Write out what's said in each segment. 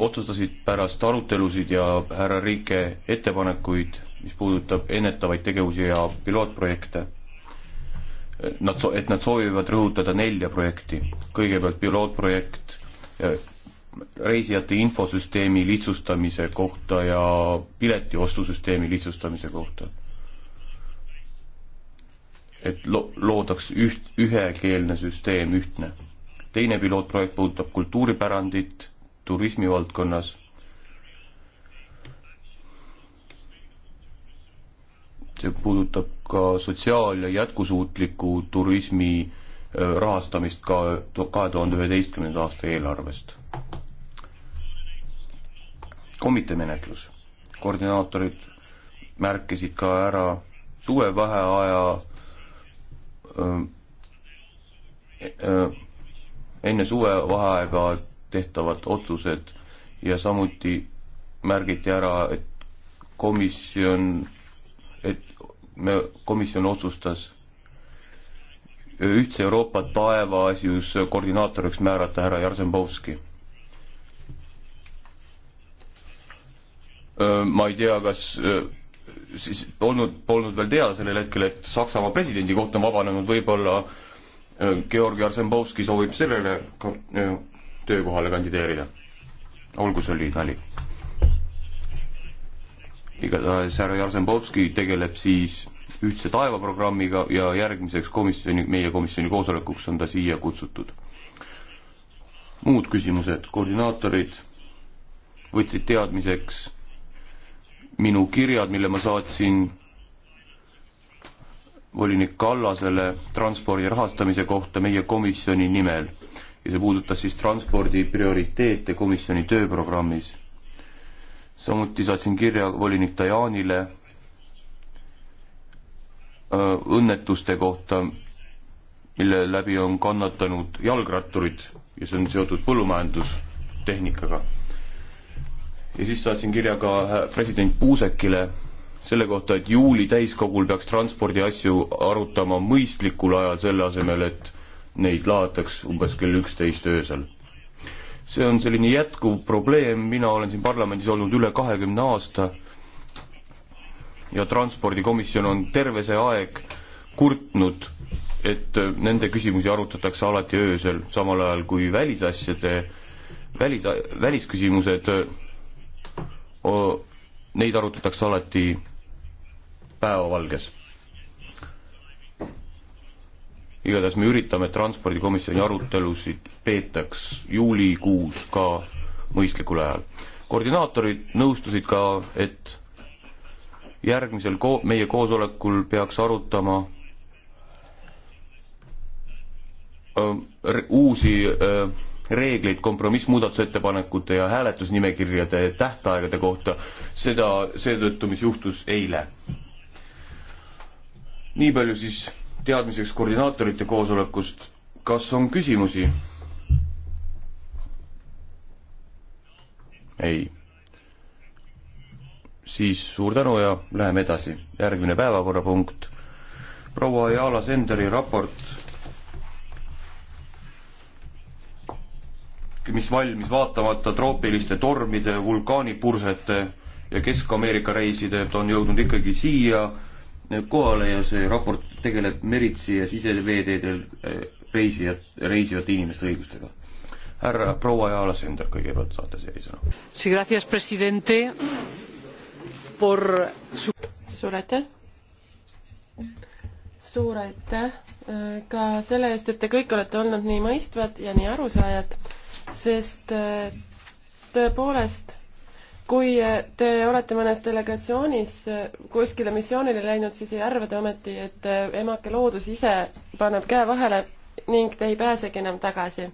otsustasid pärast arutelusid ja härra Riike ettepanekuid, mis puudutab ennetavaid tegevusi ja pilootprojekte, nad, et nad soovivad rõhutada nelja projekti. kõigepealt pilootprojekt eh, reisijate infosüsteemi lihtsustamise kohta ja piletiostusüsteemi lihtsustamise kohta. et lo-, loodaks üht, ühekeelne süsteem, ühtne. teine pilootprojekt puudutab kultuuripärandit turismivaldkonnas. see puudutab ka sotsiaal- ja jätkusuutliku turismi äh, rahastamist ka kahe tuhande üheteistkümnenda aasta eelarvest. komitee menetlus, koordinaatorid märkisid ka ära suvevaheaja äh, äh, enne suvevaheaega tehtavad otsused ja samuti märgiti ära, et komisjon, et me, komisjon otsustas ühtse Euroopa taeva asjus koordinaatoriks määrata härra Jarzembovski. ma ei tea, kas siis olnud, polnud veel teada sellel hetkel, et Saksamaa presidendi koht on vabanenud, võib-olla Georgi Arsembovski soovib sellele töökohale kandideerida. olgu see lühinali. igatahes härra Jarzembovski tegeleb siis ühtse taeva programmiga ja järgmiseks komisjoni, meie komisjoni koosolekuks on ta siia kutsutud. muud küsimused, koordinaatorid võtsid teadmiseks minu kirjad, mille ma saatsin volinik Kallasele transpordi rahastamise kohta meie komisjoni nimel ja see puudutas siis transpordi prioriteete komisjoni tööprogrammis. samuti saatsin kirja volinik Dajanile äh, õnnetuste kohta, mille läbi on kannatanud jalgratturid ja see on seotud põllumajandustehnikaga. ja siis saatsin kirja ka äh, president Puusekile selle kohta, et juuli täiskogul peaks transpordiasju arutama mõistlikul ajal, selle asemel, et neid laotakse umbes kell üksteist öösel. see on selline jätkuv probleem, mina olen siin parlamendis olnud üle kahekümne aasta ja transpordikomisjon on terve see aeg kurtnud, et nende küsimusi arutatakse alati öösel, samal ajal kui välisasjade, välis, välisküsimused, neid arutatakse alati päevavalges igatahes me üritame, et transpordikomisjoni arutelusid peetaks juulikuus ka mõistlikul ajal. koordinaatorid nõustusid ka, et järgmisel ko-, meie koosolekul peaks arutama öö, ähm, uusi öö, äh, reegleid kompromissmuudatusettepanekute ja hääletusnimekirjade tähtaegade kohta, seda seetõttu, mis juhtus eile. nii palju siis teadmiseks koordinaatorite koosolekust, kas on küsimusi? ei. siis suur tänu ja läheme edasi. järgmine päevakorrapunkt, proua Jaala Senderi raport, mis valmis vaatamata troopiliste tormide, vulkaanipursete ja Kesk-Ameerika reiside, ta on jõudnud ikkagi siia kohale ja see raport tegeleb meritsi ja siseveeteedel eh, reisijad, reisivate inimeste õigustega. härra proua Jaala Sender, kõigepealt saate sellisena. suur aitäh! suur aitäh eh, ka selle eest, et te kõik olete olnud nii mõistvad ja nii arusaajad, sest eh, tõepoolest kui te olete mõnes delegatsioonis eh, kuskile missioonile läinud, siis ei arva te ometi, et eh, emake loodus ise paneb käe vahele ning te ei pääsegi enam tagasi.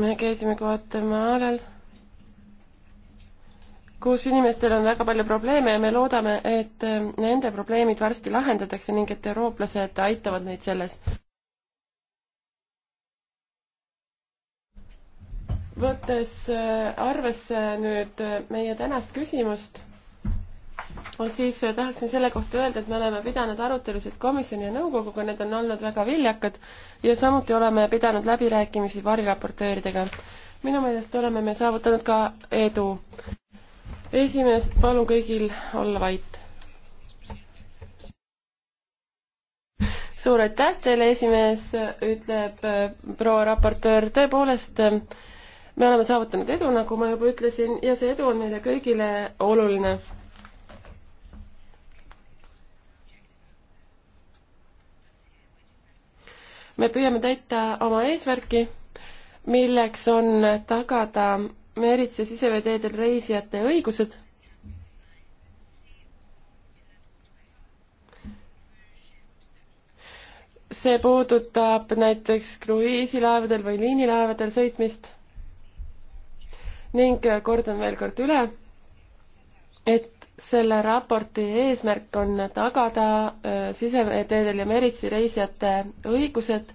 me käisime Guatemalal, kus inimestel on väga palju probleeme ja me loodame, et eh, nende probleemid varsti lahendatakse ning et eurooplased aitavad neid selles võttes äh, arvesse nüüd äh, meie tänast küsimust, siis äh, tahaksin selle kohta öelda, et me oleme pidanud arutelusid komisjoni ja nõukoguga, need on olnud väga viljakad ja samuti oleme pidanud läbirääkimisi variraportööridega. minu meelest oleme me saavutanud ka edu. esimees, palun kõigil olla vait. suur aitäh teile, esimees, ütleb proua raportöör, tõepoolest me oleme saavutanud edu, nagu ma juba ütlesin, ja see edu on meile kõigile oluline. me püüame täita oma eesmärki, milleks on tagada meerits- ja siseveeteedel reisijate õigused see puudutab näiteks kruiisilaevadel või liinilaevadel sõitmist ning äh, kordan veel kord üle, et selle raporti eesmärk on tagada äh, siseteedel ja meritsi reisijate õigused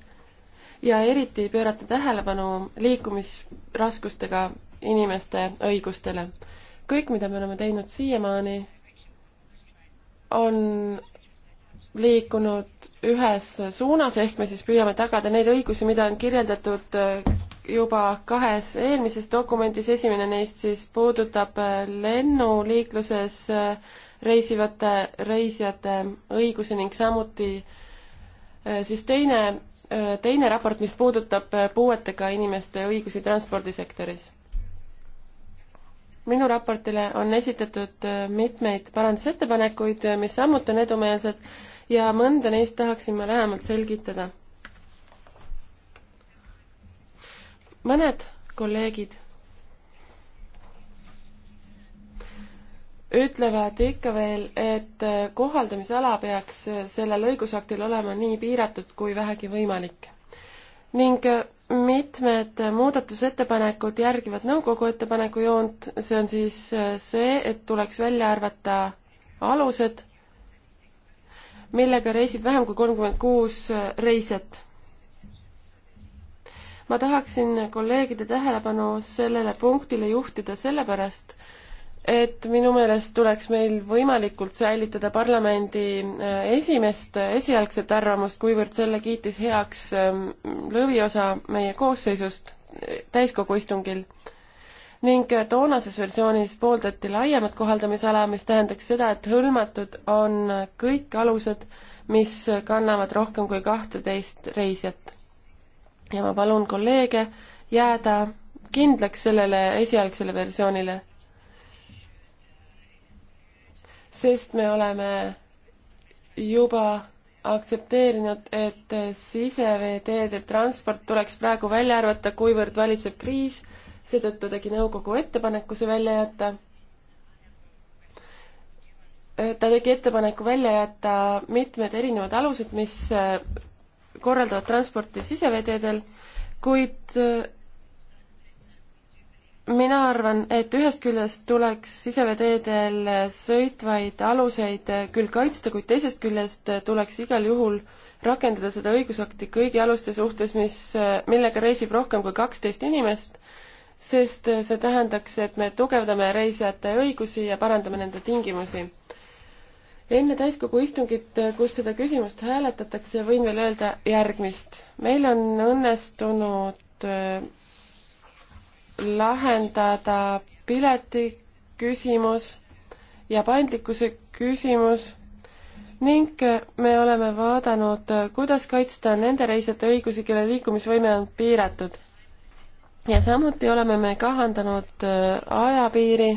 ja eriti pöörata tähelepanu liikumisraskustega inimeste õigustele. kõik, mida me oleme teinud siiamaani, on liikunud ühes suunas, ehk me siis püüame tagada neid õigusi, mida on kirjeldatud äh, juba kahes eelmises dokumendis, esimene neist siis puudutab äh, lennuliikluses äh, reisivate reisijate õigusi ning samuti äh, siis teine, teine raport, mis puudutab puuetega inimeste õigusi transpordisektoris. minu raportile on esitatud mitmeid parandusettepanekuid, mis samuti on edumeelsed ja mõnda neist tahaksin ma lähemalt selgitada mõned kolleegid ütlevad ikka veel, et kohaldamisala peaks sellel õigusaktil olema nii piiratud kui vähegi võimalik. ning mitmed muudatusettepanekud järgivad nõukogu ettepaneku joont, see on siis see, et tuleks välja arvata alused, millega reisib vähem kui kolmkümmend kuus reisijat ma tahaksin kolleegide tähelepanu sellele punktile juhtida sellepärast, et minu meelest tuleks meil võimalikult säilitada parlamendi äh, esimest, äh, esialgset arvamust, kuivõrd selle kiitis heaks ähm, lõviosa meie koosseisust äh, täiskogu istungil. ning toonases versioonis pooldati laiemat kohaldamisala, mis tähendaks seda, et hõlmatud on kõik alused, mis kannavad rohkem kui kahteteist reisijat ja ma palun kolleege jääda kindlaks sellele esialgsele versioonile. sest me oleme juba aktsepteerinud, et siseveeteede transport tuleks praegu välja arvata, kuivõrd valitseb kriis, seetõttu tegi nõukogu ettepaneku see välja jätta. ta tegi ettepaneku välja jätta mitmed erinevad alused, mis korraldavad transporti siseveeteedel, kuid äh, mina arvan, et ühest küljest tuleks siseveeteedel sõitvaid aluseid äh, küll kaitsta, kuid teisest küljest äh, tuleks igal juhul rakendada seda õigusakti kõigi aluste suhtes, mis, millega reisib rohkem kui kaksteist inimest, sest see tähendaks, et me tugevdame reisijate õigusi ja parandame nende tingimusi enne täiskogu istungit, kus seda küsimust hääletatakse, võin veel öelda järgmist. meil on õnnestunud äh, lahendada piletiküsimus ja paindlikkuse küsimus ning äh, me oleme vaadanud, äh, kuidas kaitsta nende reisijate õigusi, kelle liikumisvõime on piiratud. ja samuti oleme me kahandanud ajapiiri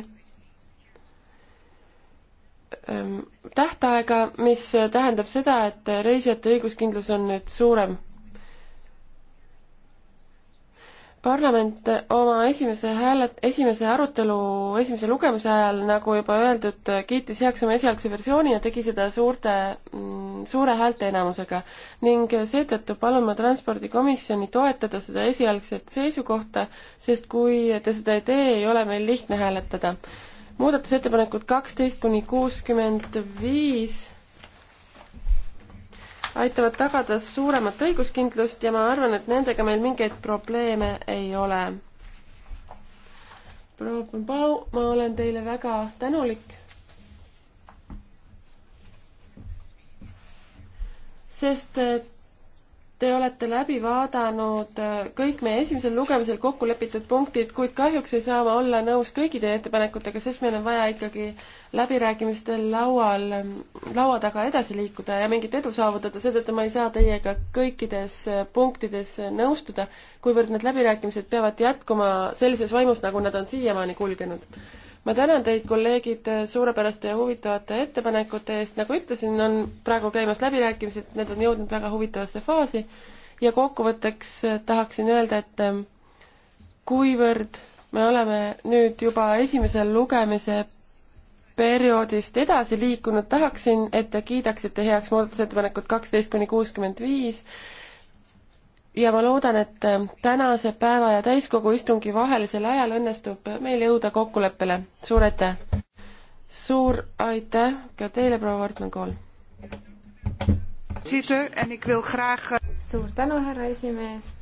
Ähm, tähtaega, mis tähendab seda, et reisijate õiguskindlus on nüüd suurem. parlament oma esimese hääle, esimese arutelu, esimese lugemise ajal, nagu juba öeldud, kiitis heaks oma esialgse versiooni ja tegi seda suurte, mm, suure häälteenamusega. ning seetõttu palun ma Transpordikomisjoni toetada seda esialgset seisukohta, sest kui te seda ei tee, ei ole meil lihtne hääletada muudatusettepanekud kaksteist kuni kuuskümmend viis aitavad tagada suuremat õiguskindlust ja ma arvan, et nendega meil mingeid probleeme ei ole. proua Pompau, ma olen teile väga tänulik. sest et Te olete läbi vaadanud äh, kõik meie esimesel lugemisel kokku lepitud punktid, kuid kahjuks ei saa ma olla nõus kõigi teie ettepanekutega, sest meil on vaja ikkagi läbirääkimistel laual, ähm, laua taga edasi liikuda ja mingit edu saavutada, seetõttu ma ei saa teiega kõikides äh, punktides äh, nõustuda, kuivõrd need läbirääkimised peavad jätkuma sellises vaimus, nagu nad on siiamaani kulgenud ma tänan teid, kolleegid, suurepäraste ja huvitavate ettepanekute eest, nagu ütlesin, on praegu käimas läbirääkimised, need on jõudnud väga huvitavasse faasi ja kokkuvõtteks tahaksin öelda, et ähm, kuivõrd me oleme nüüd juba esimesel lugemise perioodist edasi liikunud, tahaksin, et te kiidaksite heaks muudatusettepanekud kaksteist kuni kuuskümmend viis ja ma loodan, et tänase päeva ja täiskogu istungi vahelisel ajal õnnestub meil jõuda kokkuleppele. suur aitäh! suur aitäh ka teile, proua Wortmann-Kool! Eh, suur tänu, härra esimees!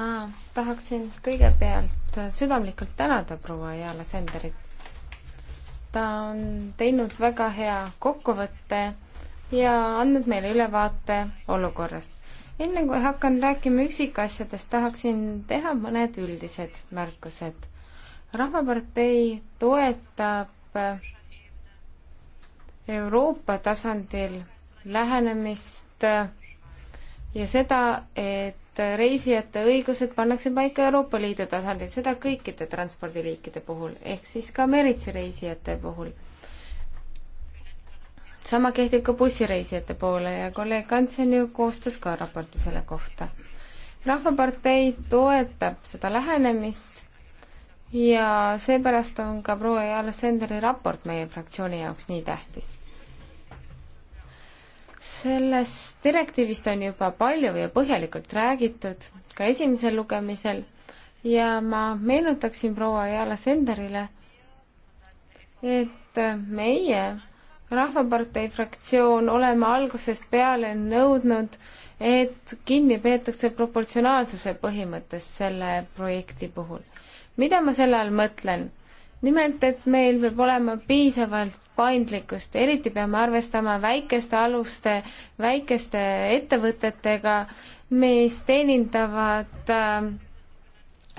ma tahaksin kõigepealt südamlikult tänada proua Jaala Senderit. ta on teinud väga hea kokkuvõtte ja andnud meile ülevaate olukorrast. enne kui hakkan rääkima üksikasjadest, tahaksin teha mõned üldised märkused. rahvapartei toetab Euroopa tasandil lähenemist ja seda, et reisijate õigused pannakse paika Euroopa Liidu tasandil, seda kõikide transpordiliikide puhul, ehk siis ka meritsi reisijate puhul sama kehtib ka bussireisijate poole ja kolleeg Kantsen ju koostas ka raporti selle kohta. rahvapartei toetab seda lähenemist ja seepärast on ka proua Jaala Senderi raport meie fraktsiooni jaoks nii tähtis. sellest direktiivist on juba palju ja põhjalikult räägitud ka esimesel lugemisel ja ma meenutaksin proua Jaala Senderile, et meie rahvapartei fraktsioon oleme algusest peale nõudnud, et kinni peetakse proportsionaalsuse põhimõttest selle projekti puhul. mida ma selle all mõtlen? nimelt, et meil peab olema piisavalt paindlikkust, eriti peame arvestama väikeste aluste, väikeste ettevõtetega, mis teenindavad äh,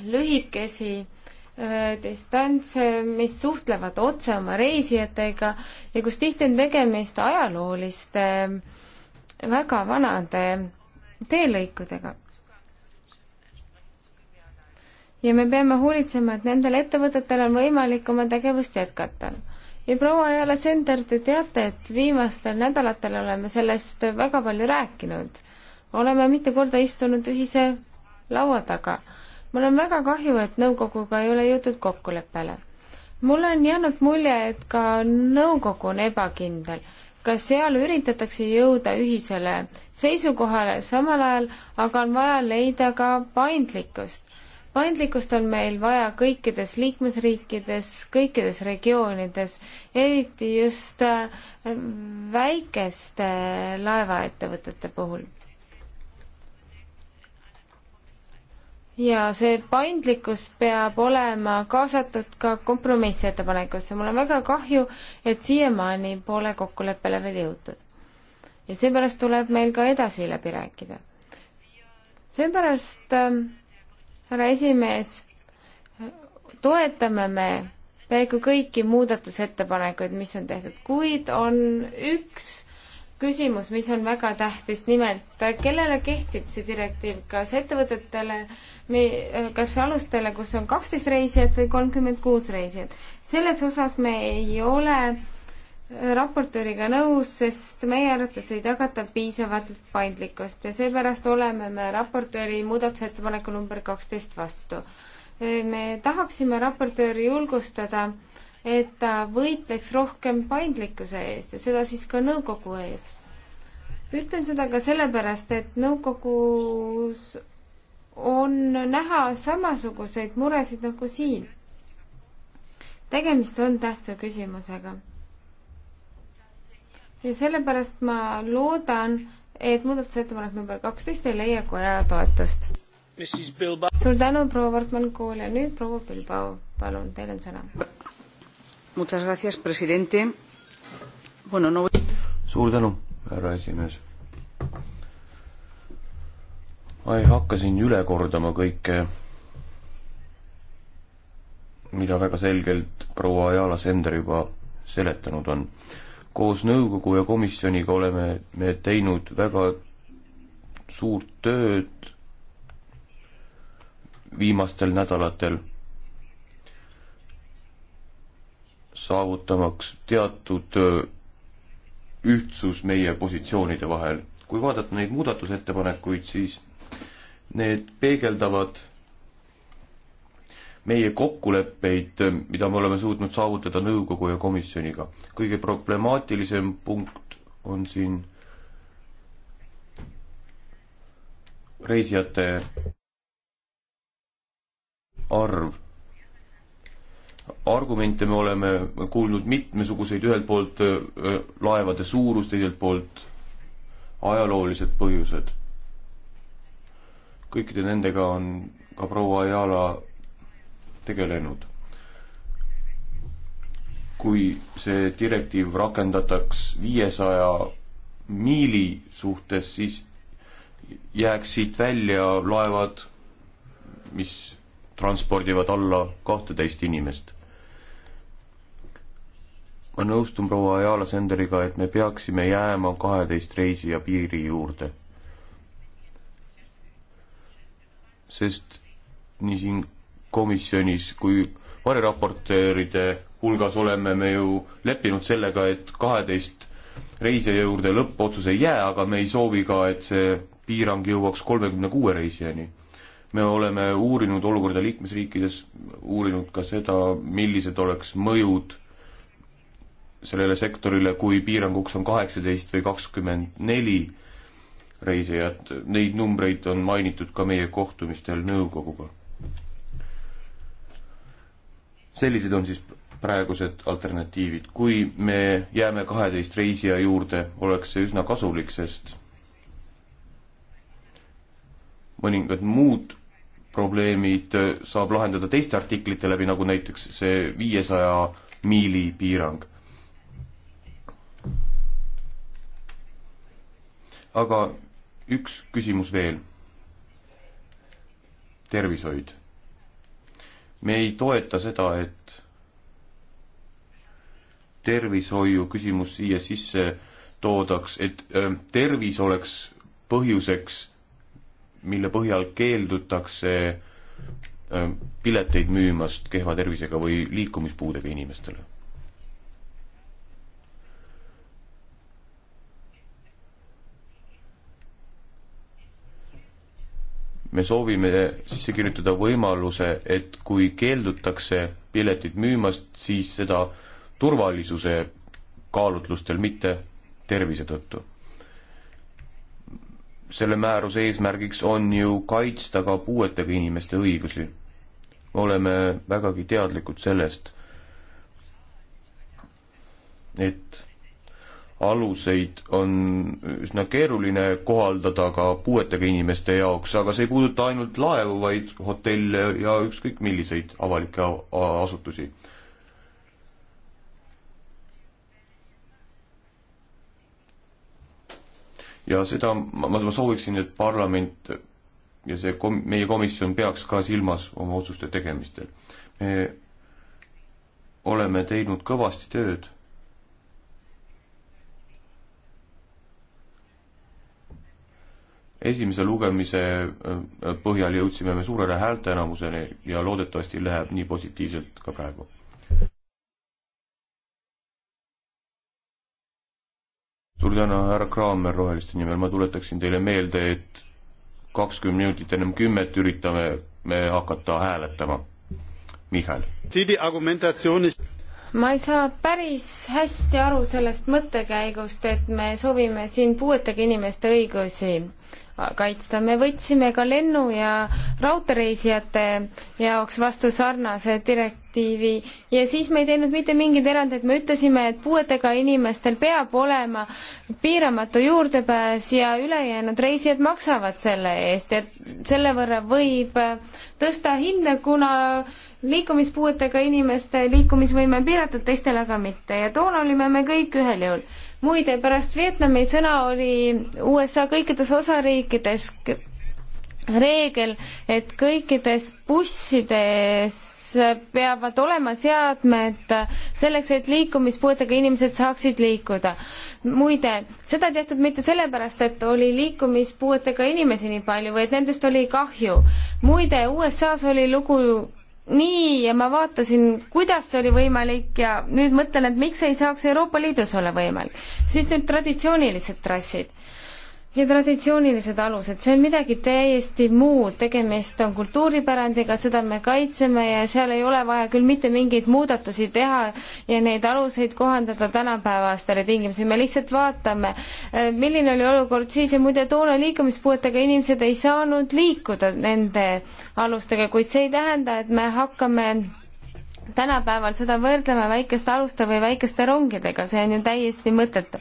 lühikesi äh, Äh, distantse, mis suhtlevad otse oma reisijatega ja kus tihti on tegemist ajalooliste äh, väga vanade teelõikudega. ja me peame hoolitsema, et nendel ettevõtetel on võimalik oma tegevust jätkata. ja proua Jala Sender, te teate, et viimastel nädalatel oleme sellest väga palju rääkinud. oleme mitu korda istunud ühise laua taga mul on väga kahju, et nõukoguga ei ole jõutud kokkuleppele. mulle on jäänud mulje, et ka nõukogu on ebakindel, ka seal üritatakse jõuda ühisele seisukohale, samal ajal aga on vaja leida ka paindlikkust. paindlikkust on meil vaja kõikides liikmesriikides, kõikides regioonides, eriti just äh, väikeste laevaettevõtete puhul ja see paindlikkus peab olema kaasatud ka kompromissettepanekusse. mul on väga kahju, et siiamaani pole kokkuleppele veel jõutud. ja seepärast tuleb meil ka edasi läbi rääkida. seepärast äh,, härra esimees, toetame me peaaegu kõiki muudatusettepanekuid, mis on tehtud, kuid on üks küsimus, mis on väga tähtis, nimelt kellele kehtib see direktiiv, kas ettevõtetele, kas alustele, kus on kaksteist reisijat või kolmkümmend kuus reisijat? selles osas me ei ole äh, raportööriga nõus, sest meie arvates ei tagata piisavat paindlikkust ja seepärast oleme me raportööri muudatusettepaneku number kaksteist vastu. Äh, me tahaksime raportööri julgustada äh, et ta võitleks rohkem paindlikkuse eest ja seda siis ka nõukogu ees. ütlen seda ka sellepärast, et nõukogus on näha samasuguseid muresid nagu siin. tegemist on tähtsa küsimusega. ja sellepärast ma loodan, et muudatusettepanek number kaksteist ei leia koja toetust. suur tänu, proua Wortmann-Kool ja nüüd proua Bilbao, palun, teil on sõna Muchas gracias, presidente. Bueno, no... suur tänu, härra esimees. ma ei hakka siin üle kordama kõike, mida väga selgelt proua Ajala Sender juba seletanud on. koos nõukogu ja komisjoniga oleme me teinud väga suurt tööd viimastel nädalatel saavutamaks teatud ühtsus meie positsioonide vahel. kui vaadata neid muudatusettepanekuid, siis need peegeldavad meie kokkuleppeid, mida me oleme suutnud saavutada nõukogu ja komisjoniga. kõige problemaatilisem punkt on siin reisijate arv argumente me oleme kuulnud mitmesuguseid, ühelt poolt laevade suurus, teiselt poolt ajaloolised põhjused. kõikide nendega on ka proua Ajala tegelenud. kui see direktiiv rakendataks viiesaja miili suhtes, siis jääks siit välja laevad, mis transpordivad alla kahteteist inimest ma nõustun proua Ajala Senderiga, et me peaksime jääma kaheteist reisija piiri juurde. sest nii siin komisjonis kui variraportööride hulgas oleme me ju leppinud sellega, et kaheteist reisija juurde lõppotsus ei jää, aga me ei soovi ka, et see piirang jõuaks kolmekümne kuue reisijani. me oleme uurinud olukorda liikmesriikides, uurinud ka seda, millised oleks mõjud sellele sektorile, kui piiranguks on kaheksateist või kakskümmend neli reisijat, neid numbreid on mainitud ka meie kohtumistel nõukoguga. sellised on siis praegused alternatiivid, kui me jääme kaheteist reisija juurde, oleks see üsna kasulik, sest mõningad muud probleemid saab lahendada teiste artiklite läbi, nagu näiteks see viiesaja miili piirang. aga üks küsimus veel. tervishoid. me ei toeta seda, et tervishoiu küsimus siia sisse toodaks, et äh, tervis oleks põhjuseks, mille põhjal keeldutakse äh, pileteid müümast kehva tervisega või liikumispuudega inimestele me soovime sisse kirjutada võimaluse, et kui keeldutakse piletit müümast, siis seda turvalisuse kaalutlustel, mitte tervise tõttu. selle määruse eesmärgiks on ju kaitsta ka puuetega inimeste õigusi. me oleme vägagi teadlikud sellest, et aluseid on üsna keeruline kohaldada ka puuetega inimeste jaoks, aga see ei puuduta ainult laevu, vaid hotelle ja ükskõik milliseid avalikke asutusi. ja seda ma, ma sooviksin, et parlament ja see kom-, meie komisjon peaks ka silmas oma otsuste tegemistel. me oleme teinud kõvasti tööd esimese lugemise äh, äh, põhjal jõudsime me suurele häälteenamuseni ja loodetavasti läheb nii positiivselt ka praegu. suur tänu, härra Kraamer Roheliste nimel, ma tuletaksin teile meelde, et kakskümmend minutit ennem kümmet üritame me hakata hääletama. Michal. ma ei saa päris hästi aru sellest mõttekäigust, et me soovime siin puuetega inimeste õigusi kaitsta. me võtsime ka lennu- ja raudteereisijate jaoks vastu sarnase direktiivi ja siis me ei teinud mitte mingeid erandeid, me ütlesime, et puuetega inimestel peab olema piiramatu juurdepääs ja ülejäänud reisijad maksavad selle eest ja selle võrra võib tõsta hinda, kuna liikumispuuetega inimeste liikumisvõime on piiratud, teistel aga mitte ja toona olime me kõik ühel jõul muide, pärast Vietnami sõna oli USA kõikides osariikides reegel, et kõikides bussides peavad olema seadmed selleks, et liikumispuudega inimesed saaksid liikuda. muide, seda ei tehtud mitte sellepärast, et oli liikumispuudega inimesi nii palju, vaid nendest oli kahju. muide, USA-s oli lugu nii ja ma vaatasin, kuidas see oli võimalik ja nüüd mõtlen, et miks ei saaks Euroopa Liidus olla võimalik. siis need traditsioonilised trassid ja traditsioonilised alused, see on midagi täiesti muud, tegemist on kultuuripärandiga, seda me kaitseme ja seal ei ole vaja küll mitte mingeid muudatusi teha ja neid aluseid kohandada tänapäevastele tingimusele, me lihtsalt vaatame, äh, milline oli olukord siis ja muide toona liikumispuuetega inimesed ei saanud liikuda nende alustega, kuid see ei tähenda, et me hakkame tänapäeval seda võrdleme väikeste aluste või väikeste rongidega, see on ju täiesti mõttetu.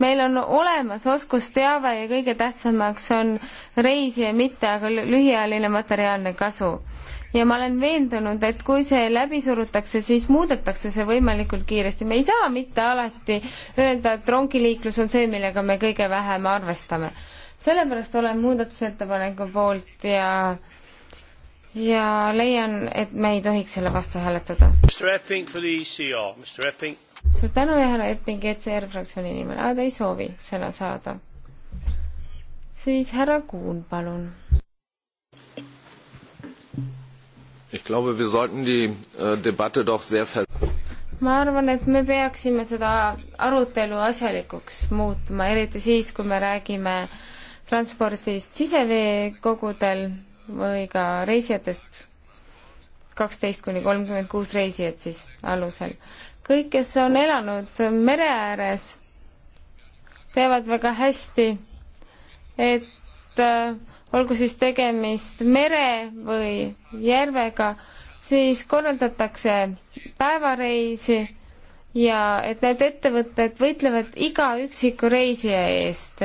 meil on olemas oskusteave ja kõige tähtsamaks on reisija, mitte aga lühiajaline materiaalne kasu. ja ma olen veendunud, et kui see läbi surutakse, siis muudetakse see võimalikult kiiresti. me ei saa mitte alati öelda, et rongiliiklus on see, millega me kõige vähem arvestame. sellepärast olen muudatusettepaneku poolt ja äh, ja leian, et me ei tohiks selle vastu hääletada. E suur tänu ja härra Epping ECR fraktsiooni nimel, aga ta ei soovi sõna saada. siis härra Kuun, palun. Ich glaube, wir sollten die äh, Debatte doch sehr ver- ma arvan, et me peaksime seda arutelu asjalikuks muutma, eriti siis, kui me räägime transpordist siseveekogudel või ka reisijatest kaksteist kuni kolmkümmend kuus reisijat siis alusel. kõik, kes on elanud mere ääres, teavad väga hästi, et äh, olgu siis tegemist mere või järvega, siis korraldatakse päevareisi ja et need ettevõtted võitlevad iga üksiku reisija eest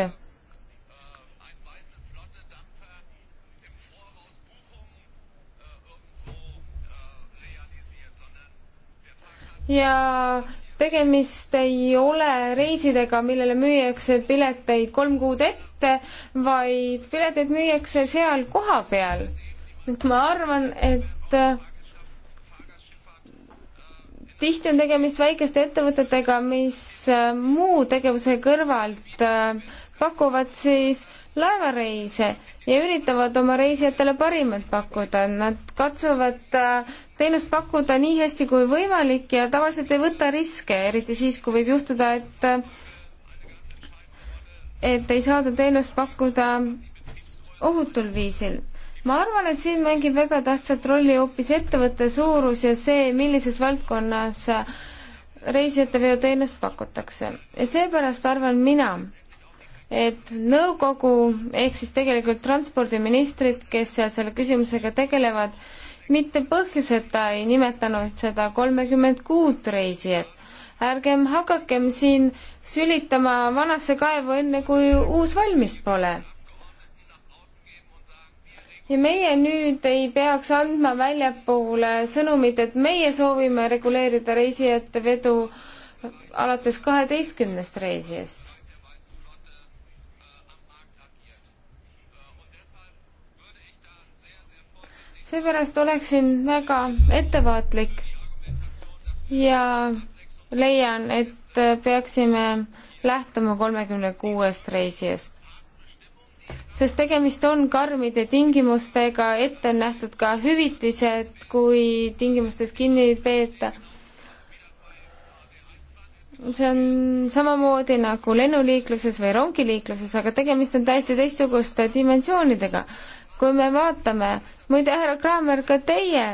ja tegemist ei ole reisidega, millele müüakse pileteid kolm kuud ette, vaid pileteid müüakse seal kohapeal. et ma arvan, et äh, tihti on tegemist väikeste ettevõtetega, mis äh, muu tegevuse kõrvalt äh, pakuvad siis laevareise ja üritavad oma reisijatele parimat pakkuda. Nad katsuvad äh, teenust pakkuda nii hästi kui võimalik ja tavaliselt ei võta riske, eriti siis, kui võib juhtuda, et äh, et ei saada teenust pakkuda ohutul viisil ma arvan, et siin mängib väga tähtsat rolli hoopis ettevõtte suurus ja see, millises valdkonnas reisijateveoteenust pakutakse. ja seepärast arvan mina, et nõukogu ehk siis tegelikult transpordiministrid, kes seal selle küsimusega tegelevad, mitte põhjuseta ei nimetanud seda kolmekümmend kuut reisijat. ärgem hakakem siin sülitama vanasse kaevu, enne kui uus valmis pole. ja meie nüüd ei peaks andma väljapoole sõnumit, et meie soovime reguleerida reisijate vedu alates kaheteistkümnest reisijast seepärast oleksin väga ettevaatlik ja leian, et peaksime lähtuma kolmekümne kuuest reisijast. sest tegemist on karmide tingimustega, ette on nähtud ka hüvitised, kui tingimustest kinni ei peeta. see on samamoodi nagu lennuliikluses või rongiliikluses, aga tegemist on täiesti teistsuguste dimensioonidega kui me vaatame, muide, härra Kraamer, ka teie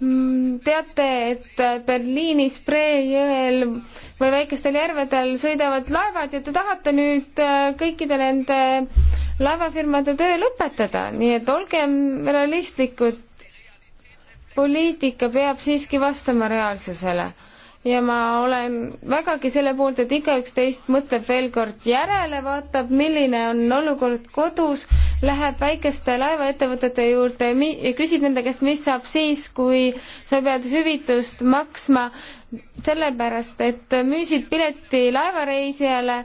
mm, teate, et Berliini Spree jõel või väikestel järvedel sõidavad laevad ja te tahate nüüd äh, kõikide nende laevafirmade töö lõpetada, nii et olgem realistlikud. poliitika peab siiski vastama reaalsusele ja ma olen vägagi selle poolt, et igaüks teist mõtleb veel kord järele, vaatab, milline on olukord kodus, läheb väikeste laevaettevõtete juurde ja küsib nende käest, mis saab siis, kui sa pead hüvitust maksma sellepärast, et müüsid pileti laevareisijale,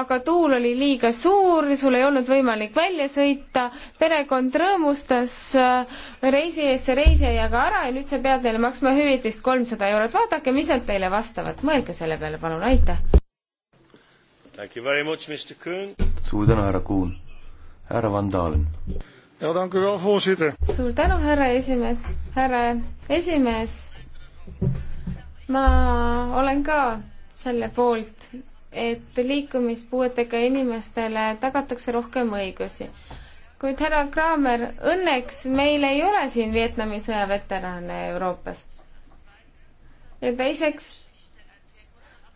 aga tuul oli liiga suur, sul ei olnud võimalik välja sõita, perekond rõõmustas äh, reisi eest see reisijaga ära ja nüüd sa pead neile maksma hüvitist kolmsada eurot. vaadake, mis nad teile vastavad, mõelge selle peale, palun, aitäh! suur tänu, härra Kuhn! härra Van Dalen! ja dank u wel, voorzitter. Suur tänu, härra esimees. Härra esimees, ma olen ka selle poolt, et liikumispuuetega inimestele tagatakse rohkem õigusi. kuid härra Kraamer, õnneks meil ei ole siin Vietnami sõja veterane Euroopas. ja teiseks,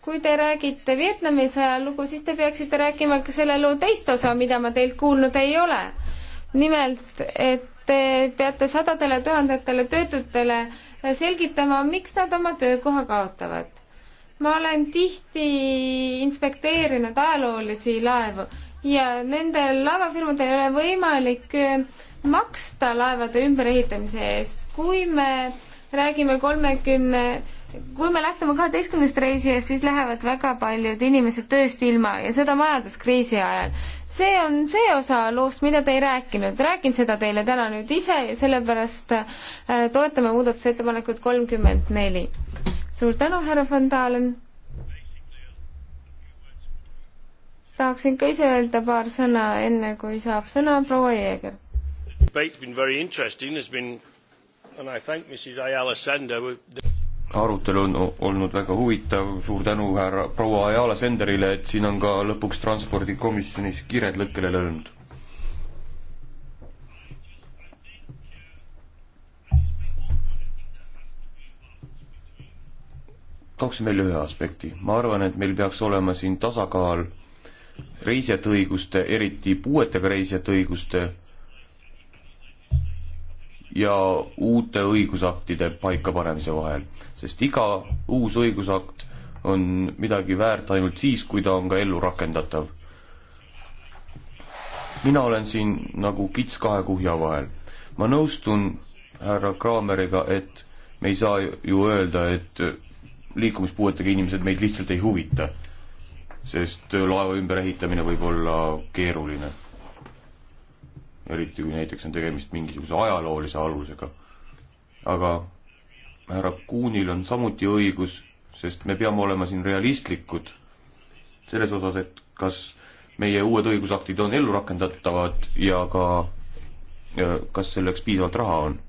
kui te räägite Vietnami sõja lugu, siis te peaksite rääkima ka selle loo teist osa, mida ma teilt kuulnud ei ole. nimelt, et Te peate sadadele tuhandetele töötutele selgitama, miks nad oma töökoha kaotavad. ma olen tihti inspekteerinud ajaloolisi laevu ja nendel laevafirmadel ei ole võimalik äh, maksta laevade ümberehitamise eest, kui me räägime kolmekümne 30 kui me lähtume kaheteistkümnest reisijast, siis lähevad väga paljud inimesed tööst ilma ja seda majanduskriisi ajal see on see osa loost, mida te ei rääkinud, räägin seda teile täna nüüd ise ja sellepärast äh, toetame muudatusettepanekut kolmkümmend neli. suur tänu, härra Van Dalen. tahaksin ka ise öelda paar sõna, enne kui saab sõna proua Jeeger. Debate's been very interesting, has been and I thank Mrs Ayala Sender with the arutelu on olnud väga huvitav, suur tänu härra proua Ajala Senderile, et siin on ka lõpuks transpordikomisjonis kired lõkkele löönud. tooksin välja ühe aspekti, ma arvan, et meil peaks olema siin tasakaal reisijate õiguste, eriti puuetega reisijate õiguste ja uute õigusaktide paikapanemise vahel, sest iga uus õigusakt on midagi väärt ainult siis, kui ta on ka ellu rakendatav. mina olen siin nagu kits kahe kuhja vahel. ma nõustun härra Kraameriga, et me ei saa ju öelda, et liikumispuuetega inimesed meid lihtsalt ei huvita, sest laeva ümberehitamine võib olla keeruline eriti kui näiteks on tegemist mingisuguse ajaloolise alusega. aga härra Kuunil on samuti õigus, sest me peame olema siin realistlikud selles osas, et kas meie uued õigusaktid on ellurakendatavad ja ka ja kas selleks piisavalt raha on.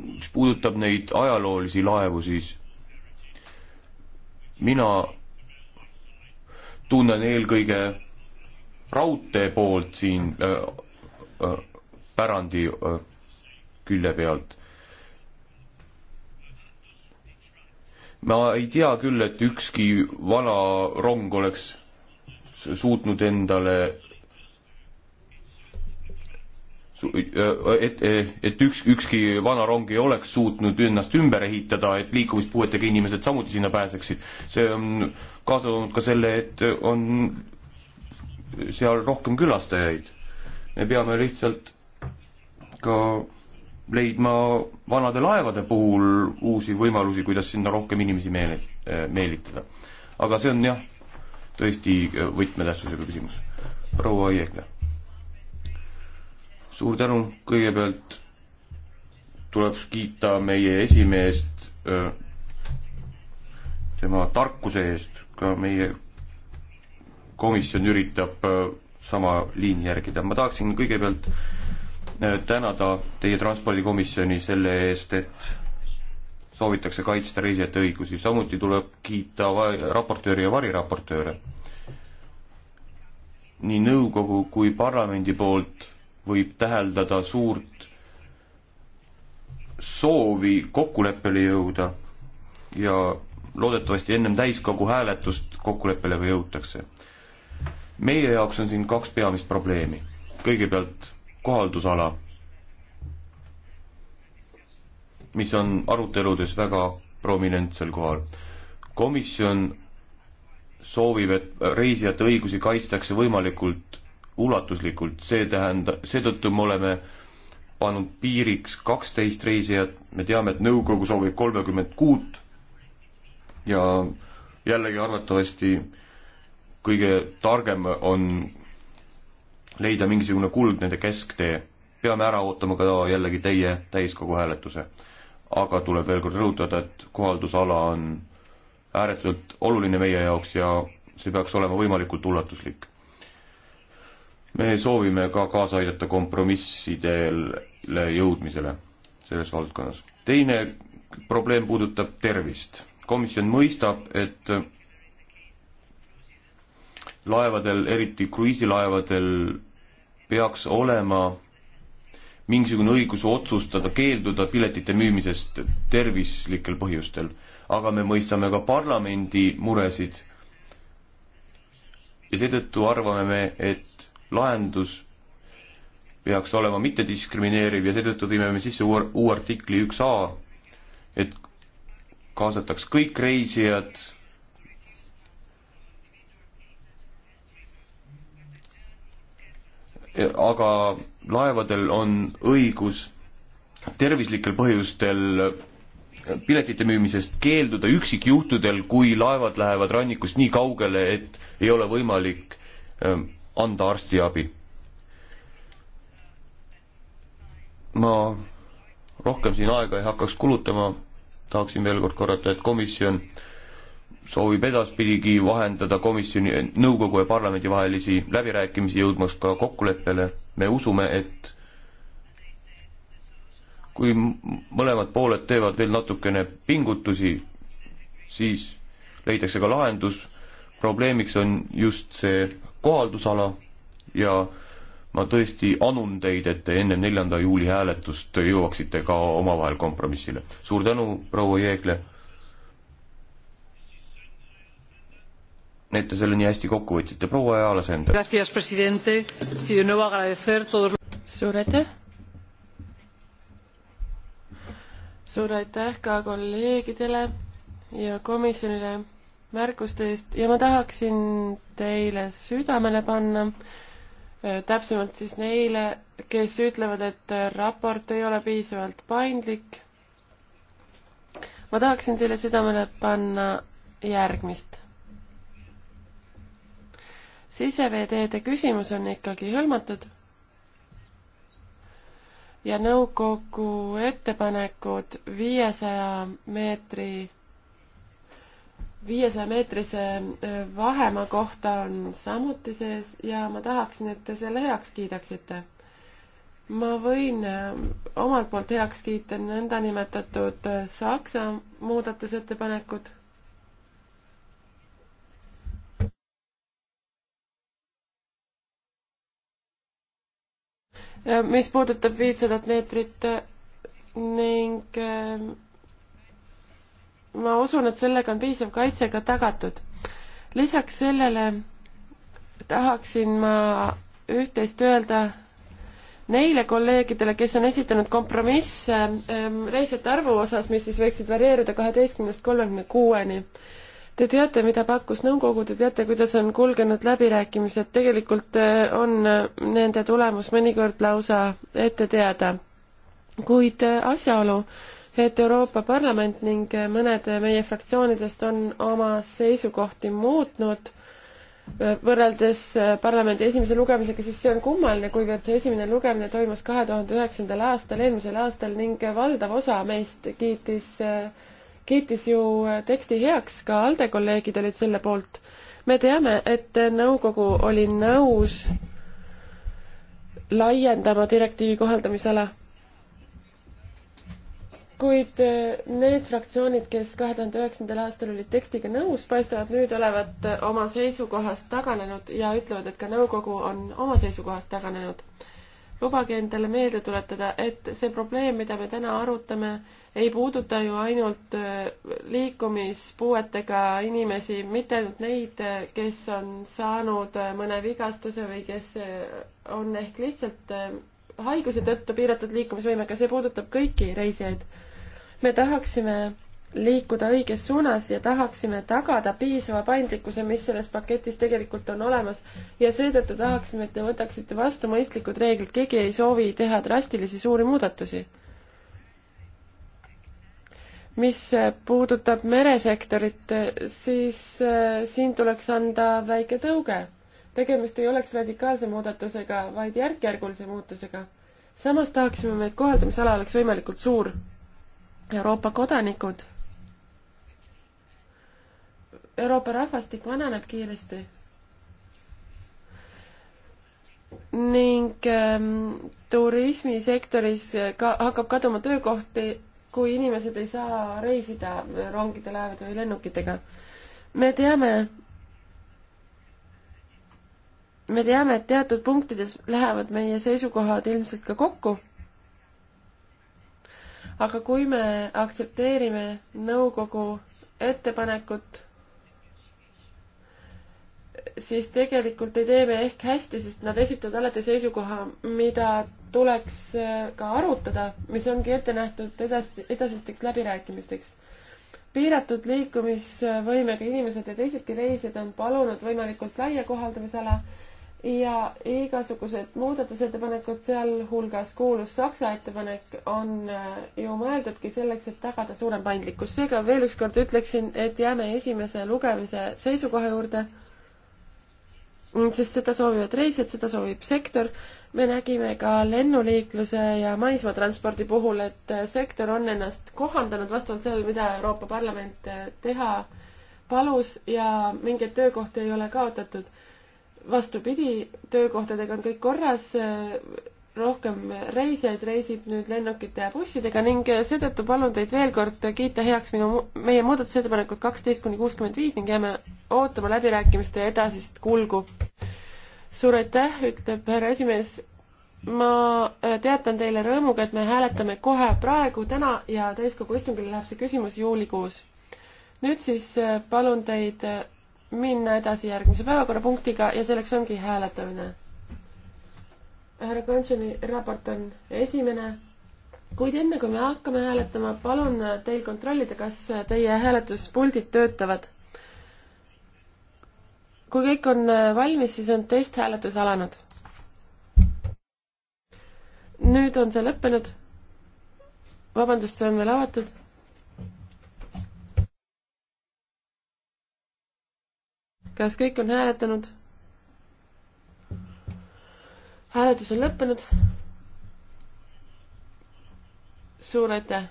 mis puudutab neid ajaloolisi laevu, siis mina tunnen eelkõige raudtee poolt siin äh, äh, pärandi äh, külje pealt. ma ei tea küll, et ükski vana rong oleks suutnud endale äh, et, et üks, ükski vana rong ei oleks suutnud ennast ümber ehitada, et liikumispuuetega inimesed samuti sinna pääseksid. see on kaasa toonud ka selle, et on seal rohkem külastajaid. me peame lihtsalt ka leidma vanade laevade puhul uusi võimalusi, kuidas sinna rohkem inimesi meele, meelitada. aga see on jah, tõesti võtmetähtsusega küsimus. proua Aiekla. suur tänu, kõigepealt tuleb kiita meie esimeest äh, tema tarkuse eest, ka meie komisjon üritab äh, sama liini järgida. ma tahaksin kõigepealt äh, tänada teie transpordikomisjoni selle eest, et soovitakse kaitsta reisijate õigusi, samuti tuleb kiita raportööri ja variraportööre. nii nõukogu kui parlamendi poolt võib täheldada suurt soovi kokkuleppele jõuda ja loodetavasti ennem täiskogu hääletust kokkuleppele ka jõutakse meie jaoks on siin kaks peamist probleemi. kõigepealt kohaldusala, mis on aruteludes väga prominentsel kohal. komisjon soovib, et reisijate õigusi kaitstakse võimalikult ulatuslikult, see tähenda-, seetõttu me oleme pannud piiriks kaksteist reisijat, me teame, et nõukogu soovib kolmekümmet kuut ja jällegi arvatavasti äh, kõige targem on leida mingisugune kuld nende kesktee. peame ära ootama ka jällegi teie täiskogu hääletuse. aga tuleb veel kord rõhutada, et kohaldusala on ääretult oluline meie jaoks ja see peaks olema võimalikult ulatuslik. me soovime ka kaasa aidata kompromissidele jõudmisele selles valdkonnas. teine probleem puudutab tervist. komisjon mõistab, et laevadel, eriti kruiisilaevadel, peaks olema mingisugune õigus otsustada keelduda piletite müümisest tervislikel põhjustel. aga me mõistame ka parlamendi muresid ja seetõttu arvame me, et lahendus peaks olema mittediskrimineeriv ja seetõttu viime me sisse uue, uue artikli üks A, et kaasataks kõik reisijad aga laevadel on õigus tervislikel põhjustel piletite müümisest keelduda üksikjuhtudel, kui laevad lähevad rannikust nii kaugele, et ei ole võimalik ähm, anda arstiabi. ma rohkem siin aega ei hakkaks kulutama, tahaksin veel kord korrata, et komisjon äh, soovib edaspidigi vahendada komisjoni, nõukogu ja parlamendi vahelisi läbirääkimisi, jõudmaks ka kokkuleppele. me usume, et kui mõlemad pooled teevad veel natukene pingutusi, siis leidakse ka lahendus. probleemiks on just see kohaldusala ja ma tõesti anun teid, et te enne neljanda juuli hääletust jõuaksite ka omavahel kompromissile. suur tänu, proua Jeegle et te selle nii hästi kokku võtsite, proua Jaala-Sender. suur aitäh! suur aitäh ka kolleegidele ja komisjonile märkuste eest ja ma tahaksin teile südamele panna, eh, täpsemalt siis neile, kes ütlevad, et raport ei ole piisavalt paindlik. ma tahaksin teile südamele panna järgmist siseveeteede küsimus on ikkagi hõlmatud ja nõukogu ettepanekud viiesaja meetri, viiesaja meetrise äh, vahemaa kohta on samuti sees ja ma tahaksin, et te selle heaks kiidaksite. ma võin äh, omalt poolt heaks kiita nõndanimetatud äh, Saksa muudatusettepanekud Äh, mis puudutab viitsadat meetrit äh, ning äh, ma usun, et sellega on piisav kaitse ka tagatud. lisaks sellele tahaksin ma üht-teist öelda neile kolleegidele, kes on esitanud kompromisse ähm, reisijate arvu osas, mis siis võiksid varieeruda kaheteistkümnest kolmekümne kuueni Te teate, mida pakkus nõukogu, te teate, kuidas on kulgenud läbirääkimised, tegelikult äh, on äh, nende tulemus mõnikord lausa ette teada. kuid äh, asjaolu, et Euroopa Parlament ning mõned meie fraktsioonidest on oma seisukohti muutnud võrreldes parlamendi esimese lugemisega, siis see on kummaline, kuivõrd see esimene lugemine toimus kahe tuhande üheksandal aastal, eelmisel aastal ning valdav osa meist kiitis äh, kiitis ju teksti heaks, ka ALDE kolleegid olid selle poolt. me teame, et nõukogu oli nõus laiendama direktiivi kohaldamisala. kuid need fraktsioonid, kes kahe tuhande üheksandal aastal olid tekstiga nõus, paistavad nüüd olevat oma seisukohast taganenud ja ütlevad, et ka nõukogu on oma seisukohast taganenud lubage endale meelde tuletada, et see probleem, mida me täna arutame, ei puuduta ju ainult äh, liikumispuuetega inimesi, mitte ainult neid, äh, kes on saanud äh, mõne vigastuse või kes on ehk lihtsalt haiguse tõttu piiratud liikumisvõimega, see puudutab kõiki reisijaid. me tahaksime liikuda õiges suunas ja tahaksime tagada piisava paindlikkuse, mis selles paketis tegelikult on olemas. ja seetõttu tahaksime, et te võtaksite vastu mõistlikud reeglid, keegi ei soovi teha drastilisi suuri muudatusi. mis puudutab meresektorit, siis äh, siin tuleks anda väike tõuge. tegemist ei oleks radikaalse muudatusega, vaid järk-järgulise muutusega. samas tahaksime, et kohaldamisala oleks võimalikult suur Euroopa kodanikud Euroopa rahvastik vananeb kiiresti. ning ähm, turismisektoris ka hakkab kaduma töökohti, kui inimesed ei saa reisida rongide, laevade või lennukitega. me teame, me teame, et teatud punktides lähevad meie seisukohad ilmselt ka kokku. aga kui me aktsepteerime nõukogu ettepanekut siis tegelikult ei tee me ehk hästi, sest nad esitavad alati seisukoha, mida tuleks äh, ka arutada, mis ongi ette nähtud edasi, edasisteks läbirääkimisteks. piiratud liikumisvõimega inimesed ja teisedki reisijad on palunud võimalikult laia kohaldamisala ja igasugused muudatusettepanekud, sealhulgas kuulus Saksa ettepanek, on äh, ju mõeldudki selleks, et tagada suurem paindlikkus. seega veel ükskord ütleksin, et jääme esimese lugemise seisukoha juurde Mm, sest seda soovivad reisijad, seda soovib sektor. me nägime ka lennuliikluse ja maismaatranspordi puhul, et äh, sektor on ennast kohandanud vastavalt sellele, mida Euroopa Parlament äh, teha palus ja mingeid töökohti ei ole kaotatud. vastupidi, töökohtadega on kõik korras, äh, rohkem reisijaid reisib nüüd lennukite ja bussidega ning seetõttu palun teid veel kord kiita heaks minu, meie muudatusettepanekud kaksteist kuni kuuskümmend viis ning jääme ootama läbirääkimiste edasist kulgu. suur aitäh, ütleb härra esimees. ma äh, teatan teile rõõmuga, et me hääletame kohe praegu, täna ja täiskogu istungil läheb see küsimus juulikuus. nüüd siis äh, palun teid äh, minna edasi järgmise päevakorrapunktiga ja selleks ongi hääletamine härra Kantsoni raport on esimene, kuid enne kui me hakkame hääletama, palun teil kontrollida, kas teie hääletuspuldid töötavad. kui kõik on valmis, siis on testhääletus alanud. nüüd on see lõppenud. vabandust, see on veel avatud kas kõik on hääletanud? hääletus on lõppenud. suur aitäh.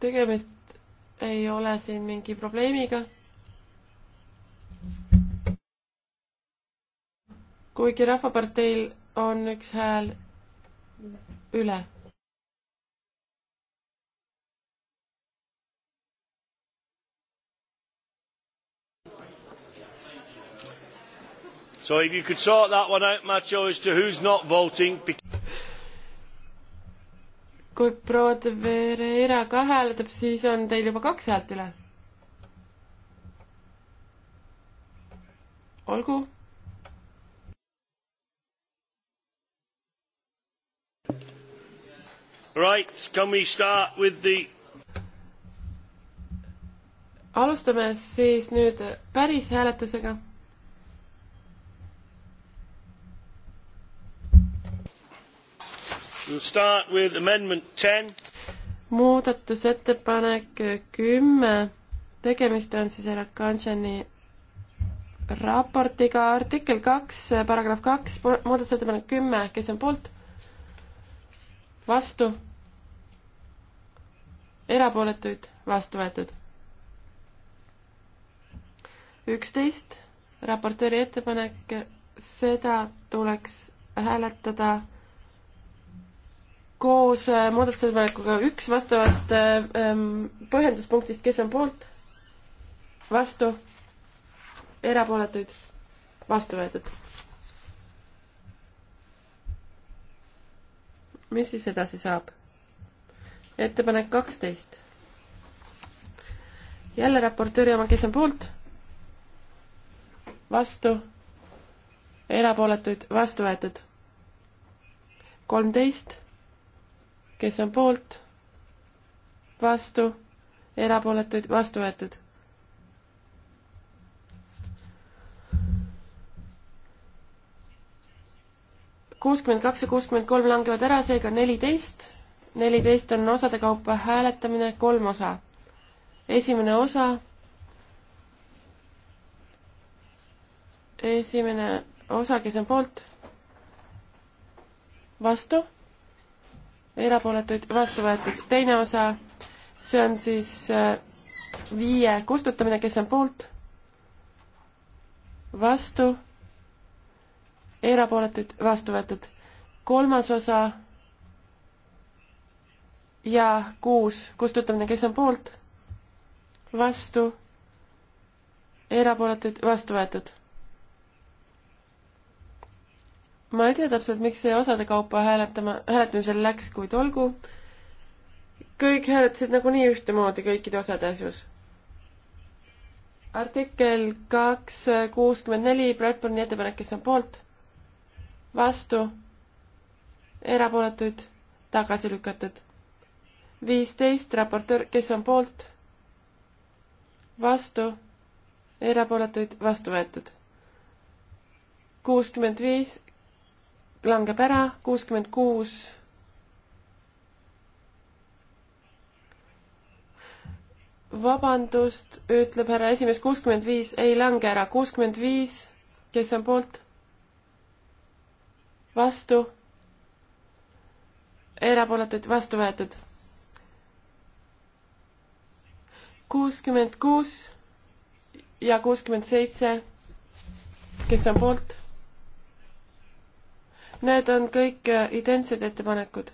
tegemist ei ole siin mingi probleemiga. kuigi Rahvaparteil on üks hääl üle So if you could sort that one out, Macho, as to who's not voting. kui proua de Vereira ka hääletab, siis on teil juba kaks häält üle. olgu. Right, can we start with the alustame siis nüüd päris hääletusega We'll start with amendment 10. muudatusettepanek kümme, tegemist on siis härra Kanšani raportiga, artikkel kaks, paragrahv kaks, muudatusettepanek kümme, kes on poolt? vastu? erapooletuid? vastu võetud? üksteist, raportööri ettepanek, seda tuleks hääletada koos äh, muudatusettepanekuga üks vastavast äh, ähm, põhjenduspunktist, kes on poolt, vastu, erapooletuid, vastu võetud. mis siis edasi saab? ettepanek kaksteist. jälle raportööri oma, kes on poolt, vastu, erapooletuid, vastu võetud. kolmteist kes on poolt, vastu, erapooletuid, vastu võetud. kuuskümmend kaks ja kuuskümmend kolm langevad ära, seega neliteist. neliteist on osade kaupa hääletamine, kolm osa. esimene osa. esimene osa, kes on poolt? vastu erapooletuid vastu võetud. teine osa, see on siis äh, viie kustutamine, kes on poolt, vastu, erapooletuid vastu võetud. kolmas osa ja kuus kustutamine, kes on poolt, vastu, erapooletuid vastu võetud ma ei tea täpselt, miks see osade kaupa hääletama, hääletamisel läks, kuid olgu. kõik hääletasid nagunii ühtemoodi kõikide osade asjus. artikkel kaks kuuskümmend neli, Bradburni ettepanek, kes on poolt? vastu? erapooletuid? tagasi lükatud? viisteist, raportöör, kes on poolt? vastu? erapooletuid? vastu võetud? kuuskümmend viis, langeb ära, kuuskümmend kuus vabandust, ütleb härra esimees, kuuskümmend viis ei lange ära, kuuskümmend viis, kes on poolt? vastu? erapooletuid vastu võetud. kuuskümmend kuus ja kuuskümmend seitse, kes on poolt? Need on kõik äh, identsed ettepanekud.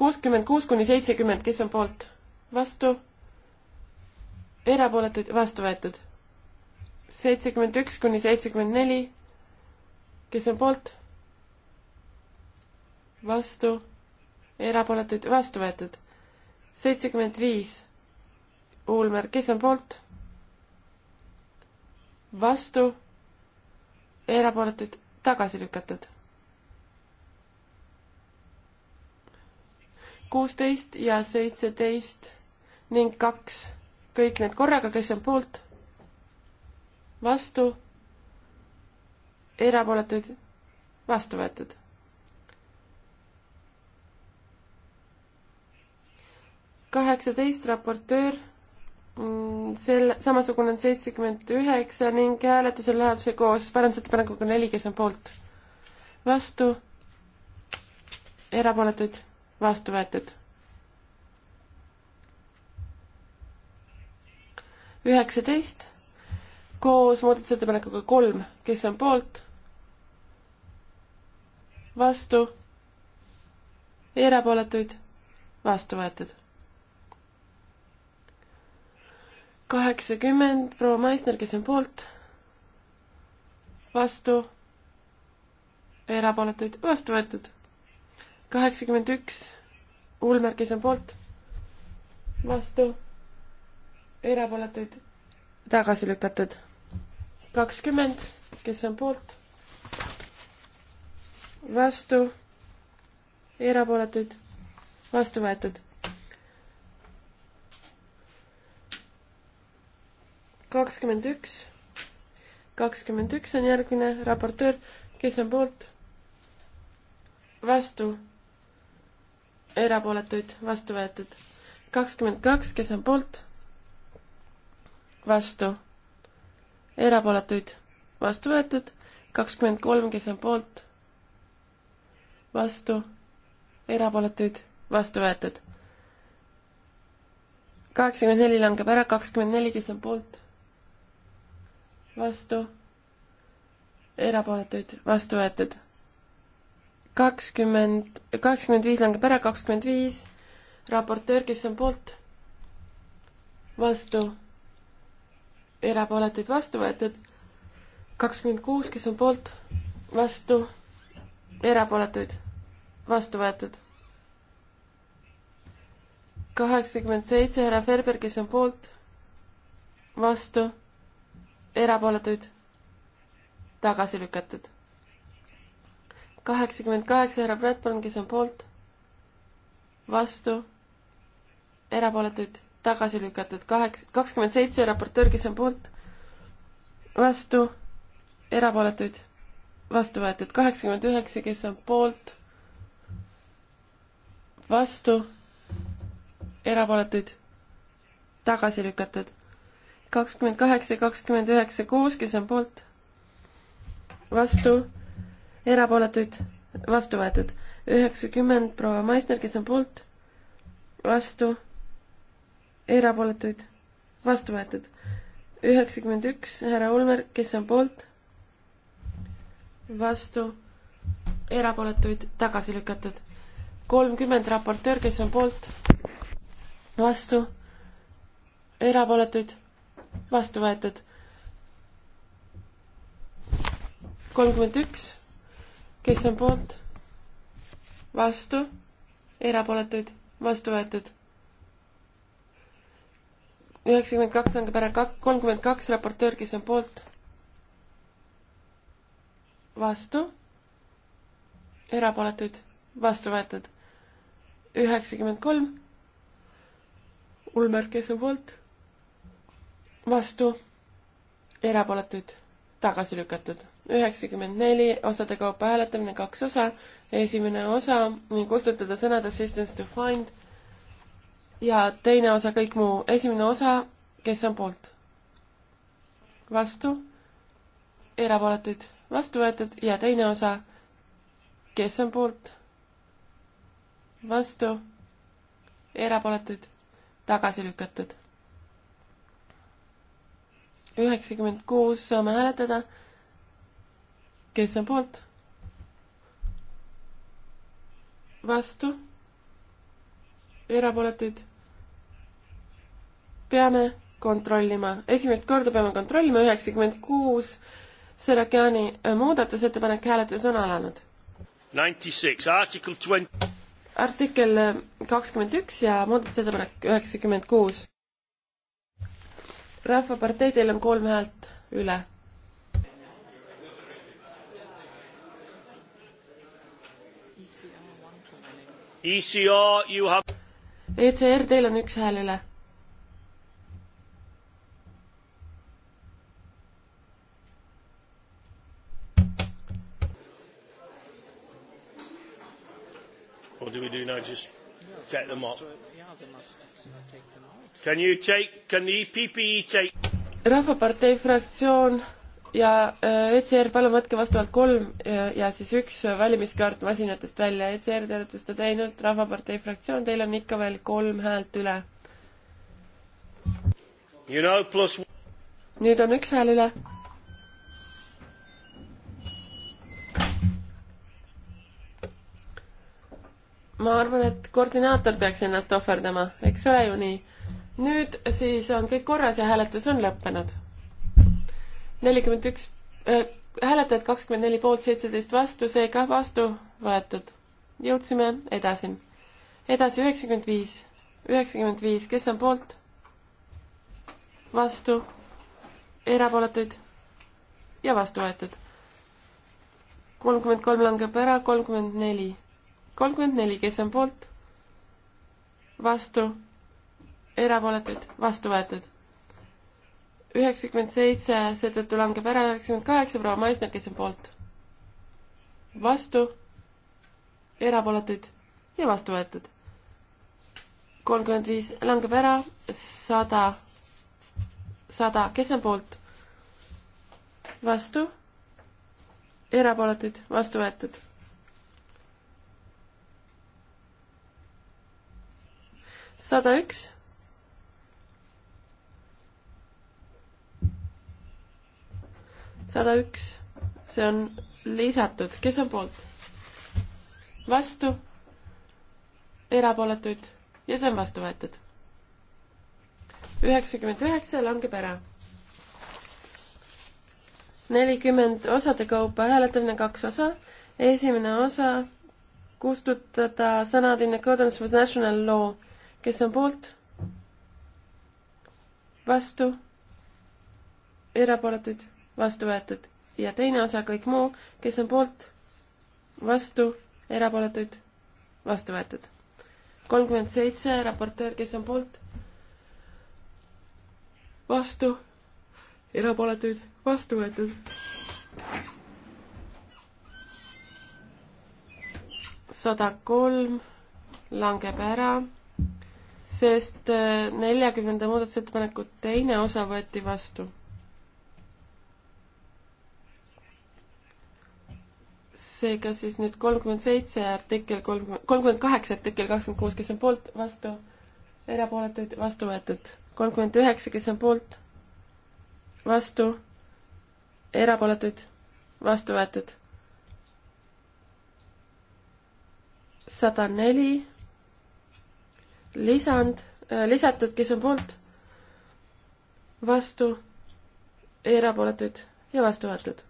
kuuskümmend kuus kuni seitsekümmend, kes on poolt? vastu? erapooletuid vastu võetud. seitsekümmend üks kuni seitsekümmend neli, kes on poolt? vastu? erapooletuid vastu võetud. seitsekümmend viis, Uulmer, kes on poolt? vastu, erapooletuid tagasi lükatud. kuusteist ja seitseteist ning kaks, kõik need korraga, kes on poolt, vastu, erapooletuid vastu võetud. kaheksateist raportöör Mm, selle, samasugune on seitsekümmend üheksa ning hääletusel läheb see koos parandusettepanekuga neli, kes on poolt. vastu, erapooletuid, vastu võetud. üheksateist koos muudatusettepanekuga kolm, kes on poolt, vastu, erapooletuid, vastu võetud kaheksakümmend, proua Maisner, kes on poolt? vastu? erapooletuid? vastu võetud. kaheksakümmend üks, Ulmer, kes on poolt? vastu? erapooletuid? tagasi lükatud. kakskümmend, kes on poolt? vastu? erapooletuid? vastu võetud kakskümmend üks, kakskümmend üks on järgmine raportöör, kes on poolt, vastu, erapooletuid, vastu võetud. kakskümmend kaks, kes on poolt, vastu, erapooletuid, vastu võetud. kakskümmend kolm, kes on poolt, vastu, erapooletuid, vastu võetud kaheksakümmend neli langeb ära, kakskümmend neli, kes on poolt, vastu, erapooletuid vastu võetud. kakskümmend, kaheksakümmend viis langeb ära, kakskümmend viis, raportöör, kes on poolt, vastu, erapooletuid vastu võetud, kakskümmend kuus, kes on poolt, vastu, erapooletuid vastu võetud. kaheksakümmend seitse, härra Ferber, kes on poolt, vastu erapooletuid, tagasi lükatud. kaheksakümmend kaheksa härra Bradburn, kes on poolt, vastu, erapooletuid, tagasi lükatud. kaheksa, kakskümmend seitse raportöör, kes on poolt, vastu, erapooletuid, vastu võetud. kaheksakümmend üheksa, kes on poolt, vastu, erapooletuid, tagasi lükatud kakskümmend kaheksa ja kakskümmend üheksa koos, kes on poolt, vastu, erapooletuid, vastu võetud. üheksakümmend proua Maisner, kes on poolt, vastu, erapooletuid, vastu võetud. üheksakümmend üks härra Ulmer, kes on poolt, vastu, erapooletuid, tagasi lükatud. kolmkümmend raportöör, kes on poolt, vastu, erapooletuid vastu võetud. kolmkümmend üks, kes on poolt, vastu, erapooletuid, vastu võetud. üheksakümmend kaks langeb ära, kolmkümmend kaks raportöör, kes on poolt, vastu, erapooletuid, vastu võetud. üheksakümmend kolm, Ulmer, kes on poolt vastu, erapooletuid tagasi lükatud. üheksakümmend neli osade kaupa hääletamine, kaks osa. esimene osa kustutada sõnad assistance to find ja teine osa kõik muu. esimene osa, kes on poolt? vastu, erapooletuid vastu võetud ja teine osa, kes on poolt? vastu, erapooletuid tagasi lükatud üheksakümmend kuus saame hääletada. kes on poolt? vastu? erapooletuid? peame kontrollima, esimest korda peame kontrollima, üheksakümmend kuus Serakiani muudatusettepanek hääletus on alanud. artikkel kakskümmend üks ja muudatusettepanek üheksakümmend kuus rahvapartei, teil on kolm häält üle. ECR, you have. ECR, teil on üks hääl üle. Or do we do now just take them off? Yeah, they must take them off. Can you take, can the PPE e take? rahvapartei fraktsioon ja äh, ECR, palun võtke vastavalt kolm ja, äh, ja siis üks valimiskaart masinatest välja. ECR, te olete seda teinud, Rahvapartei fraktsioon, teil on ikka veel kolm häält üle. You know, plus... nüüd on üks hääl üle. ma arvan, et koordinaator peaks ennast ohverdama, eks ole ju nii nüüd siis on kõik korras ja hääletus on lõppenud. nelikümmend üks äh, hääletajad kakskümmend neli poolt, seitseteist vastu, seega vastu võetud. jõudsime edasi. edasi üheksakümmend viis, üheksakümmend viis, kes on poolt? vastu, erapooletuid ja vastu võetud. kolmkümmend kolm langeb ära, kolmkümmend neli, kolmkümmend neli, kes on poolt? vastu erapooletuid, vastu võetud. üheksakümmend seitse, seetõttu langeb ära üheksakümmend kaheksa, proua Maisner, kes on poolt? vastu, erapooletuid ja vastu võetud. kolmkümmend viis langeb ära, sada, sada, kes on poolt? vastu, erapooletuid, vastu võetud sada üks sada üks, see on lisatud, kes on poolt? vastu, erapooletuid ja see on vastu võetud. üheksakümmend üheksa langeb ära. nelikümmend osade kaupa hääletamine, kaks osa. esimene osa kustutada sõnad in accordance with national law. kes on poolt? vastu? erapooletuid? vastu võetud. ja teine osa, kõik muu, kes on poolt, vastu, erapooletuid, vastu võetud. kolmkümmend seitse, raportöör, kes on poolt, vastu, erapooletuid, vastu võetud. sada kolm langeb ära sest äh, neljakümnenda muudatusettepaneku teine osa võeti vastu. seega siis nüüd kolmkümmend seitse artikkel kolmkümmend, kolmkümmend kaheksa artikkel kakskümmend kuus, kes on poolt, vastu, erapooletuid, vastu võetud. kolmkümmend üheksa, kes on poolt, vastu, erapooletuid, vastu võetud. sada neli, lisand, äh, lisatud, kes on poolt, vastu, erapooletuid ja vastu võetud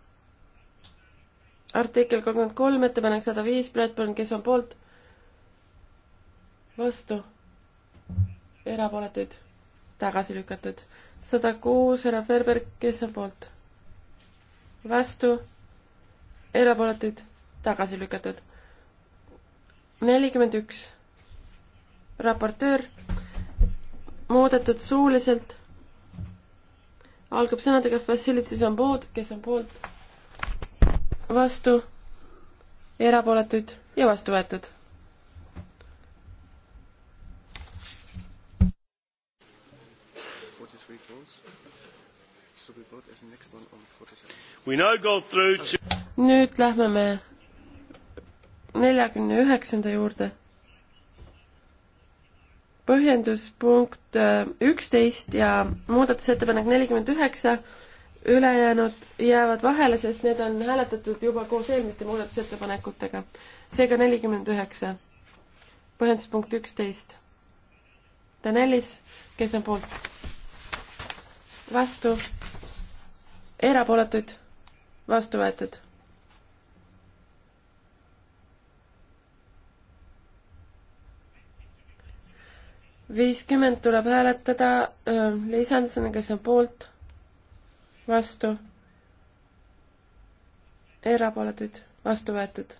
artikkel kolmkümmend kolm, ettepanek sada viis, Bradburn, kes on poolt? vastu? erapooletuid? tagasi lükatud. sada kuus, härra Ferber, kes on poolt? vastu? erapooletuid? tagasi lükatud. nelikümmend üks, raportöör, muudetud suuliselt, algab sõnadega facilities on poolt, kes on poolt? vastu, erapooletuid ja vastu võetud. nüüd lähme me neljakümne üheksanda juurde. põhjenduspunkt äh, üksteist ja muudatusettepanek nelikümmend üheksa ülejäänud jäävad vahele, sest need on hääletatud juba koos eelmiste muudatusettepanekutega. seega nelikümmend üheksa. põhjendus punkt üksteist. Danelis, kes on poolt? vastu. erapooletuid? vastu võetud. viiskümmend tuleb hääletada, lisandusena, kes on poolt vastu, erapooletuid, vastu võetud.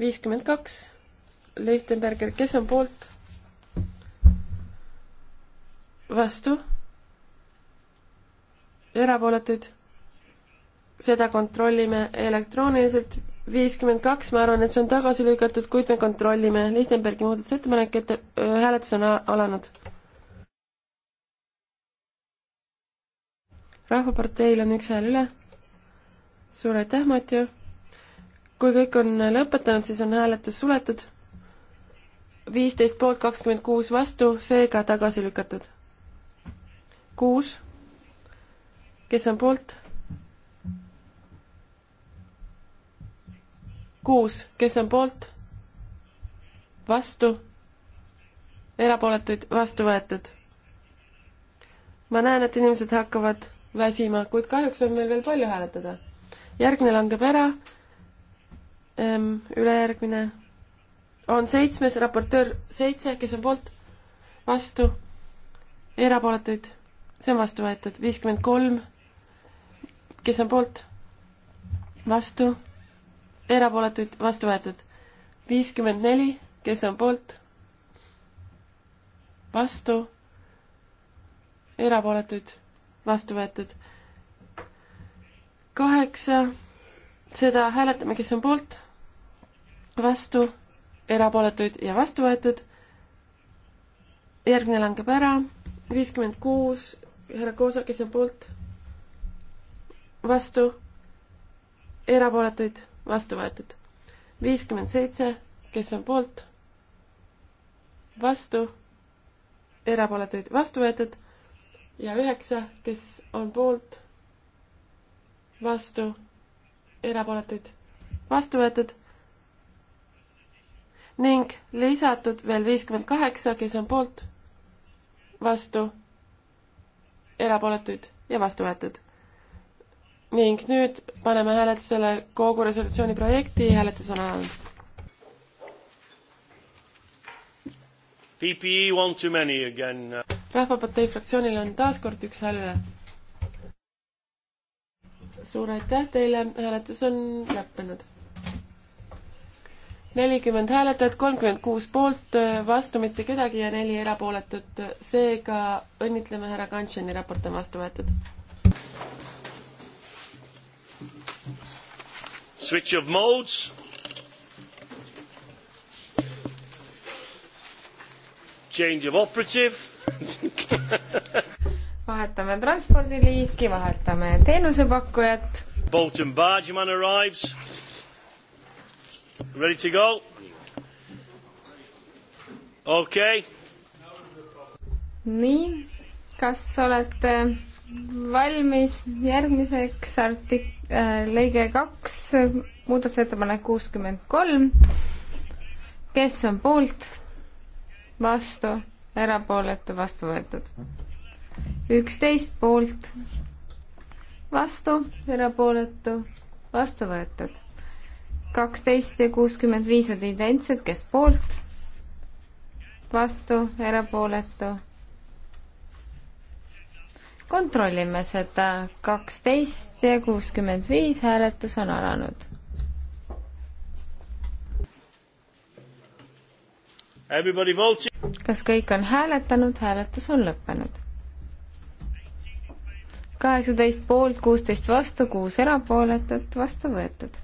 viiskümmend kaks, Lichtenberger, kes on poolt? vastu, erapooletuid, seda kontrollime elektrooniliselt, viiskümmend kaks, ma arvan, et see on tagasi lükatud, kuid me kontrollime Lichtenbergi muudatusettepanek, et äh, hääletus on alanud rahvaparteil on üks hääl üle. suur aitäh, Matju. kui kõik on lõpetanud, siis on hääletus suletud. viisteist poolt, kakskümmend kuus vastu, seega tagasi lükatud. kuus. kes on poolt? kuus, kes on poolt? vastu? erapooletuid vastu võetud. ma näen, et inimesed hakkavad väsima, kuid kahjuks on meil veel palju hääletada. järgmine langeb ära, ehm, ülejärgmine on seitsmes, raportöör seitse, kes on poolt, vastu, erapooletuid, see on vastu võetud, viiskümmend kolm, kes on poolt, vastu, erapooletuid, vastu võetud, viiskümmend neli, kes on poolt, vastu, erapooletuid vastu võetud. kaheksa, seda hääletame, kes on poolt, vastu, erapooletuid ja vastu võetud. järgmine langeb ära, viiskümmend kuus, härra Koosa, kes on poolt, vastu, erapooletuid, vastu võetud. viiskümmend seitse, kes on poolt, vastu, erapooletuid, vastu võetud ja üheksa, kes on poolt, vastu, erapooletuid, vastu võetud ning lisatud veel viiskümmend kaheksa, kes on poolt, vastu, erapooletuid ja vastu võetud. ning nüüd paneme hääletusele kogu resolutsiooni projekti, hääletus on alanud. PPE one too many again rahvapartei fraktsioonil on taas kord üks hääl üle. suur aitäh teile, hääletus on lõppenud. nelikümmend hääletajat, kolmkümmend kuus poolt, vastu mitte kedagi ja neli erapooletut. seega õnnitleme härra Kantšeni, raport on vastu võetud. Switch of modes. Change of operative vahetame transpordiliiki, vahetame teenusepakkujat. Boat and bargeman arrives. Ready to go? okei okay.. nii, kas olete valmis järgmiseks artik- äh,, lõige kaks, muudatusettepanek kuuskümmend kolm. kes on poolt? vastu erapooletu, vastu võetud. üksteist poolt, vastu, erapooletu, vastu võetud. kaksteist ja kuuskümmend viis on identsed, kes poolt, vastu, erapooletu. kontrollime seda, kaksteist ja kuuskümmend viis hääletus on alanud kas kõik on hääletanud, hääletus on lõppenud. kaheksateist poolt, kuusteist vastu, kuus erapooletut, vastu võetud.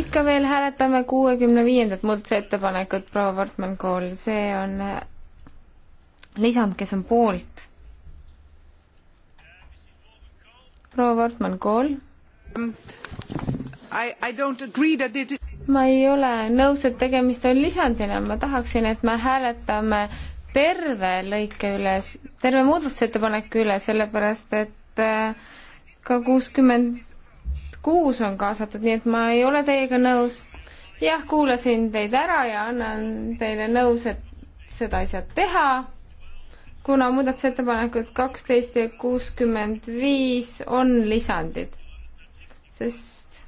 ikka veel hääletame kuuekümne viiendat muudatusettepanekut, proua Wortmann-Kool, see on lisand, kes on poolt proua Wortmann Kool. Um, ma ei ole nõus, et tegemist on lisandina, ma tahaksin, et me hääletame terve lõike üle, terve muudatusettepaneku üle, sellepärast et äh, ka kuuskümmend kuus on kaasatud, nii et ma ei ole teiega nõus. jah, kuulasin teid ära ja annan teile nõus, et seda ei saa teha kuna muudatusettepanekud kaksteist ja kuuskümmend viis on lisandid, sest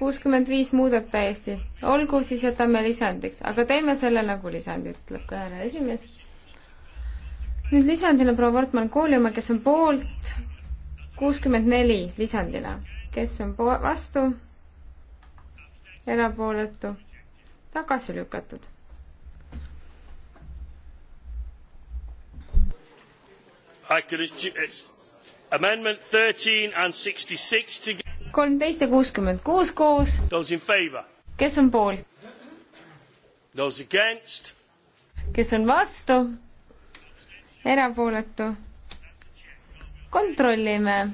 kuuskümmend viis muudab täiesti, olgu siis jätame lisandiks, aga teeme selle nagu lisandi, ütleb ka härra esimees. nüüd lisandina proua Wortmann Koolimaa, kes on poolt, kuuskümmend neli lisandina, kes on po-, vastu, erapooletu, tagasi lükatud I can it's amendment 13 and 66 to kolmteist ja kuuskümmend kuus koos. kes on poolt? kes on vastu? erapooletu? kontrollime.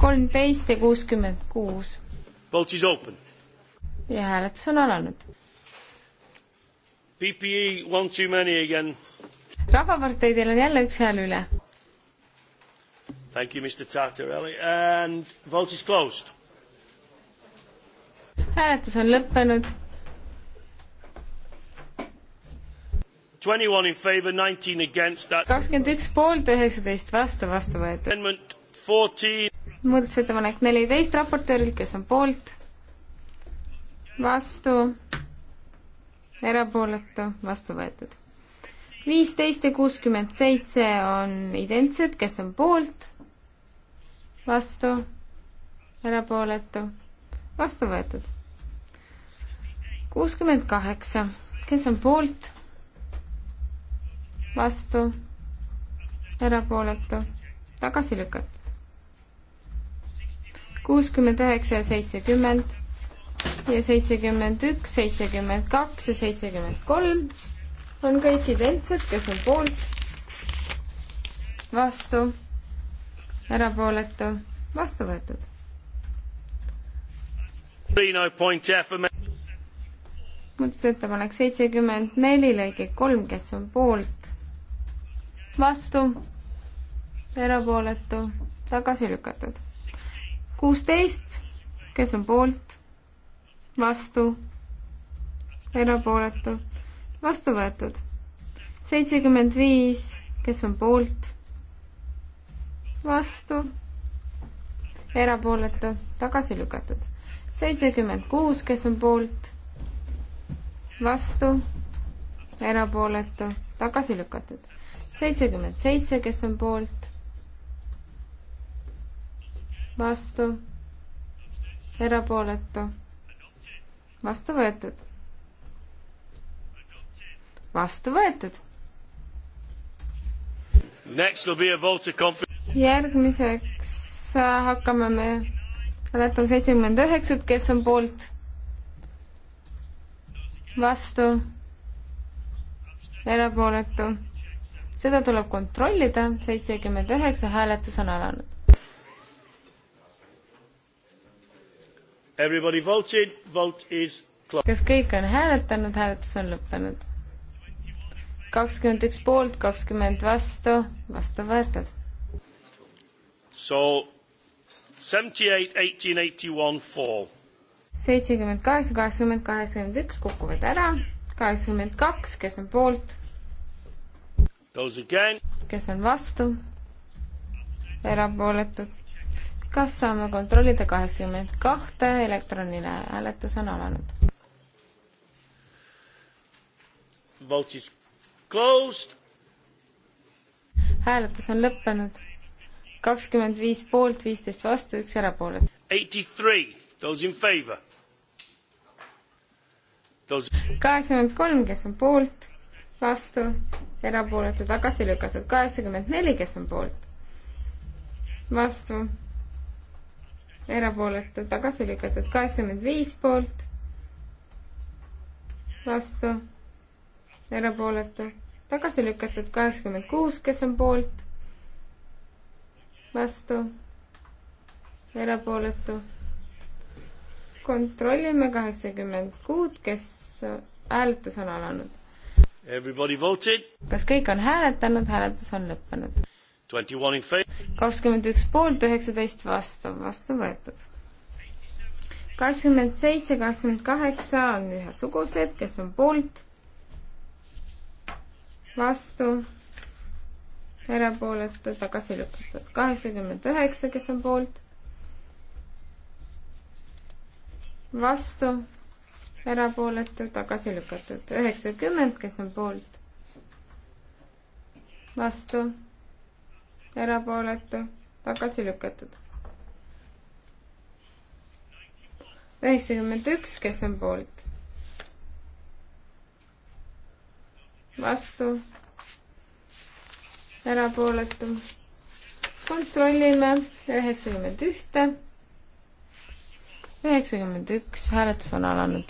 kolmteist ja kuuskümmend kuus. ja hääletus on alanud. E, rahvaparteidel on jälle üks hääl üle Thank you, Mr Tartarelli and vote is closed. hääletus on lõppenud. kakskümmend üks poolt, üheksateist vastu, vastu võetud. muudatusettepanek neliteist raportööril, kes on poolt, vastu, erapooletu, vastu võetud. viisteist ja kuuskümmend seitse on identsed, kes on poolt vastu, erapooletu, vastu võetud. kuuskümmend kaheksa, kes on poolt, vastu, erapooletu, tagasi lükatud. kuuskümmend üheksa ja seitsekümmend ja seitsekümmend üks, seitsekümmend kaks ja seitsekümmend kolm on kõik identsed, kes on poolt, vastu erapooletu, vastu võetud. muudatusettepanek seitsekümmend neli, lõige kolm, kes on poolt, vastu, erapooletu, tagasi lükatud. kuusteist, kes on poolt, vastu, erapooletu, vastu võetud. seitsekümmend viis, kes on poolt vastu, erapooletu, tagasi lükatud. seitsekümmend kuus, kes on poolt, vastu, erapooletu, tagasi lükatud. seitsekümmend seitse, kes on poolt, vastu, erapooletu, vastu võetud. vastu võetud. Next will be a vote of confidence järgmiseks äh, hakkame me hääletama seitsekümmend üheksat, kes on poolt, vastu, erapooletu. seda tuleb kontrollida, seitsekümmend üheksa, hääletus on alanud. Everybody voted, vote is closed. kas kõik on hääletanud, hääletus on lõppenud. kakskümmend üks poolt, kakskümmend vastu, vastu võetud So seventy eight, eighteen, eighty one fall. seitsekümmend kaheksa, kaheksakümmend, kaheksakümmend üks kukuvad ära, kaheksakümmend kaks, kes on poolt? kes on vastu? erapooletud. kas saame kontrollida kaheksakümmend kahte, elektroniline hääletus on alanud. hääletus on lõppenud kakskümmend viis poolt, viisteist vastu, üks erapooletu. kaheksakümmend kolm, kes on poolt, vastu, erapooletu, tagasi lükatud. kaheksakümmend neli, kes on poolt, vastu, erapooletu, tagasi lükatud. kaheksakümmend viis poolt, vastu, erapooletu, tagasi lükatud. kaheksakümmend kuus, kes on poolt vastu, erapooletu. kontrollime kaheksakümmend kuut, kes hääletus on alanud. kas kõik on hääletanud, hääletus on lõppenud? kakskümmend üks poolt, üheksateist vastu, vastu võetud. kakskümmend seitse, kakskümmend kaheksa on ühesugused, kes on poolt, vastu erapooletu, tagasi lükatud. kaheksakümmend üheksa, kes on poolt, vastu, erapooletu, tagasi lükatud. üheksakümmend, kes on poolt, vastu, erapooletu, tagasi lükatud. üheksakümmend üks, kes on poolt, vastu erapooletu. kontrollime üheksakümmend ühte, üheksakümmend üks, hääletus on alanud.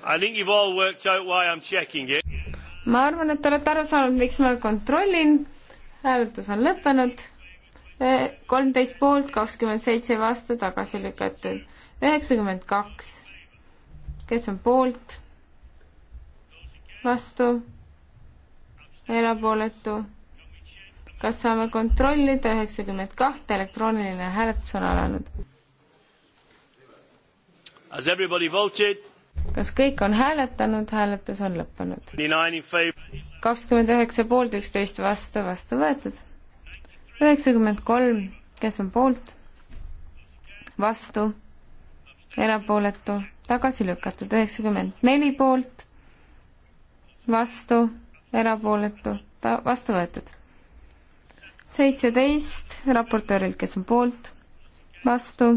I think you've all worked out why I'm checking it. ma arvan, et te olete aru saanud, miks ma kontrollin. hääletus on lõppenud. kolmteist poolt, kakskümmend seitse vastu, tagasi lükatud. üheksakümmend kaks. kes on poolt? vastu, erapooletu. kas saame kontrollida, üheksakümmend kahte, elektrooniline hääletus on alanud. kas kõik on hääletanud, hääletus on lõppenud. kakskümmend üheksa poolt, üksteist vastu, vastu võetud. üheksakümmend kolm, kes on poolt, vastu, erapooletu, tagasi lükatud, üheksakümmend neli poolt vastu, erapooletu, vastu võetud. seitseteist raportöörilt, kes on poolt, vastu,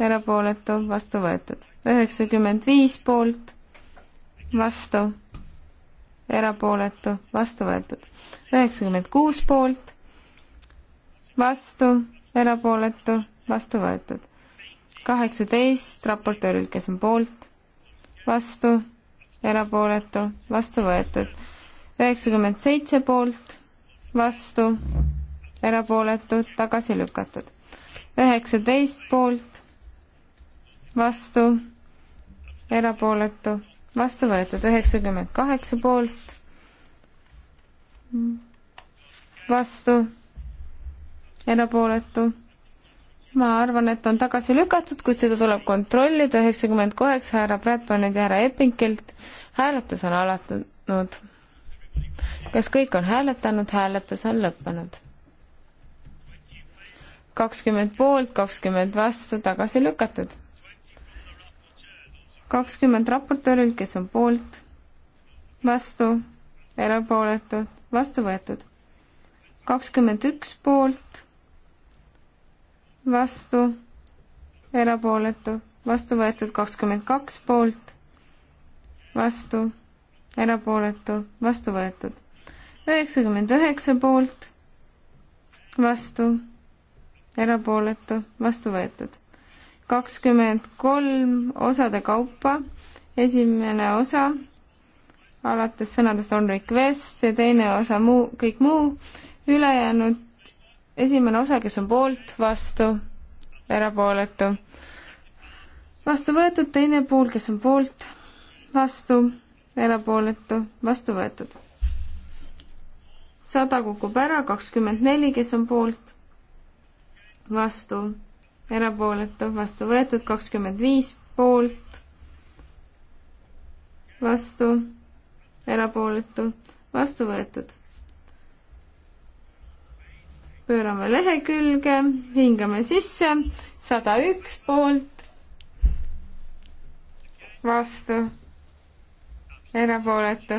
erapooletu, vastu võetud. üheksakümmend viis poolt, vastu, erapooletu, vastu võetud. üheksakümmend kuus poolt, vastu, erapooletu, vastu võetud. kaheksateist raportöörilt, kes on poolt, vastu erapooletu, vastu võetud. üheksakümmend seitse poolt, vastu, erapooletud, tagasi lükatud. üheksateist poolt, vastu, erapooletu, vastu võetud. üheksakümmend kaheksa poolt, vastu, erapooletu ma arvan, et on tagasi lükatud, kuid seda tuleb kontrollida, üheksakümmend kaheksa härra Bradbanilt ja härra Eppingilt. hääletus on alanud. kas kõik on hääletanud, hääletus on lõppenud? kakskümmend poolt, kakskümmend vastu, tagasi lükatud. kakskümmend raportöörilt, kes on poolt, vastu, erapooletud, vastu võetud. kakskümmend üks poolt vastu, erapooletu, vastu võetud kakskümmend kaks poolt, vastu, erapooletu, vastu võetud üheksakümmend üheksa poolt, vastu, erapooletu, vastu võetud. kakskümmend kolm osade kaupa, esimene osa alates sõnadest on request ja teine osa muu, kõik muu, ülejäänud esimene osa, kes on poolt, vastu, erapooletu. vastu võetud, teine pool, kes on poolt, vastu, erapooletu, vastu võetud. sada kukub ära, kakskümmend neli, kes on poolt, vastu, erapooletu, vastu võetud, kakskümmend viis poolt, vastu, erapooletu, vastu võetud pöörame lehekülge, hingame sisse, sada üks poolt, vastu, erapooletu.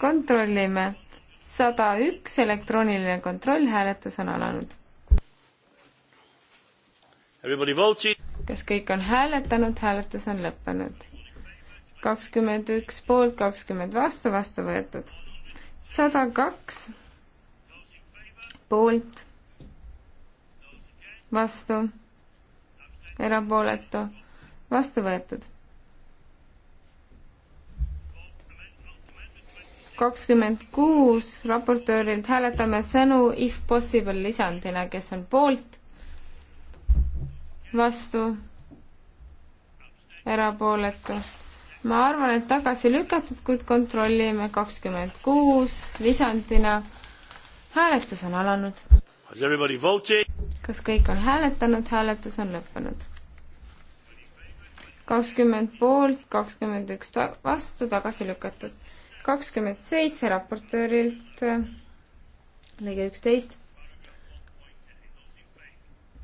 kontrollime, sada üks elektrooniline kontrollhääletus on alanud. kas kõik on hääletanud, hääletus on lõppenud. kakskümmend üks poolt, kakskümmend vastu, vastu võetud. sada kaks poolt vastu, erapooletu, vastu võetud. kakskümmend kuus raportöörilt hääletame sõnu if possible lisandina, kes on poolt, vastu, erapooletu. ma arvan, et tagasi lükatud, kuid kontrollime kakskümmend kuus lisandina. hääletus on alanud kas kõik on hääletanud, hääletus on lõppenud. kakskümmend poolt, kakskümmend üks ta-, vastu, tagasi lükatud. kakskümmend seitse raportöörilt, äh, lõige üksteist.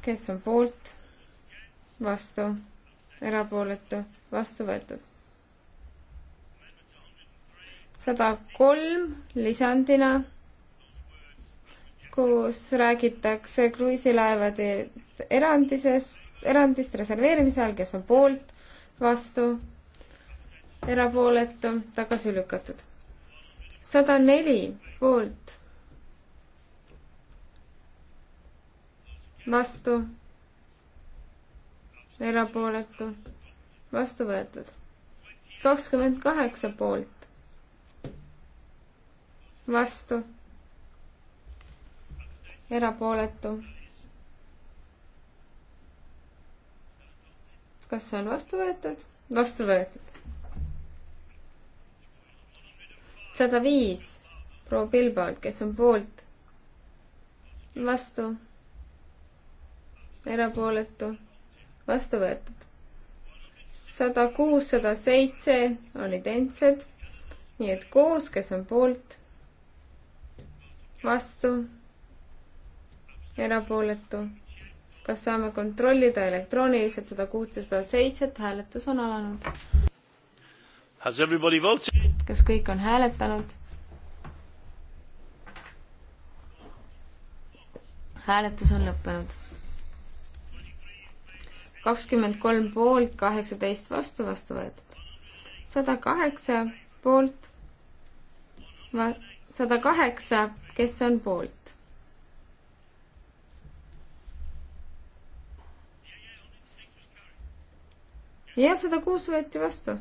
kes on poolt, vastu, erapooletu, vastu võetud sada kolm lisandina kus räägitakse kruiisilaevade erandisest, erandist reserveerimise ajal, kes on poolt, vastu, erapooletu, tagasi lükatud. sada neli poolt, vastu, erapooletu, vastu võetud. kakskümmend kaheksa poolt, vastu erapooletu. kas see on vastu võetud? vastu võetud. sada viis proua Pilbalt, kes on poolt, vastu, erapooletu, vastu võetud. sada kuus, sada seitse on identsed, nii et koos, kes on poolt, vastu erapooletu. kas saame kontrollida elektrooniliselt seda kuutsada seitset, hääletus on alanud. kas kõik on hääletanud? hääletus on lõppenud. kakskümmend kolm poolt, kaheksateist vastu, vastu võetud. sada kaheksa poolt, sada kaheksa, kes on poolt? ja sada kuus võeti vastu.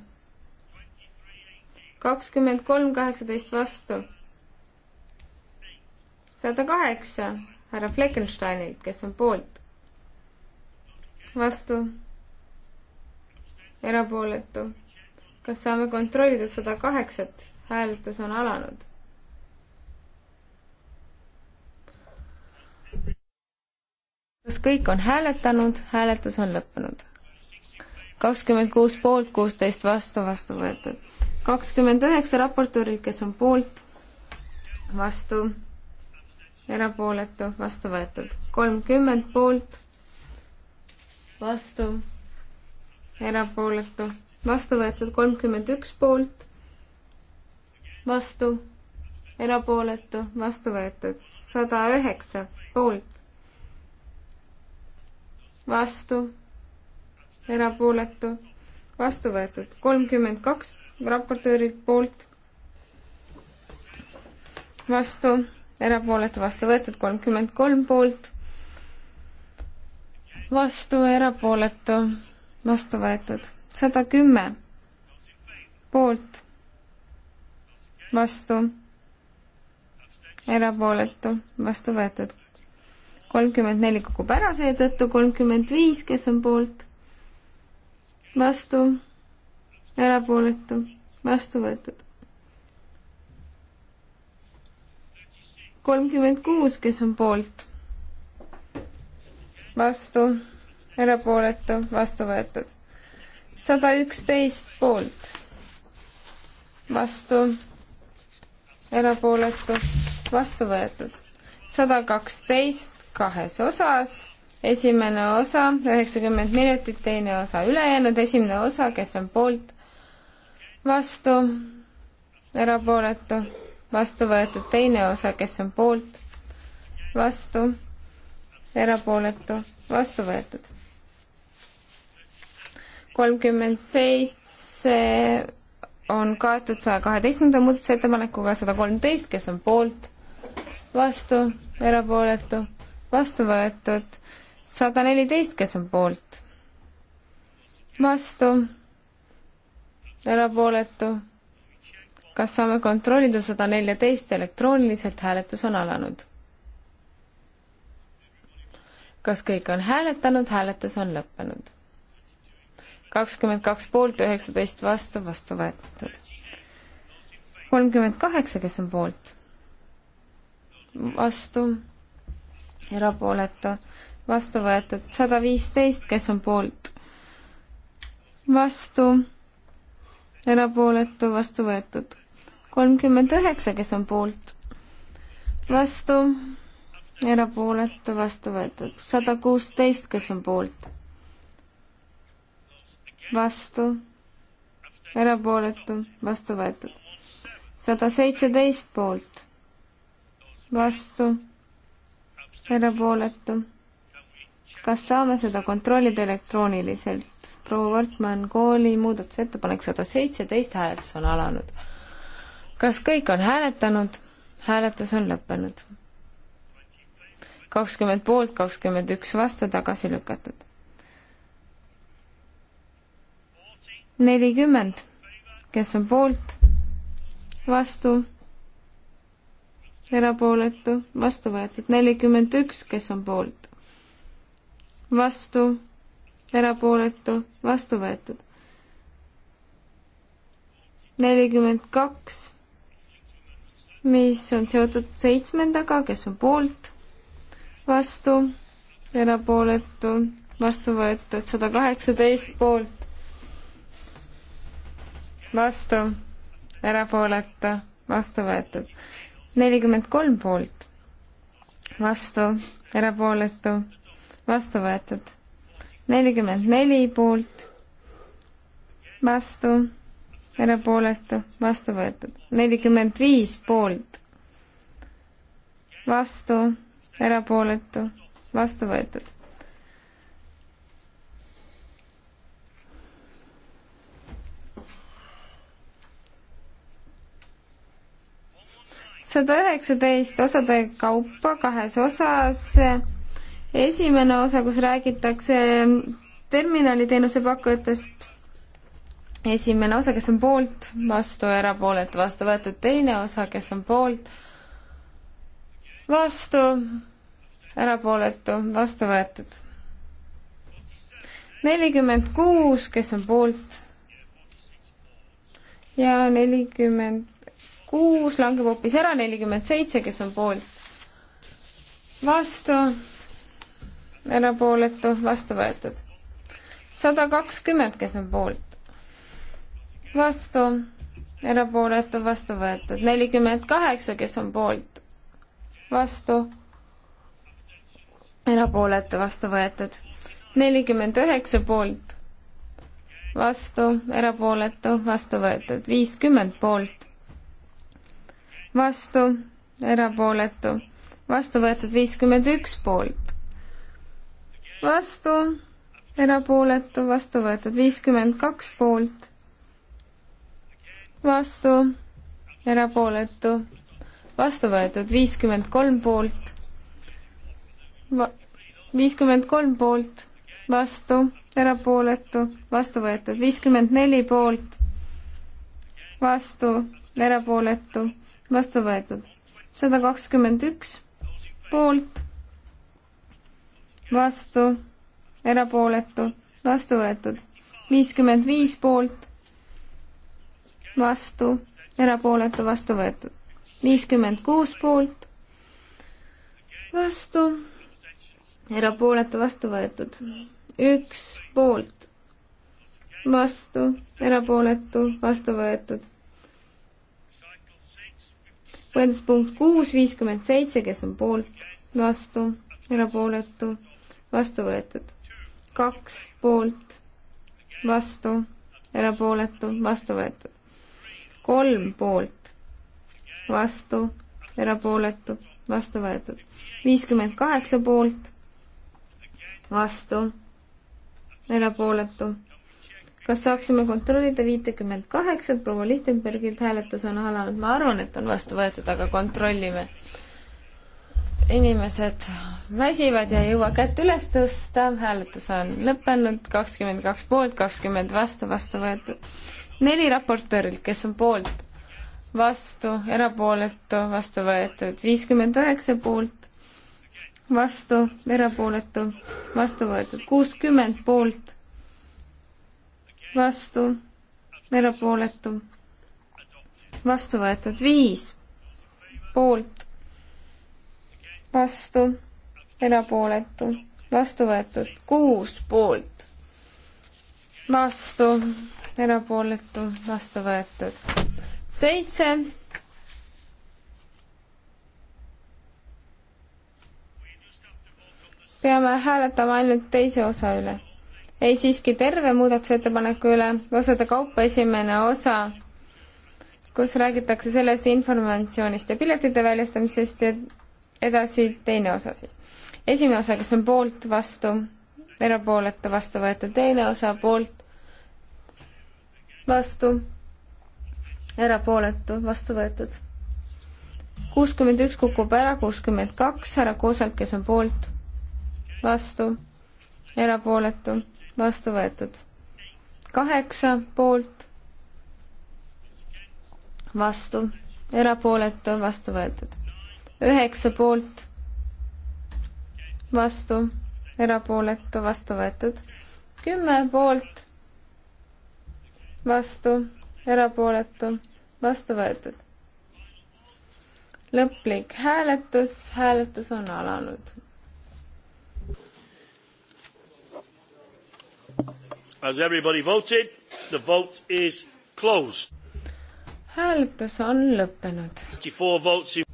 kakskümmend kolm, kaheksateist vastu. sada kaheksa härra Fleckensteinilt, kes on poolt. vastu. erapooletu. kas saame kontrollida sada kaheksat? hääletus on alanud kas kõik on hääletanud, hääletus on lõppenud kakskümmend kuus poolt, kuusteist vastu, vastu võetud. kakskümmend üheksa raportöörid, kes on poolt, vastu, erapooletu, vastu võetud. kolmkümmend poolt, vastu, erapooletu, vastu võetud. kolmkümmend üks poolt, vastu, erapooletu, vastu võetud. sada üheksa poolt, vastu erapooletu, vastu võetud kolmkümmend kaks raportöörilt poolt, vastu, erapooletu, vastu võetud kolmkümmend kolm poolt, vastu, erapooletu, vastu võetud sada kümme poolt, vastu, erapooletu, vastu võetud kolmkümmend neli kogub ära seetõttu, kolmkümmend viis, kes on poolt vastu, erapooletu, vastu võetud. kolmkümmend kuus, kes on poolt, vastu, erapooletu, vastu võetud. sada üksteist poolt, vastu, erapooletu, vastu võetud. sada kaksteist kahes osas esimene osa üheksakümmend minutit, teine osa ülejäänud, esimene osa, kes on poolt, vastu, erapooletu, vastu võetud, teine osa, kes on poolt, vastu, erapooletu, vastu võetud. kolmkümmend seitse on kaetud saja kaheteistkümnenda muudatusettepanekuga, sada kolmteist, kes on poolt, vastu, erapooletu, vastu võetud sada neliteist, kes on poolt? vastu, erapooletu. kas saame kontrollida sada neljateist elektrooniliselt, hääletus on alanud. kas kõik on hääletanud, hääletus on lõppenud. kakskümmend kaks poolt, üheksateist vastu, vastu võetud. kolmkümmend kaheksa, kes on poolt? vastu, erapooletu vastu võetud, sada viisteist, kes on poolt, vastu, erapooletu, vastu võetud, kolmkümmend üheksa, kes on poolt, vastu, erapooletu, vastu võetud, sada kuusteist, kes on poolt, vastu, erapooletu, vastu võetud sada seitseteist poolt, vastu, erapooletu, kas saame seda kontrollida elektrooniliselt? proua Wortmann, kooli muudatusettepanek sada seitseteist, hääletus on alanud. kas kõik on hääletanud? hääletus on lõppenud. kakskümmend poolt, kakskümmend üks vastu, tagasi lükatud. nelikümmend, kes on poolt, vastu, erapooletu, vastu võetud, nelikümmend üks, kes on poolt vastu, erapooletu, vastu võetud. nelikümmend kaks, mis on seotud seitsmendaga, kes on poolt, vastu, erapooletu, vastu võetud, sada kaheksateist poolt, vastu, erapooletu, vastu võetud, nelikümmend kolm poolt, vastu, erapooletu vastu võetud. nelikümmend neli poolt, vastu, erapooletu, vastu võetud. nelikümmend viis poolt, vastu, erapooletu, vastu võetud. sada üheksateist osade kaupa kahes osas esimene osa, kus räägitakse terminaliteenuse pakkujatest, esimene osa, kes on poolt, vastu, erapooletu, vastu võetud, teine osa, kes on poolt, vastu, erapooletu, vastu võetud. nelikümmend kuus, kes on poolt ja nelikümmend kuus langeb hoopis ära, nelikümmend seitse, kes on poolt, vastu erapooletu, vastu võetud. sada kakskümmend, kes on poolt, vastu, erapooletu, vastu võetud. nelikümmend kaheksa, kes on poolt, vastu, erapooletu, vastu võetud. nelikümmend üheksa poolt, vastu, erapooletu, vastu võetud. viiskümmend poolt, vastu, erapooletu, vastu võetud. viiskümmend üks poolt, vastu, erapooletu, vastu võetud viiskümmend kaks poolt, vastu, erapooletu, vastu võetud viiskümmend kolm poolt, viiskümmend kolm poolt, vastu, erapooletu, vastu võetud viiskümmend neli poolt, vastu, erapooletu, vastu võetud sada kakskümmend üks poolt vastu, erapooletu, vastu võetud. viiskümmend viis poolt, vastu, erapooletu, vastu võetud. viiskümmend kuus poolt, vastu, erapooletu, vastu võetud. üks poolt, vastu, erapooletu, vastu võetud põhjenduspunkt kuus, viiskümmend seitse, kes on poolt, vastu, erapooletu, vastu võetud. kaks poolt, vastu, erapooletu, vastu võetud. kolm poolt, vastu, erapooletu, vastu võetud. viiskümmend kaheksa poolt, vastu, erapooletu. kas saaksime kontrollida viitekümmet kaheksat, proua Lichtenbergilt hääletus on alanud, ma arvan, et on vastu võetud, aga kontrollime inimesed väsivad ja ei jõua kätt üles tõsta, hääletus on lõppenud, kakskümmend kaks poolt, kakskümmend vastu, vastu võetud. neli raportöörilt, kes on poolt, vastu, erapooletu, vastu võetud, viiskümmend üheksa poolt, vastu, erapooletu, vastu võetud, kuuskümmend poolt, vastu, erapooletu, vastu võetud, viis poolt, vastu, erapooletu, vastu võetud kuus poolt, vastu, erapooletu, vastu võetud seitse. peame hääletama ainult teise osa üle. ei, siiski terve muudatusettepaneku üle, osade kaupa esimene osa kus räägitakse sellest informatsioonist ja piletite väljastamisest ja edasi teine osa siis. esimene osa, kes on poolt, vastu, erapooletu, vastu võetud, teine osa poolt, vastu, erapooletu, vastu võetud. kuuskümmend üks kukub ära, kuuskümmend kaks, härra Kuusak, kes on poolt, vastu, erapooletu, vastu võetud. kaheksa poolt, vastu, erapooletu, vastu võetud üheksa poolt, vastu, erapooletu, vastu võetud. kümme poolt, vastu, erapooletu, vastu võetud. lõplik hääletus, hääletus on alanud. Has everybody voted? The vote is closed. hääletus on lõppenud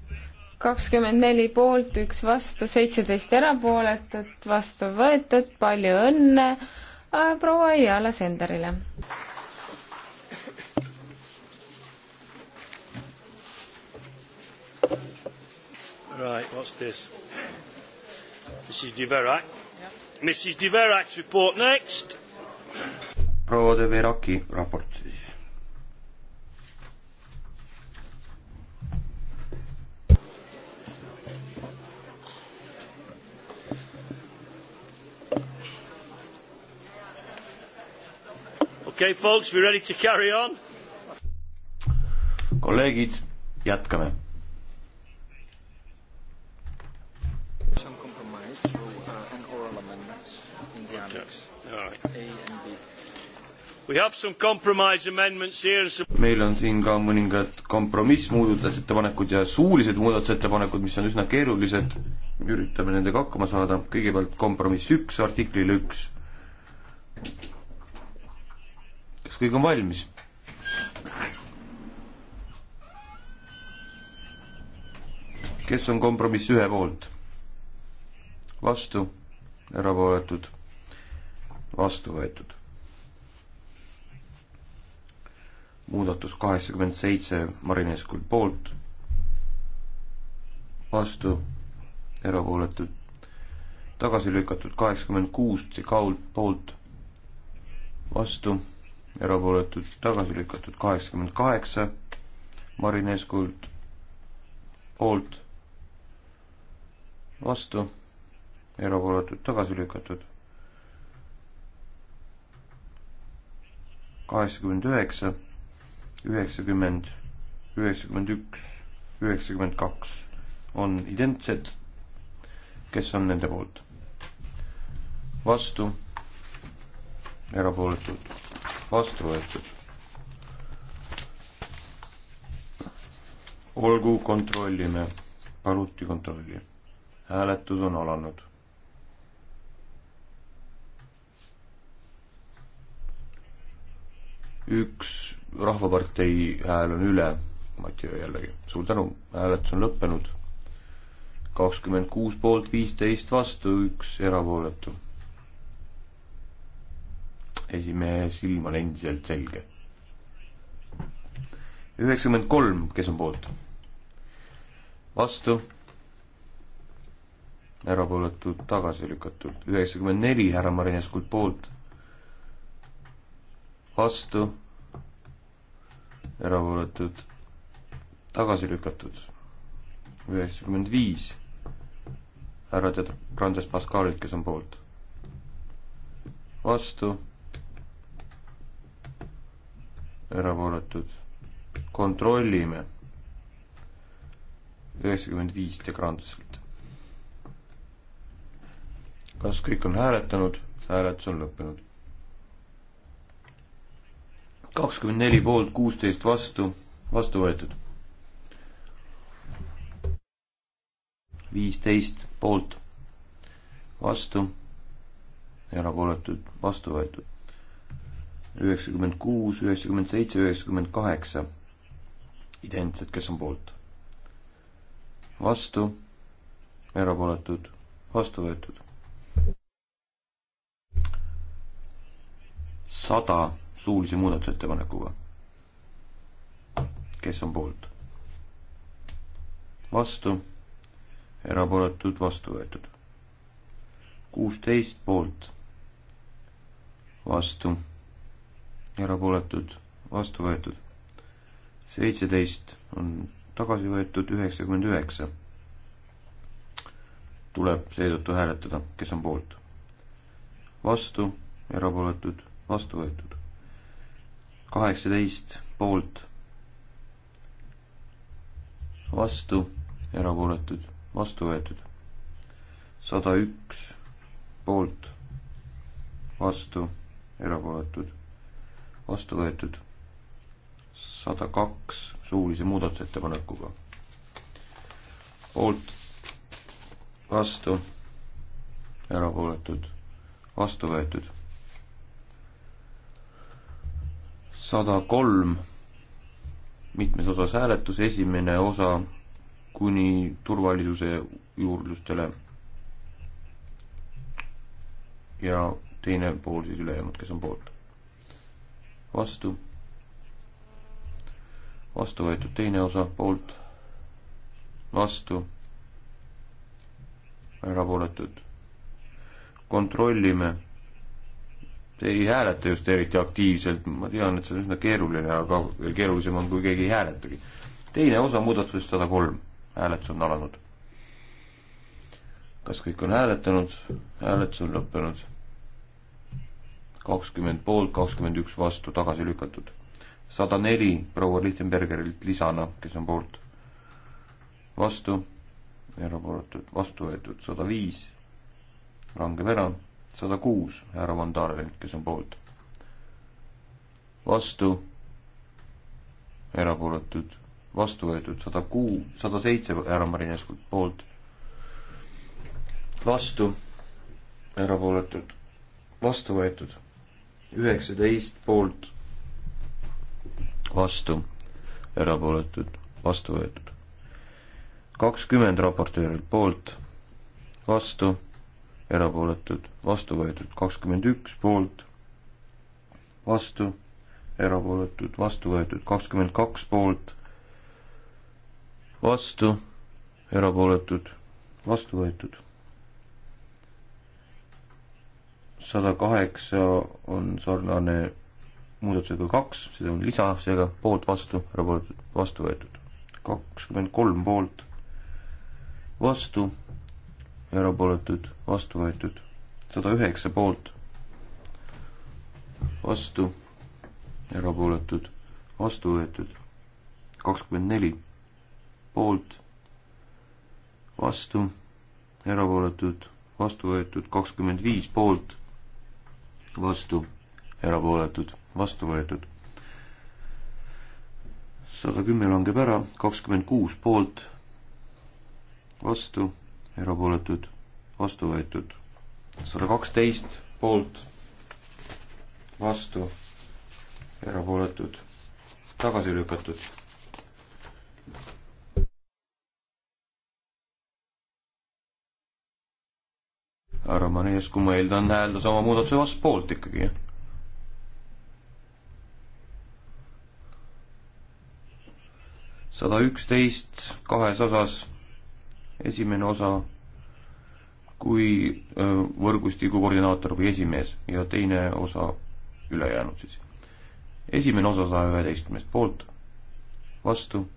kakskümmend neli poolt, üks vastu, seitseteist erapooletut, vastu võetud, palju õnne äh, proua Jaala Senderile. Right, what's this? Mrs de Verac. Mrs de Verac's report next. proua de Veraki raport Okay, folks, we ready to carry on? kolleegid, jätkame. Some compromise through uh, an oral amendment in the okay. annex. All right. A and B. We have some compromise amendments here. meil on siin ka mõningad kompromissmuudatusettepanekud ja suulised muudatusettepanekud, mis on üsna keerulised. üritame nendega hakkama saada. kõigepealt kompromiss üks artiklile üks kas kõik on valmis? kes on kompromiss ühe poolt? vastu, erapooletud, vastu võetud. muudatus kaheksakümmend seitse Marineskul poolt, vastu, erapooletud, tagasi lükatud kaheksakümmend kuus Tsikault poolt, vastu erapooletud, tagasi lükatud kaheksakümmend kaheksa Marineskult poolt, vastu, erapooletud, tagasi lükatud kaheksakümmend üheksa, üheksakümmend, üheksakümmend üks, üheksakümmend kaks on identsed, kes on nende poolt vastu, erapooletud vastu võetud. olgu, kontrollime. paluti kontrolli. hääletus on alanud. üks Rahvapartei hääl on üle, Mati jällegi, suur tänu, hääletus on lõppenud. kakskümmend kuus poolt, viisteist vastu, üks erapooletu esimehe silm on endiselt selge. üheksakümmend kolm, kes on poolt? vastu? erapooletud, tagasi lükatud. üheksakümmend neli härra Marineskult poolt. vastu? erapooletud, tagasi lükatud. üheksakümmend viis härra teatud Grandes Pascalilt, kes on poolt. vastu erapooletud. kontrollime. üheksakümmend viis De Grandeselt. kas kõik on hääletanud? hääletus on lõppenud. kakskümmend neli poolt, kuusteist vastu, vastu võetud. viisteist poolt, vastu, erapooletud, vastu võetud üheksakümmend kuus, üheksakümmend seitse, üheksakümmend kaheksa. identsed, kes on poolt? vastu, erapooletud, vastu võetud. sada suulise muudatusettepanekuga. kes on poolt? vastu, erapooletud, vastu võetud. kuusteist poolt, vastu erapooletud, vastu võetud. seitseteist on tagasi võetud, üheksakümmend üheksa tuleb seetõttu hääletada, kes on poolt. vastu, erapooletud, vastu võetud. kaheksateist poolt, vastu, erapooletud, vastu võetud. sada üks poolt, vastu, erapooletud vastu võetud sada kaks suulise muudatusettepanekuga. poolt, vastu, erapooletud, vastu võetud. sada kolm mitmes osas hääletus, esimene osa kuni turvalisuse juurdlustele ja teine pool siis ülejäänud, kes on poolt vastu, vastu võetud teine osa poolt, vastu, erapooletud. kontrollime. Te ei hääleta just eriti aktiivselt, ma tean, et see on üsna keeruline, aga veel keerulisem on, kui keegi ei hääletagi. teine osa muudatusest sada kolm, hääletus on alanud. kas kõik on hääletanud? hääletus on lõppenud kakskümmend poolt, kakskümmend üks vastu, tagasi lükatud. sada neli proua Lichtenbergerilt lisana, kes on poolt, vastu, erapooletud, vastu võetud, sada viis langeb ära, sada kuus härra Vandarelilt, kes on poolt, vastu, erapooletud, vastu võetud, sada kuu, sada seitse härra Marineskult poolt, vastu, erapooletud, vastu võetud üheksateist poolt, vastu, erapooletud, vastu võetud. kakskümmend raportöörilt poolt, vastu, erapooletud, vastu võetud. kakskümmend üks poolt, vastu, erapooletud, vastu võetud. kakskümmend kaks poolt, vastu, erapooletud, vastu võetud sada kaheksa on sarnane muudatusega kaks, see on lisasega poolt vastu, vastu võetud. kakskümmend kolm poolt vastu, erapooletud, vastu võetud. sada üheksa poolt vastu, erapooletud, vastu võetud. kakskümmend neli poolt vastu, erapooletud, vastu võetud. kakskümmend viis poolt vastu, erapooletud, vastu võetud. sada kümme langeb ära, kakskümmend kuus poolt, vastu, erapooletud, vastu võetud. sada kaksteist poolt, vastu, erapooletud, tagasi lükatud härra Manescu, ma eeldan, hääldas oma muudatuse vastu poolt ikkagi, jah? sada üksteist kahes osas, esimene osa kui võrgustiku koordinaator või esimees ja teine osa ülejäänud siis. esimene osa saja üheteistkümnest poolt, vastu,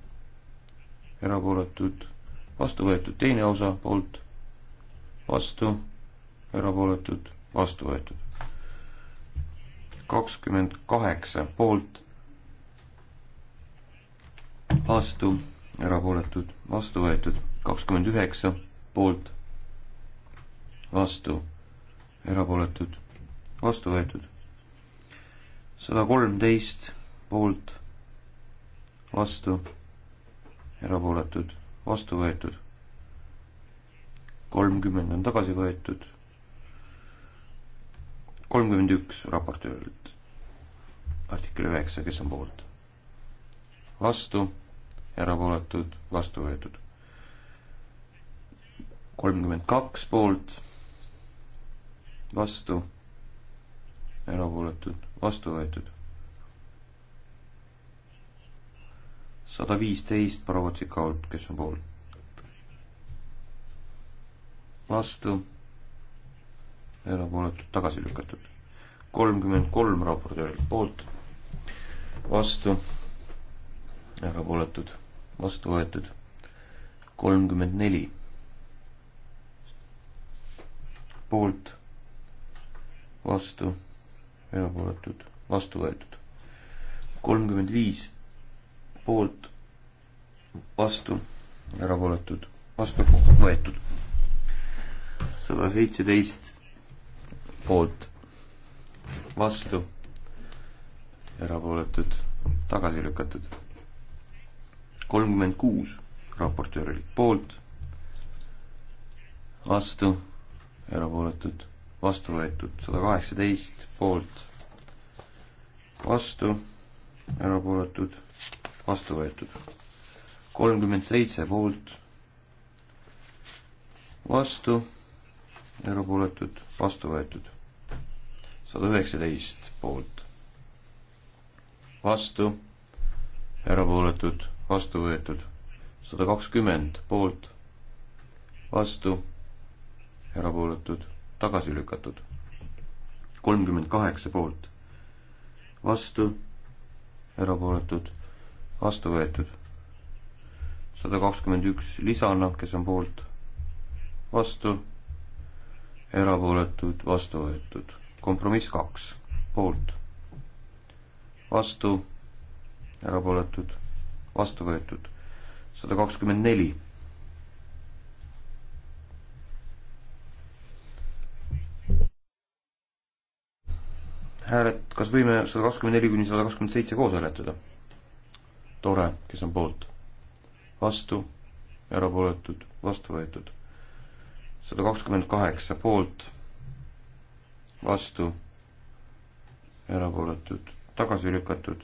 erapooletud, vastu võetud teine osa poolt, vastu erapooletud, vastu võetud. kakskümmend kaheksa poolt, vastu, erapooletud, vastu võetud. kakskümmend üheksa poolt, vastu, erapooletud, vastu võetud. sada kolmteist poolt, vastu, erapooletud, vastu võetud. kolmkümmend on tagasi võetud kolmkümmend üks raportöörilt, artikkel üheksa, kes on poolt? vastu, erapooletud, vastu võetud. kolmkümmend kaks poolt, vastu, erapooletud, vastu võetud. sada viisteist Provotsi kaudu, kes on poolt? vastu erapooletud tagasi lükatud. kolmkümmend kolm raportöörilt poolt, vastu, erapooletud, vastu võetud. kolmkümmend neli poolt, vastu, erapooletud, vastu võetud. kolmkümmend viis poolt, vastu, erapooletud, vastu võetud. sada seitseteist poolt, vastu, erapooletud, tagasi lükatud. kolmkümmend kuus raportöörilt poolt, vastu, erapooletud, vastu võetud, sada kaheksateist poolt, vastu, erapooletud, vastu võetud. kolmkümmend seitse poolt, vastu, erapooletud, vastu võetud sada üheksateist poolt, vastu, erapooletud, vastu võetud, sada kakskümmend poolt, vastu, erapooletud, tagasi lükatud, kolmkümmend kaheksa poolt, vastu, erapooletud, vastu võetud, sada kakskümmend üks lisana, kes on poolt, vastu, erapooletud, vastu võetud kompromiss kaks, poolt, vastu, erapooletud, vastu võetud, sada kakskümmend neli. hääled, kas võime sada kakskümmend neli kuni sada kakskümmend seitse koos hääletada? tore, kes on poolt? vastu, erapooletud, vastu võetud. sada kakskümmend kaheksa poolt vastu, erapooletud, tagasi lükatud.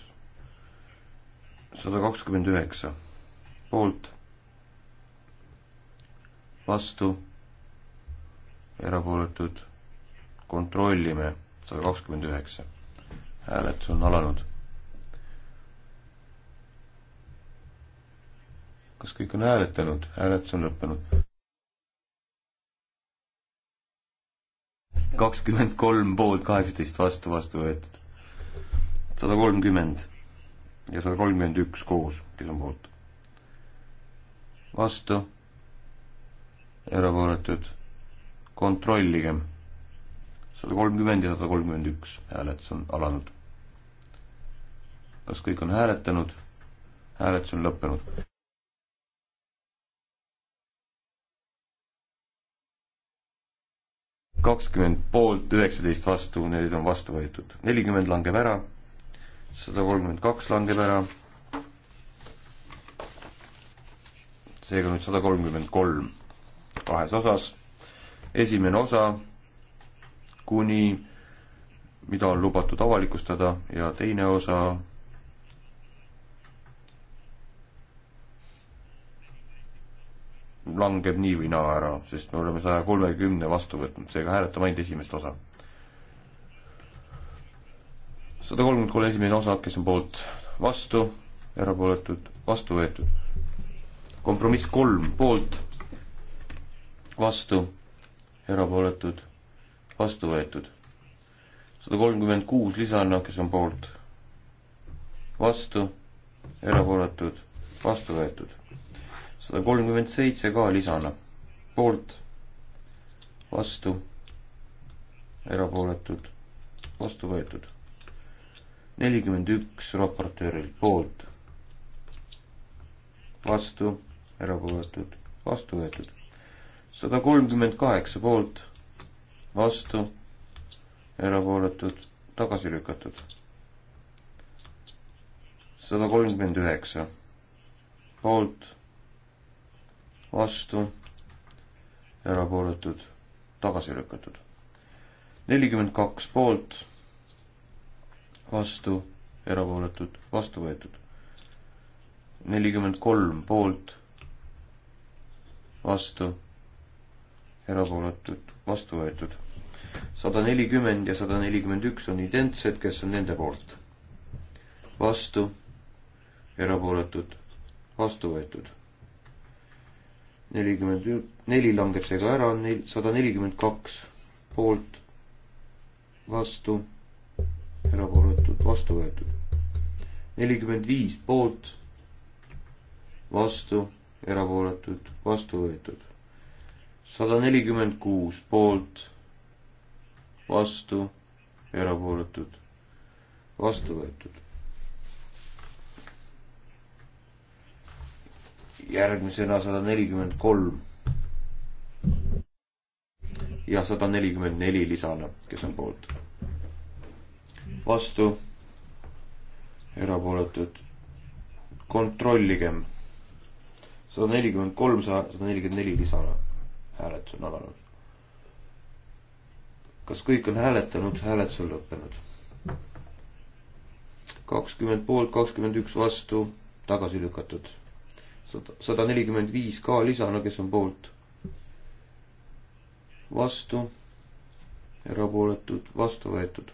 sada kakskümmend üheksa poolt, vastu, erapooletud, kontrollime, sada kakskümmend üheksa. hääletus on alanud. kas kõik on hääletanud? hääletus on lõppenud kakskümmend kolm poolt, kaheksateist vastu, vastu võetud. sada kolmkümmend ja sada kolmkümmend üks koos, kes on poolt. vastu, erapooletud, kontrolligem. sada kolmkümmend ja sada kolmkümmend üks hääletus on alanud. kas kõik on hääletanud? hääletus on lõppenud. kakskümmend poolt, üheksateist vastu, need on vastu võetud. nelikümmend langeb ära, sada kolmkümmend kaks langeb ära, seega nüüd sada kolmkümmend kolm kahes osas. esimene osa kuni, mida on lubatud avalikustada ja teine osa langeb nii või naa ära, sest me oleme saja kolmekümne vastu võtnud, seega hääletame ainult esimest osa. sada kolmkümmend kolm esimene osa, kes on poolt, vastu, erapooletud, vastu võetud. kompromiss kolm poolt, vastu, erapooletud, vastu võetud. sada kolmkümmend kuus lisana, kes on poolt, vastu, erapooletud, vastu võetud sada kolmkümmend seitse ka lisana. poolt, vastu, erapooletud, vastu võetud. nelikümmend üks raportöörilt poolt, vastu, erapooletud, vastu võetud. sada kolmkümmend kaheksa poolt, vastu, erapooletud, tagasi lükatud. sada kolmkümmend üheksa poolt vastu, erapooletud, tagasi lükatud. nelikümmend kaks poolt, vastu, erapooletud, vastu võetud. nelikümmend kolm poolt, vastu, erapooletud, vastu võetud. sada nelikümmend ja sada nelikümmend üks on identsed, kes on nende poolt. vastu, erapooletud, vastu võetud nelikümmend neli langeb seega ära, neil sada nelikümmend kaks poolt, vastu, erapooletud, vastu võetud. nelikümmend viis poolt, vastu, erapooletud, vastu võetud. sada nelikümmend kuus poolt, vastu, erapooletud, vastu võetud järgmisena sada nelikümmend kolm. ja sada nelikümmend neli lisana, kes on poolt. vastu, erapooletud, kontrolligem. sada nelikümmend kolm, sada nelikümmend neli lisana, hääletus on alanud. kas kõik on hääletanud, hääletus on lõppenud. kakskümmend poolt, kakskümmend üks vastu, tagasi lükatud sada, sada nelikümmend viis ka lisana, kes on poolt. vastu, erapooletud, vastu võetud.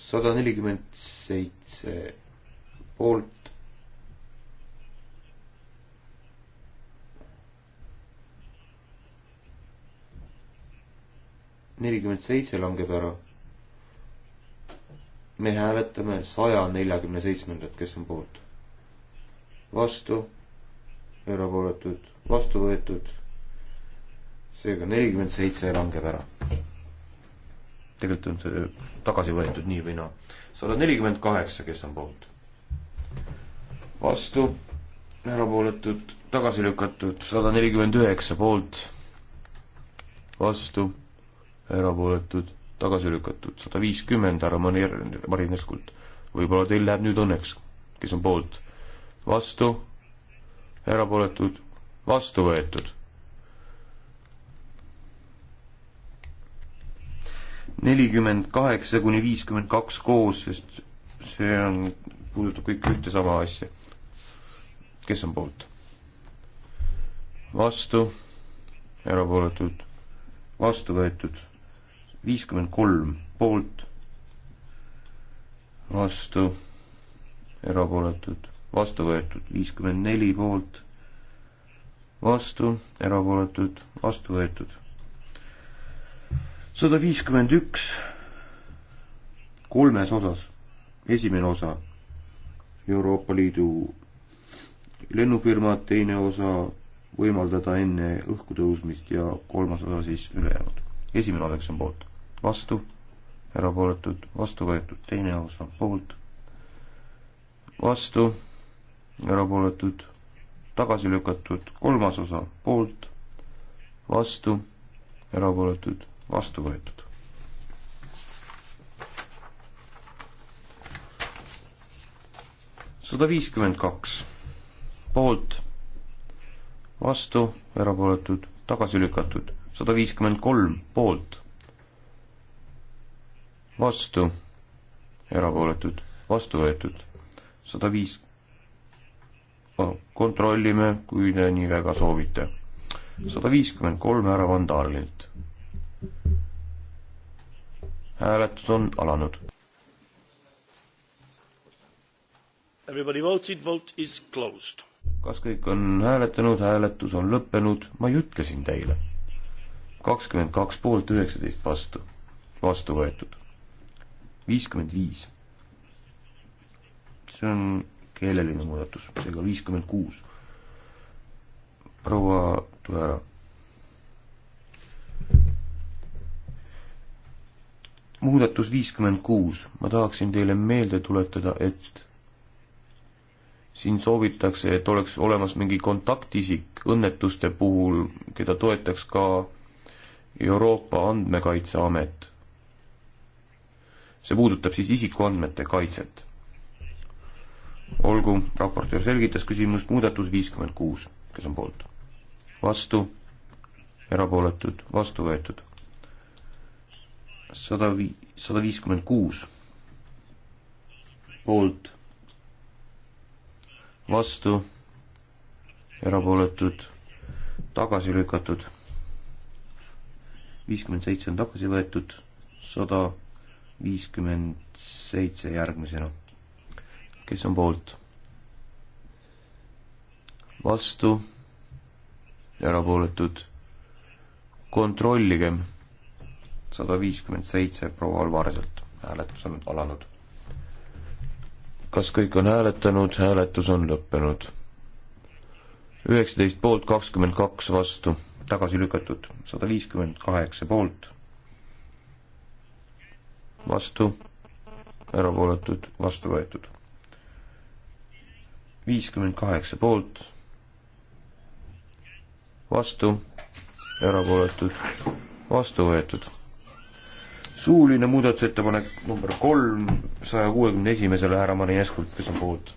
sada nelikümmend seitse poolt, nelikümmend seitse langeb ära me hääletame saja neljakümne seitsmendat, kes on poolt. vastu, erapooletud, vastu võetud. seega nelikümmend seitse langeb ära. tegelikult on see tagasi võetud nii või naa. sada nelikümmend kaheksa, kes on poolt. vastu, erapooletud, tagasi lükatud, sada nelikümmend üheksa poolt. vastu, erapooletud tagasi lükatud, sada viiskümmend härra Marineskult. võib-olla teil läheb nüüd õnneks, kes on poolt, vastu, erapooletud, vastu võetud. nelikümmend kaheksa kuni viiskümmend kaks koos, sest see on, puudutab kõik ühte sama asja. kes on poolt? vastu, erapooletud, vastu võetud viiskümmend kolm poolt, vastu, erapooletud, vastu võetud viiskümmend neli poolt, vastu, erapooletud, vastu võetud. sada viiskümmend üks kolmes osas, esimene osa Euroopa Liidu lennufirmad, teine osa võimaldada enne õhku tõusmist ja kolmas osa siis ülejäänud. esimene oleks on poolt vastu, erapooletud, vastu võetud, teine osa poolt, vastu, erapooletud, tagasi lükatud, kolmas osa poolt, vastu, erapooletud, vastu võetud. sada viiskümmend kaks poolt, vastu, erapooletud, tagasi lükatud, sada viiskümmend kolm poolt vastu, erapooletud, vastu võetud sada viis. kontrollime, kui te nii väga soovite. sada viiskümmend kolm härra Van Darlilt. hääletus on alanud. Everybody voted, vote is closed. kas kõik on hääletanud, hääletus on lõppenud, ma ju ütlesin teile. kakskümmend kaks poolt, üheksateist vastu, vastu võetud viiskümmend viis. see on keeleline muudatus, seega viiskümmend kuus. proua, tule ära. muudatus viiskümmend kuus, ma tahaksin teile meelde tuletada, et siin soovitakse, et oleks olemas mingi kontaktisik õnnetuste puhul, keda toetaks ka Euroopa Andmekaitseamet see puudutab siis isikuandmete kaitset. olgu, raportöör selgitas küsimust, muudatus viiskümmend kuus, kes on poolt? vastu, erapooletud, vastu võetud. sada vi-, sada viiskümmend kuus poolt, vastu, erapooletud, tagasi lükatud, viiskümmend seitse on tagasi võetud, sada 100 viiskümmend seitse järgmisena. kes on poolt? vastu, erapooletud, kontrolligem. sada viiskümmend seitse proua Alvareselt, hääletus on alanud. kas kõik on hääletanud, hääletus on lõppenud. üheksateist poolt, kakskümmend kaks vastu, tagasi lükatud, sada viiskümmend kaheksa poolt vastu, erapooletud, vastu võetud. viiskümmend kaheksa poolt, vastu, erapooletud, vastu võetud. suuline muudatusettepanek number kolm saja kuuekümne esimesele härra Marineskult, kes on poolt,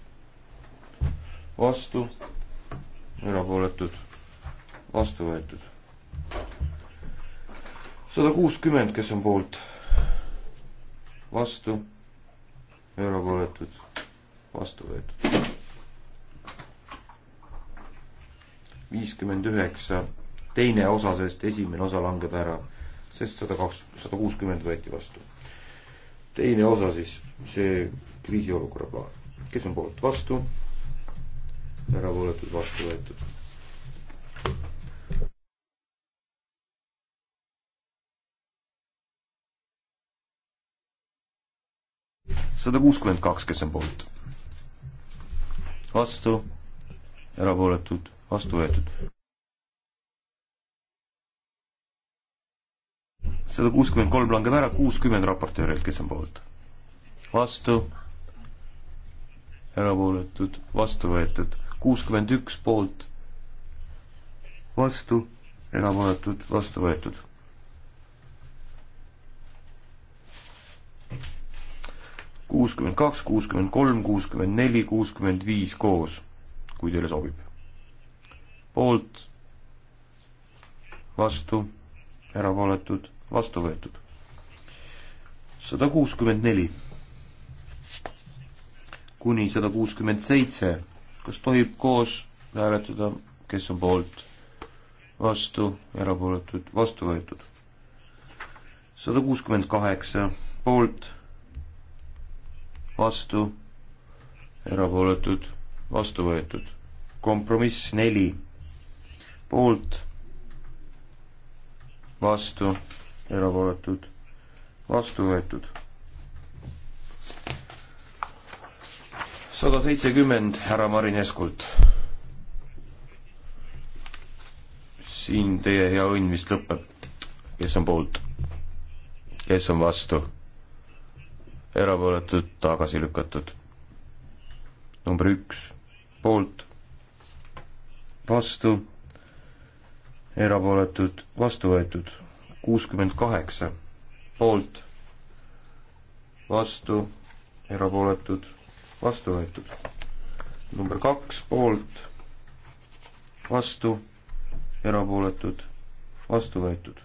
vastu, erapooletud, vastu võetud. sada kuuskümmend, kes on poolt vastu, erapooletud, vastu võetud. viiskümmend üheksa, teine osa, sest esimene osa langeb ära, sest sada kaks, sada kuuskümmend võeti vastu. teine osa siis, see kriisiolukorra plaan, kes on poolt vastu, erapooletud, vastu võetud sada kuuskümmend kaks, kes on poolt? vastu, erapooletud, vastu võetud. sada kuuskümmend kolm langeb ära, kuuskümmend raportöörilt, kes on poolt? vastu, erapooletud, vastu võetud, kuuskümmend üks poolt, vastu, erapooletud, vastu võetud kuuskümmend kaks, kuuskümmend kolm, kuuskümmend neli, kuuskümmend viis koos, kui teile sobib. poolt, vastu, erapooletud, vastu võetud. sada kuuskümmend neli kuni sada kuuskümmend seitse. kas tohib koos hääletada, kes on poolt, vastu, erapooletud, vastu võetud? sada kuuskümmend kaheksa poolt vastu, erapooletud, vastu võetud. kompromiss neli, poolt, vastu, erapooletud, vastu võetud. sada seitsekümmend härra Marineskult. siin teie hea õnn vist lõpeb. kes on poolt? kes on vastu? erapooletud, tagasi lükatud. number üks, poolt, vastu, erapooletud, vastu võetud, kuuskümmend kaheksa, poolt, vastu, erapooletud, vastu võetud. number kaks, poolt, vastu, erapooletud, vastu võetud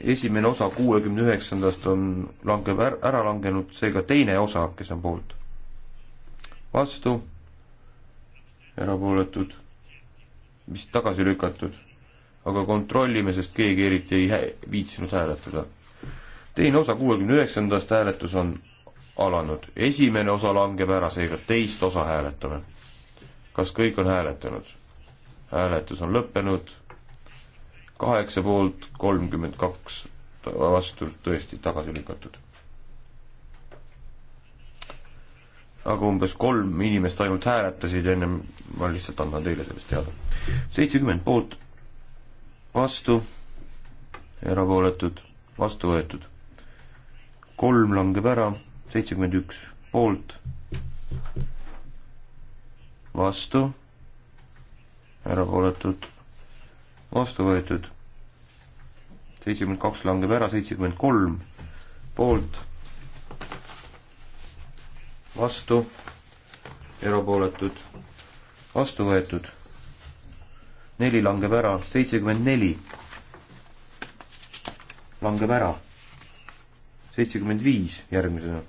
esimene osa kuuekümne üheksandast on, langeb ära, ära langenud, seega teine osa, kes on poolt. vastu, erapooletud, vist tagasi lükatud, aga kontrollime, sest keegi eriti ei hä viitsinud hääletada. teine osa kuuekümne üheksandast hääletus on alanud, esimene osa langeb ära, seega teist osa hääletame. kas kõik on hääletanud? hääletus on lõppenud kaheksa poolt kolmkümmend kaks vastu tõesti tagasi lükatud. aga umbes kolm inimest ainult hääletasid ennem, ma lihtsalt annan teile sellest teada. seitsekümmend poolt, vastu, erapooletud, vastu võetud. kolm langeb ära, seitsekümmend üks poolt, vastu, erapooletud vastu võetud. seitsekümmend kaks langeb ära, seitsekümmend kolm poolt, vastu, erapooletud, vastu võetud. neli langeb ära, seitsekümmend neli langeb ära, seitsekümmend viis järgmisena,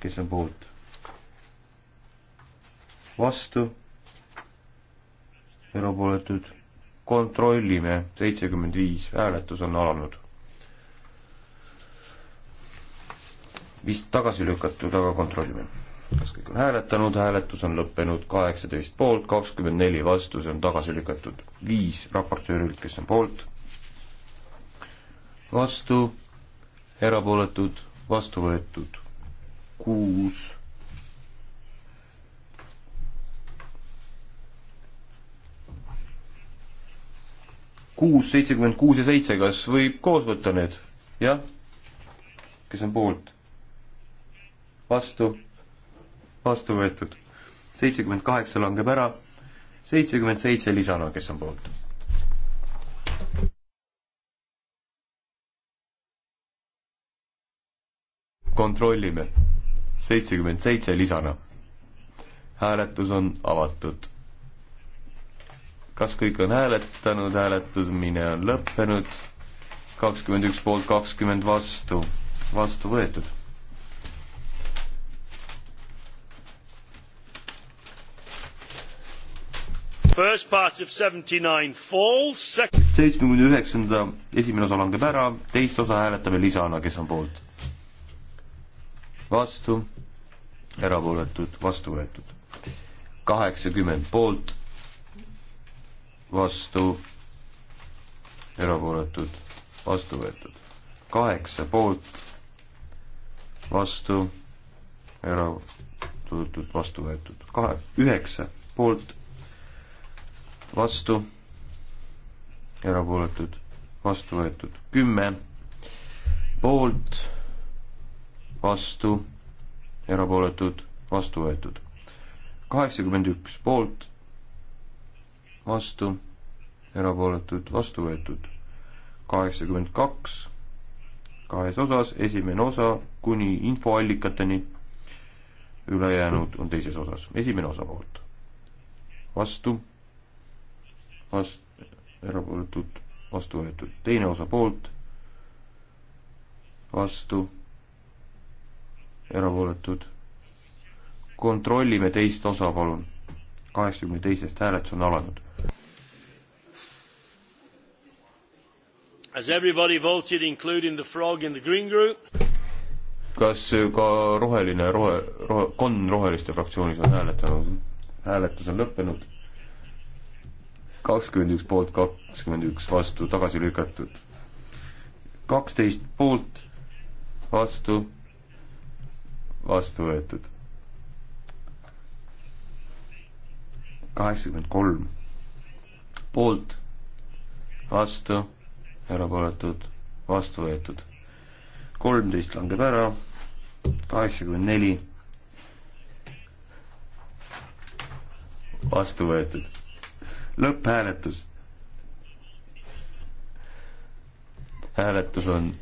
kes on poolt, vastu, erapooletud kontrollime, seitsekümmend viis, hääletus on alanud. vist tagasi lükatud, aga kontrollime. kas kõik on hääletanud, hääletus on lõppenud, kaheksateist poolt, kakskümmend neli vastu, see on tagasi lükatud. viis raportöörilt, kes on poolt, vastu, erapooletud, vastu võetud, kuus kuus, seitsekümmend kuus ja seitse, kas võib koos võtta need? jah? kes on poolt? vastu? vastu võetud. seitsekümmend kaheksa langeb ära, seitsekümmend seitse lisana, kes on poolt? kontrollime. seitsekümmend seitse lisana. hääletus on avatud kas kõik on hääletanud, hääletamine on lõppenud, kakskümmend üks poolt, kakskümmend vastu, vastu võetud. First part of seventy nine falls, second seitsmekümne üheksanda esimene osa langeb ära, teist osa hääletame lisana, kes on poolt. vastu, erapooletud, vastu võetud. kaheksakümmend poolt vastu, erapooletud, vastu võetud. kaheksa poolt, vastu, erapooletud, vastu võetud. kahe, üheksa poolt, vastu, erapooletud, vastu võetud. kümme poolt, vastu, erapooletud, vastu võetud. kaheksakümmend üks poolt vastu, erapooletud, vastu võetud. kaheksakümmend kaks kahes osas, esimene osa kuni infoallikateni, ülejäänud on teises osas, esimene osa poolt. vastu, vast-, erapooletud, vastu võetud, teine osa poolt, vastu, erapooletud. kontrollime teist osa, palun. kaheksakümne teisest hääletus on alanud Has everybody voted, including the frog in the green group? kas ka roheline rohe, rohe, konn roheliste fraktsioonis on hääletanud? hääletus on lõppenud. kakskümmend üks poolt, kakskümmend üks vastu, tagasi lükatud. kaksteist poolt, vastu, vastu võetud. kaheksakümmend kolm poolt, vastu erapooletud, vastu võetud. kolmteist langeb ära, kaheksakümmend neli vastu võetud. lõpphääletus. hääletus on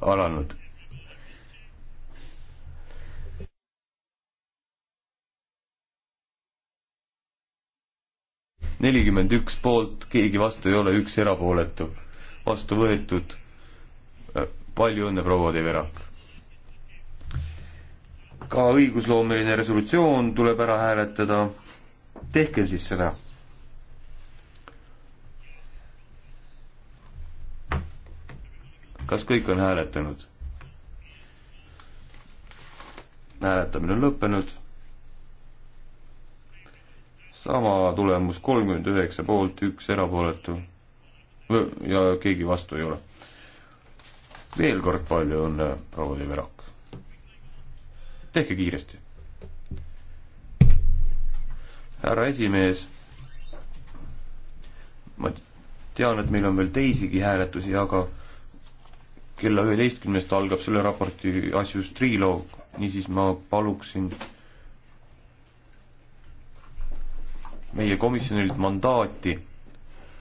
alanud. nelikümmend üks poolt, keegi vastu ei ole, üks erapooletu vastu võetud. palju õnne, proua De Verak! ka õigusloomeline resolutsioon tuleb ära hääletada. tehkem siis seda. kas kõik on hääletanud? hääletamine on lõppenud. sama tulemus kolmkümmend üheksa poolt, üks erapooletu ja keegi vastu ei ole. veel kord palju õnne, proua Liberak. tehke kiiresti. härra esimees, ma tean, et meil on veel teisigi hääletusi, aga kella üheteistkümnest algab selle raporti asjus triloog, niisiis ma paluksin meie komisjonilt mandaati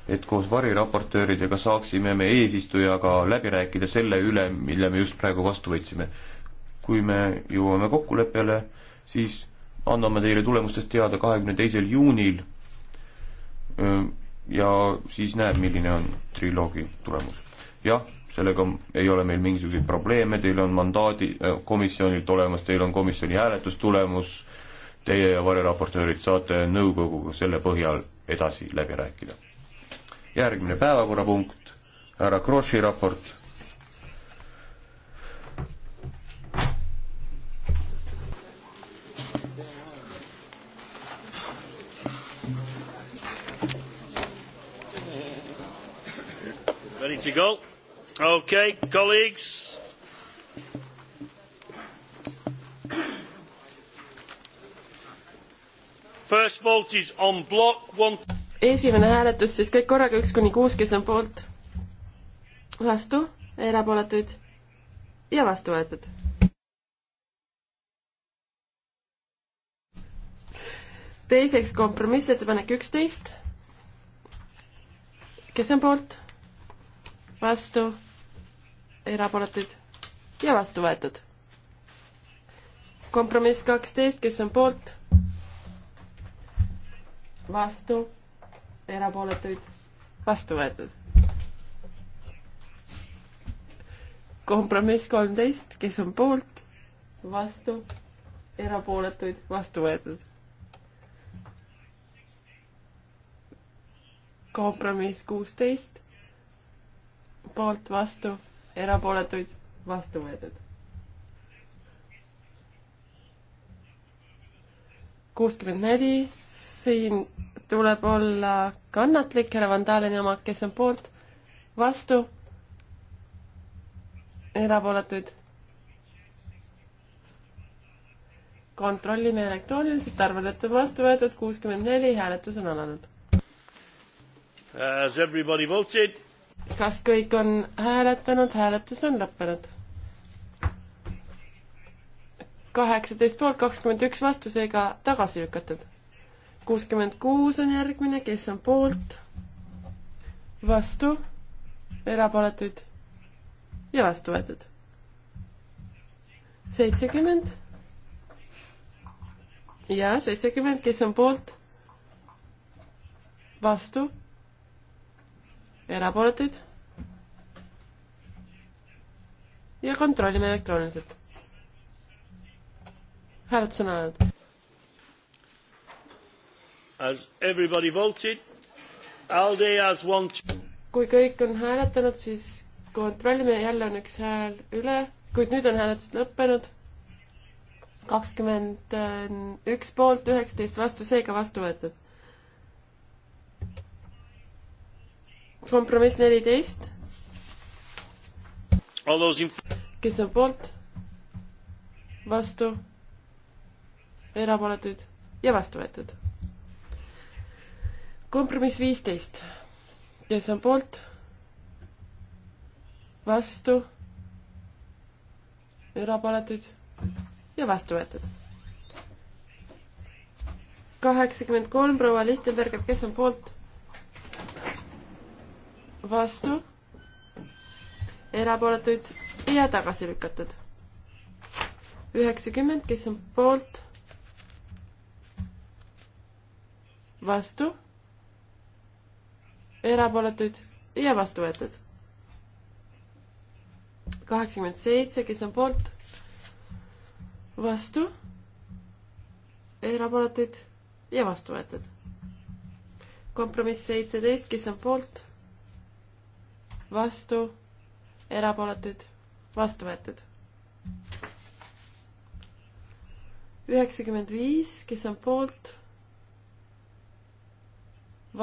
et koos variraportööridega saaksime me eesistujaga läbi rääkida selle üle, mille me just praegu vastu võtsime. kui me jõuame kokkuleppele, siis anname teile tulemustest teada kahekümne teisel juunil ja siis näeb, milline on triloogi tulemus. jah, sellega ei ole meil mingisuguseid probleeme, teil on mandaadi komisjonilt olemas, teil on komisjoni hääletustulemus, teie ja variraportöörid saate nõukoguga selle põhjal edasi läbi rääkida järgmine päevakorrapunkt, härra Kroši raport. Ready to go? Okay, colleagues. First vote is on block one esimene hääletus siis kõik korraga, üks kuni kuus, kes on poolt, vastu, erapooletuid ja vastu võetud. teiseks kompromissettepanek üksteist. kes on poolt, vastu, erapooletuid ja vastu võetud. kompromiss kaksteist, kes on poolt, vastu erapooletuid, vastu võetud. kompromiss kolmteist, kes on poolt, vastu, erapooletuid, vastu võetud. kompromiss kuusteist, poolt, vastu, erapooletuid, vastu võetud. kuuskümmend neli, siin tuleb olla kannatlik, härra Vandaleni oma, kes on poolt, vastu, erapooletuid. kontrollime elektrooniliselt, arvan, et on vastu võetud kuuskümmend neli, hääletus on alanud. Has everybody voted? kas kõik on hääletanud, hääletus on lõppenud kaheksateist poolt kakskümmend üks vastusega tagasi lükatud kuuskümmend kuus on järgmine, kes on poolt, vastu, erapooletuid ja vastu võetud. seitsekümmend ja seitsekümmend, kes on poolt, vastu, erapooletuid ja kontrollime elektrooniliselt. hääletus on alanud Has everybody voted? ALDE has one too. kui kõik on hääletanud, siis kontrollime, jälle on üks hääl üle, kuid nüüd on hääletused lõppenud. kakskümmend üks poolt, üheksateist vastu, seega vastu võetud. kompromiss neliteist. kes on poolt? vastu? erapooletuid ja vastu võetud kompromiss viisteist, kes on poolt, vastu, erapooletuid ja vastu võetud. kaheksakümmend kolm proua Lichtenberger, kes on poolt, vastu, erapooletuid ja tagasi lükatud. üheksakümmend, kes on poolt, vastu erapooletuid ja vastu võetud. kaheksakümmend seitse, kes on poolt, vastu, erapooletuid ja vastu võetud. kompromiss seitseteist, kes on poolt, vastu, erapooletuid, vastu võetud. üheksakümmend viis, kes on poolt,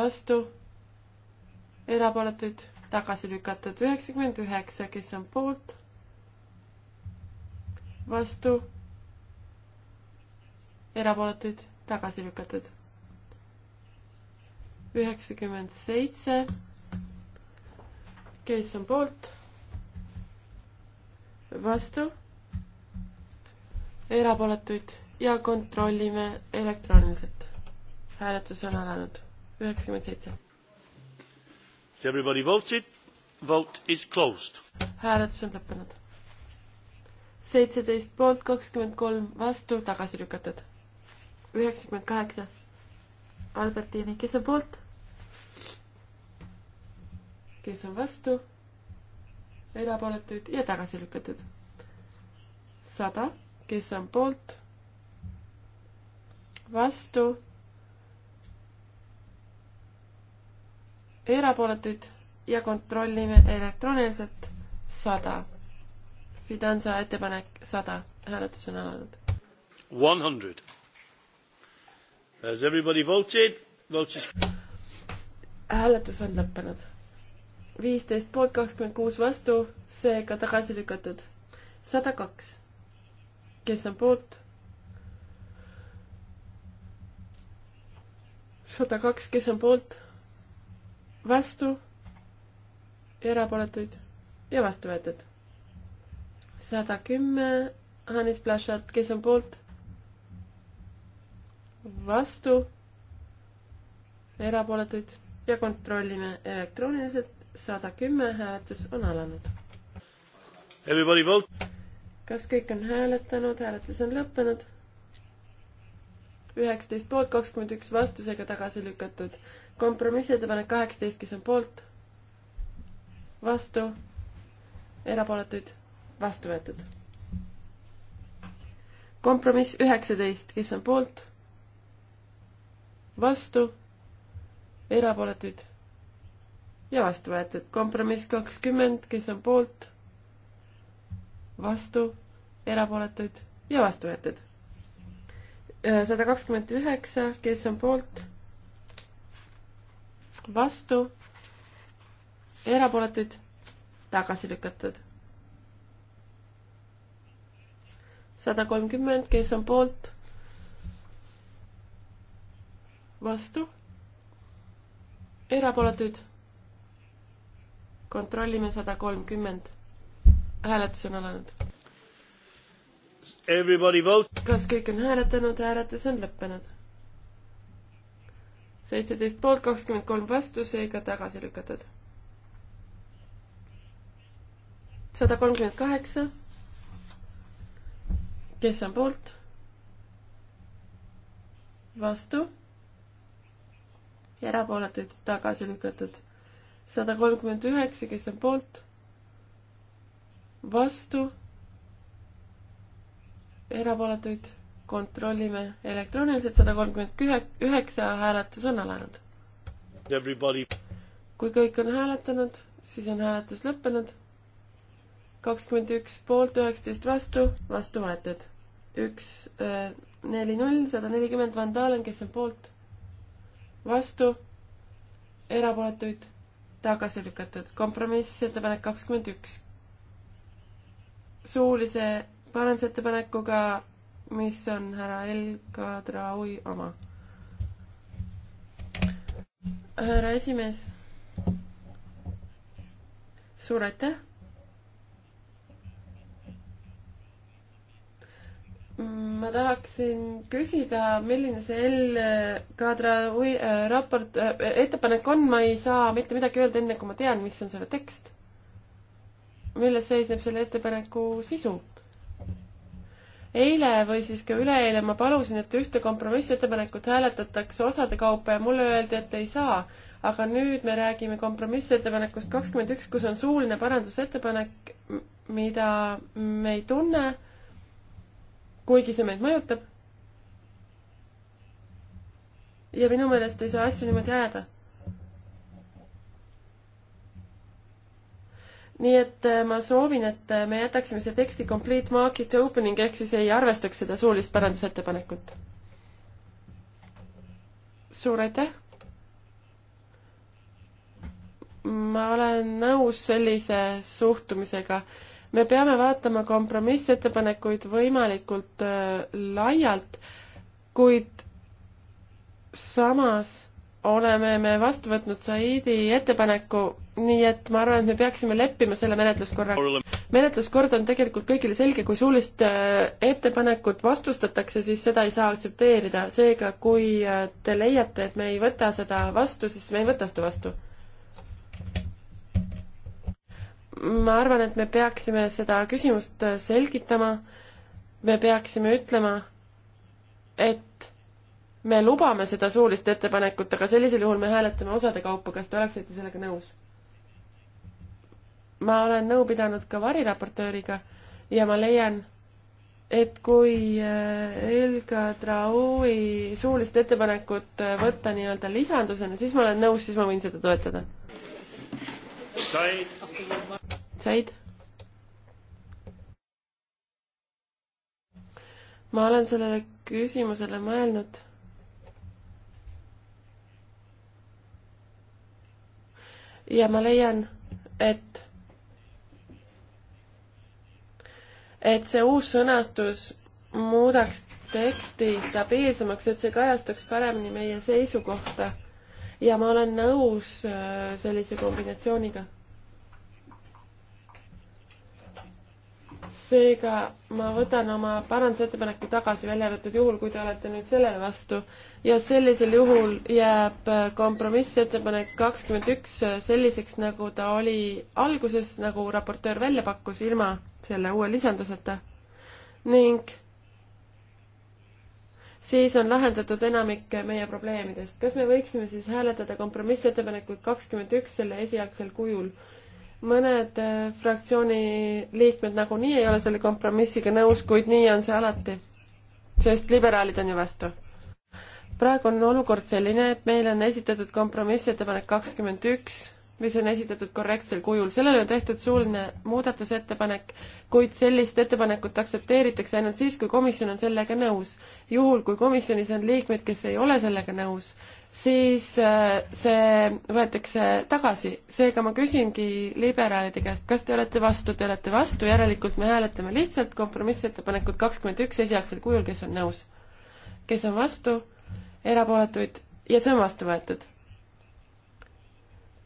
vastu erapooletuid tagasi lükatud üheksakümmend üheksa, kes on poolt, vastu, erapooletuid tagasi lükatud. üheksakümmend seitse, kes on poolt, vastu, erapooletuid ja kontrollime elektrooniliselt. hääletus on alanud, üheksakümmend seitse Has everybody voted? Vote is closed. hääletus on lõppenud. seitseteist poolt, kakskümmend kolm vastu, tagasi lükatud. üheksakümmend kaheksa. Albertini, kes on poolt? kes on vastu? erapooletuid ja tagasi lükatud. sada, kes on poolt? vastu erapooletuid ja kontrollime elektrooniliselt sada. Fidanza ettepanek sada, hääletus on alanud. One hundred. Has everybody voted? Votes is. hääletus on lõppenud. viisteist poolt, kakskümmend kuus vastu, seega tagasi lükatud. sada kaks. kes on poolt? sada kaks, kes on poolt? vastu, erapooletuid ja vastu võetud. sada kümme Hannes Plašat, kes on poolt? vastu, erapooletuid ja kontrollime elektrooniliselt. sada kümme hääletus on alanud. kas kõik on hääletanud, hääletus on lõppenud üheksateist poolt, kakskümmend üks vastusega tagasi lükatud. kompromissettepanek kaheksateist, kes on poolt, vastu, erapooletuid, vastu võetud. kompromiss üheksateist, kes on poolt, vastu, erapooletuid ja vastu võetud. kompromiss kakskümmend, kes on poolt, vastu, erapooletuid ja vastu võetud sada kakskümmend üheksa, kes on poolt, vastu, erapooletuid, tagasi lükatud. sada kolmkümmend, kes on poolt, vastu, erapooletuid, kontrollime sada kolmkümmend. hääletus on alanud kas kõik on hääletanud, hääletus on lõppenud. seitseteist poolt, kakskümmend kolm vastu, seega tagasi lükatud. sada kolmkümmend kaheksa. kes on poolt? vastu. erapooletuid tagasi lükatud. sada kolmkümmend üheksa, kes on poolt? vastu erapooletuid kontrollime elektrooniliselt, sada kolmkümmend üheksa hääletus on alanud. kui kõik on hääletanud, siis on hääletus lõppenud. kakskümmend üks poolt, üheksateist vastu, vastu võetud. üks äh,, neli, null, sada nelikümmend vandaalen, kes on poolt, vastu, erapooletuid, tagasi lükatud. kompromissettepanek kakskümmend üks. suulise parandusettepanekuga, mis on härra El Kadraui oma. härra esimees, suur aitäh! ma tahaksin küsida, milline see L-kaadra äh, raport äh,, ettepanek on, ma ei saa mitte midagi öelda, enne kui ma tean, mis on selle tekst. milles seisneb selle ettepaneku sisu? eile või siis ka üleeile ma palusin, et ühte kompromissettepanekut hääletatakse osade kaupa ja mulle öeldi, et ei saa. aga nüüd me räägime kompromissettepanekust kakskümmend üks, kus on suuline parandusettepanek, mida me ei tunne, kuigi see meid mõjutab. ja minu meelest ei saa asju niimoodi jääda nii et äh, ma soovin, et äh, me jätaksime selle teksti complete market opening ehk siis ei arvestaks seda suulist parandusettepanekut. suur aitäh! ma olen nõus sellise suhtumisega. me peame vaatama kompromissettepanekuid võimalikult äh, laialt, kuid samas oleme me vastu võtnud Saidi ettepaneku nii et ma arvan, et me peaksime leppima selle menetluskorra. menetluskord on tegelikult kõigile selge, kui suulist äh, ettepanekut vastustatakse, siis seda ei saa aktsepteerida, seega kui äh, te leiate, et me ei võta seda vastu, siis me ei võta seda vastu. ma arvan, et me peaksime seda küsimust äh, selgitama, me peaksime ütlema, et me lubame seda suulist ettepanekut, aga sellisel juhul me hääletame osade kaupa, kas te oleksite sellega nõus? ma olen nõu pidanud ka variraportööriga ja ma leian, et kui Helga äh, Traui suulist ettepanekut äh, võtta nii-öelda lisandusena, siis ma olen nõus, siis ma võin seda toetada. said? said? ma olen sellele küsimusele mõelnud. ja ma leian, et et see uus sõnastus muudaks teksti stabiilsemaks, et see kajastaks paremini meie seisukohta. ja ma olen nõus äh, sellise kombinatsiooniga. seega ma võtan oma parandusettepaneku tagasi, välja arvatud juhul, kui te olete nüüd sellele vastu. ja sellisel juhul jääb kompromissettepanek kakskümmend üks selliseks, nagu ta oli alguses, nagu raportöör välja pakkus, ilma selle uue lisanduseta. ning siis on lahendatud enamik meie probleemidest. kas me võiksime siis hääletada kompromissettepanekut kakskümmend üks selle esialgsel kujul? mõned äh, fraktsiooni liikmed nagunii ei ole selle kompromissiga nõus, kuid nii on see alati. sest liberaalid on ju vastu. praegu on olukord selline, et meile on esitatud kompromissettepanek kakskümmend üks mis on esitatud korrektsel kujul. sellele on tehtud suuline muudatusettepanek, kuid sellist ettepanekut aktsepteeritakse ainult siis, kui komisjon on sellega nõus. juhul, kui komisjonis on liikmed, kes ei ole sellega nõus, siis äh, see võetakse tagasi. seega ma küsingi liberaalide käest, kas te olete vastu, te olete vastu, järelikult me hääletame lihtsalt kompromissettepanekut kakskümmend üks esialgsel kujul, kes on nõus. kes on vastu, erapooletuid ja see on vastu võetud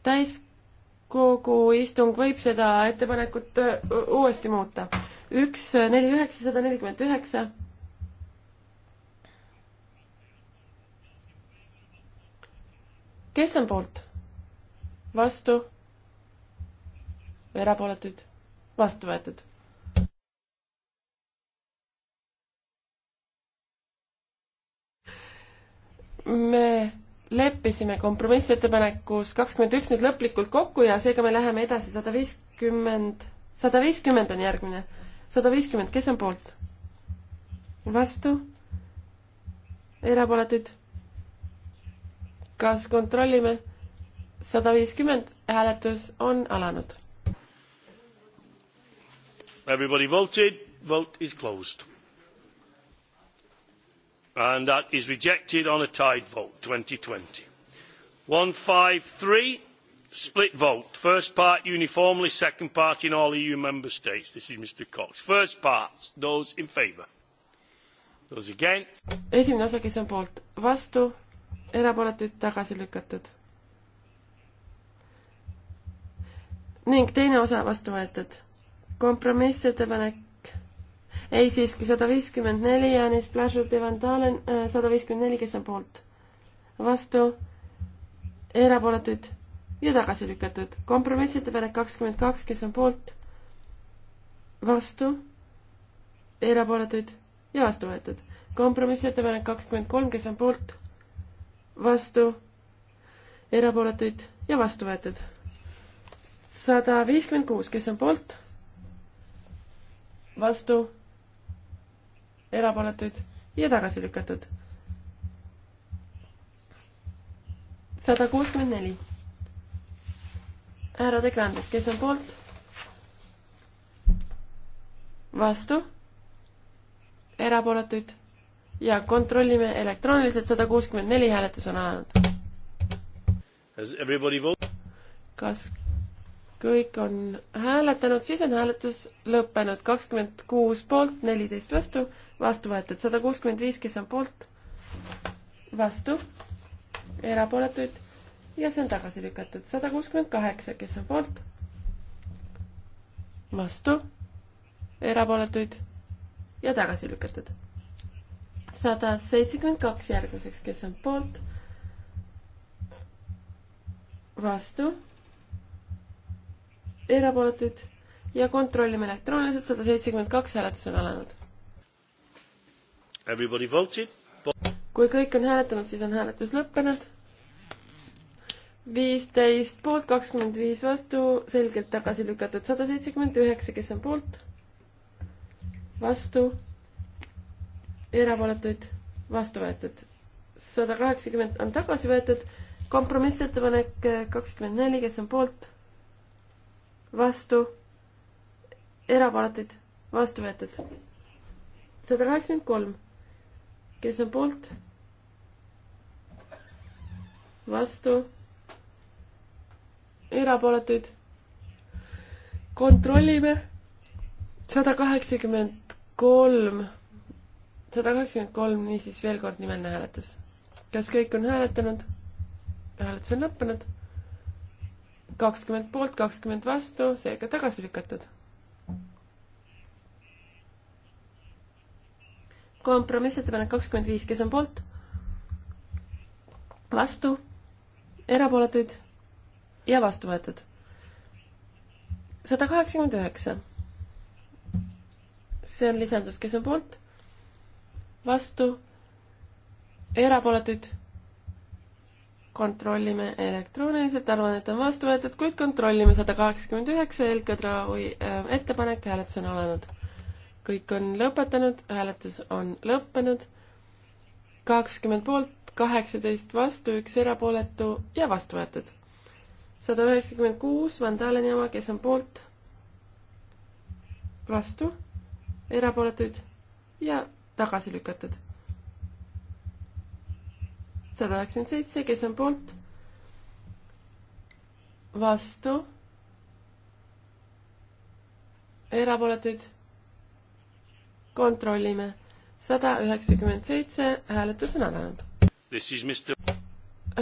täiskogu istung võib seda ettepanekut äh, uuesti muuta. üks äh, neli üheksasada nelikümmend üheksa. kes on poolt? vastu? erapooletuid? vastu võetud me leppisime kompromissettepanekus kakskümmend üks nüüd lõplikult kokku ja seega me läheme edasi sada viiskümmend, sada viiskümmend on järgmine. sada viiskümmend, kes on poolt? vastu? erapooletuid? kas kontrollime? sada viiskümmend, hääletus on alanud. Everybody voted, vote is closed and that is rejected on a tied vote 2020 153 split vote first part uniformly second part in all eu member states this is mr cox first part those in favour those against esimene osa kes on poolt vastu erapooletuid tagasi lükatud ning teine osa vastu võetud kompromissettepanek ei siiski, sada viiskümmend neli, Janis Plašut ja Van Dalen, äh, sada viiskümmend neli, kes on poolt? vastu, erapooletuid ja tagasi lükatud. kompromissettepanek kakskümmend kaks, kes on poolt? vastu, erapooletuid ja vastu võetud. kompromissettepanek kakskümmend kolm, kes on poolt? vastu, erapooletuid ja vastu võetud. sada viiskümmend kuus, kes on poolt? vastu erapooletuid ja tagasi lükatud. sada kuuskümmend neli. härra De Grandes, kes on poolt? vastu? erapooletuid? ja kontrollime elektrooniliselt, sada kuuskümmend neli hääletus on alanud. kas kõik on hääletanud, siis on hääletus lõppenud, kakskümmend kuus poolt, neliteist vastu vastu võetud sada kuuskümmend viis, kes on poolt, vastu, erapooletuid ja see on tagasi lükatud. sada kuuskümmend kaheksa, kes on poolt, vastu, erapooletuid ja tagasi lükatud. sada seitsekümmend kaks järgmiseks, kes on poolt, vastu, erapooletuid ja kontrollime elektrooniliselt, sada seitsekümmend kaks hääletus on alanud kui kõik on hääletanud, siis on hääletus lõppenud. viisteist poolt, kakskümmend viis vastu, selgelt tagasi lükatud sada seitsekümmend üheksa, kes on poolt, vastu, erapooletuid, vastu võetud. sada kaheksakümmend on tagasi võetud, kompromissettepanek kakskümmend neli, kes on poolt, vastu, erapooletuid, vastu võetud. sada kaheksakümmend kolm kes on poolt? vastu? erapooletuid? kontrollime. sada kaheksakümmend kolm, sada kaheksakümmend kolm, niisiis veel kord nimeline hääletus. kas kõik on hääletanud? hääletus on lõppenud. kakskümmend poolt, kakskümmend vastu, seega tagasi lükatud kompromissettepanek kakskümmend viis, kes on poolt? vastu, erapooletuid ja vastu võetud. sada kaheksakümmend üheksa. see on lisandus, kes on poolt, vastu, erapooletuid. kontrollime elektrooniliselt, arvan, et on vastu võetud, kuid kontrollime sada kaheksakümmend üheksa, Elka Traui äh, ettepanek, hääletus on alanud kõik on lõpetanud, hääletus on lõppenud. kakskümmend poolt, kaheksateist vastu, üks erapooletu ja vastu võetud. sada üheksakümmend kuus Van Daleni oma, kes on poolt, vastu, erapooletuid ja tagasi lükatud. sada üheksakümmend seitse, kes on poolt, vastu erapooletuid kontrollime. sada üheksakümmend seitse, hääletus on alanud.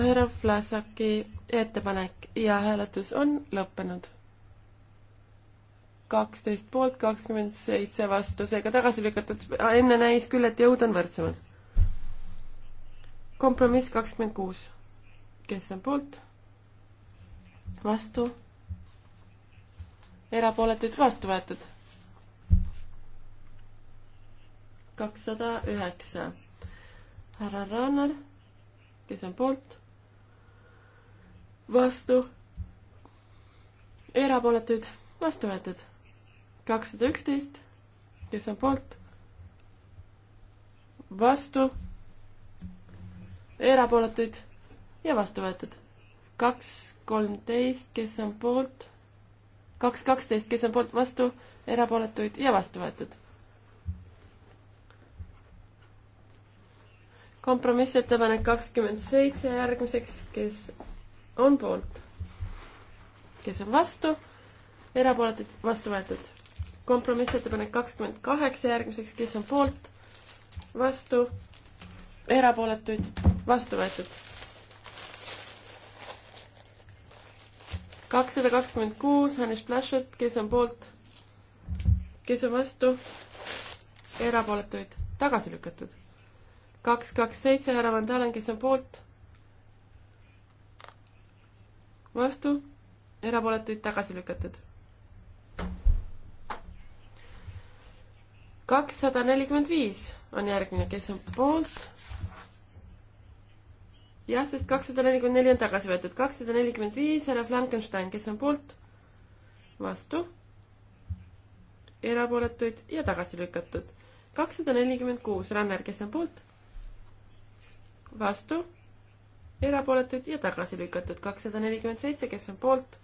härra Vlasaki ettepanek ja hääletus on lõppenud. kaksteist poolt, kakskümmend seitse vastu, seega tagasi lükatud, enne näis küll, et jõud on võrdsemad. kompromiss kakskümmend kuus. kes on poolt? vastu? erapooletuid vastu võetud kakssada üheksa. härra Rannar, kes on poolt? vastu? erapooletuid? vastu võetud. kakssada üksteist, kes on poolt? vastu? erapooletuid? ja vastu võetud. kaks kolmteist, kes on poolt? kaks kaksteist, kes on poolt, vastu? erapooletuid ja vastu võetud kompromissettepanek kakskümmend seitse järgmiseks, kes on poolt, kes on vastu, erapooletud, vastu võetud. kompromissettepanek kakskümmend kaheksa järgmiseks, kes on poolt, vastu, erapooletuid, vastu võetud. kakssada kakskümmend kuus, Hannes Plaschert, kes on poolt, kes on vastu, erapooletuid, tagasi lükatud kaks, kaks, seitse, härra Van Dalen, kes on poolt? vastu, erapooletuid tagasi lükatud. kakssada nelikümmend viis on järgmine, kes on poolt? jah, sest kakssada nelikümmend neli on tagasi võetud, kakssada nelikümmend viis, härra Frankenstein, kes on poolt? vastu, erapooletuid ja tagasi lükatud. kakssada nelikümmend kuus, Ranner, kes on poolt? vastu, erapooletuid ja tagasi lükatud kakssada nelikümmend seitse, kes on poolt,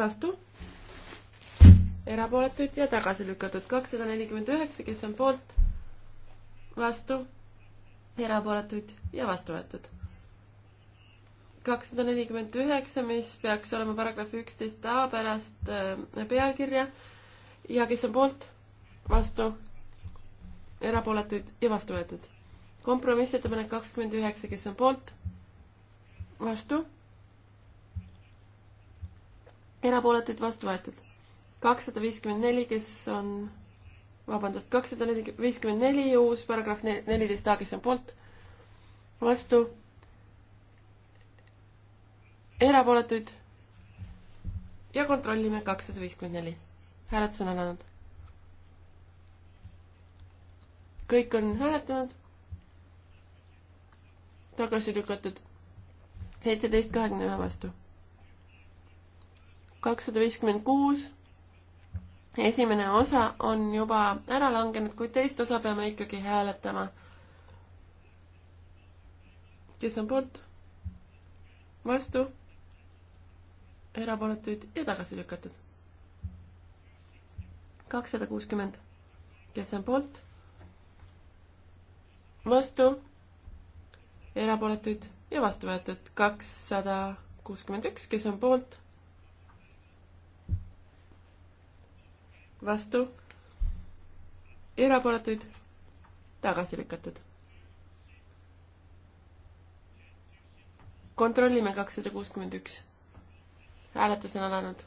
vastu, erapooletuid ja tagasi lükatud kakssada nelikümmend üheksa, kes on poolt, vastu, erapooletuid ja vastu võetud. kakssada nelikümmend üheksa, mis peaks olema paragrahvi üksteist A pärast äh, pealkirja ja kes on poolt, vastu, erapooletuid ja vastu võetud. kompromissettepanek kakskümmend üheksa, kes on poolt, vastu, erapooletuid vastu võetud. kakssada viiskümmend neli, kes on, vabandust, kakssada viiskümmend neli, uus paragrahv neliteist A, kes on poolt, vastu, erapooletuid ja kontrollime kakssada viiskümmend neli. hääletus on alanud kõik on hääletanud, tagasi lükatud, seitseteist kahekümne ühe vastu. kakssada viiskümmend kuus, esimene osa on juba ära langenud, kuid teist osa peame ikkagi hääletama. kes on poolt? vastu? erapooletuid ja tagasi lükatud. kakssada kuuskümmend, kes on poolt? vastu, erapooletuid ja vastu võetud kakssada kuuskümmend üks, kes on poolt, vastu, erapooletuid, tagasi lükatud. kontrollime kakssada kuuskümmend üks. hääletus on alanud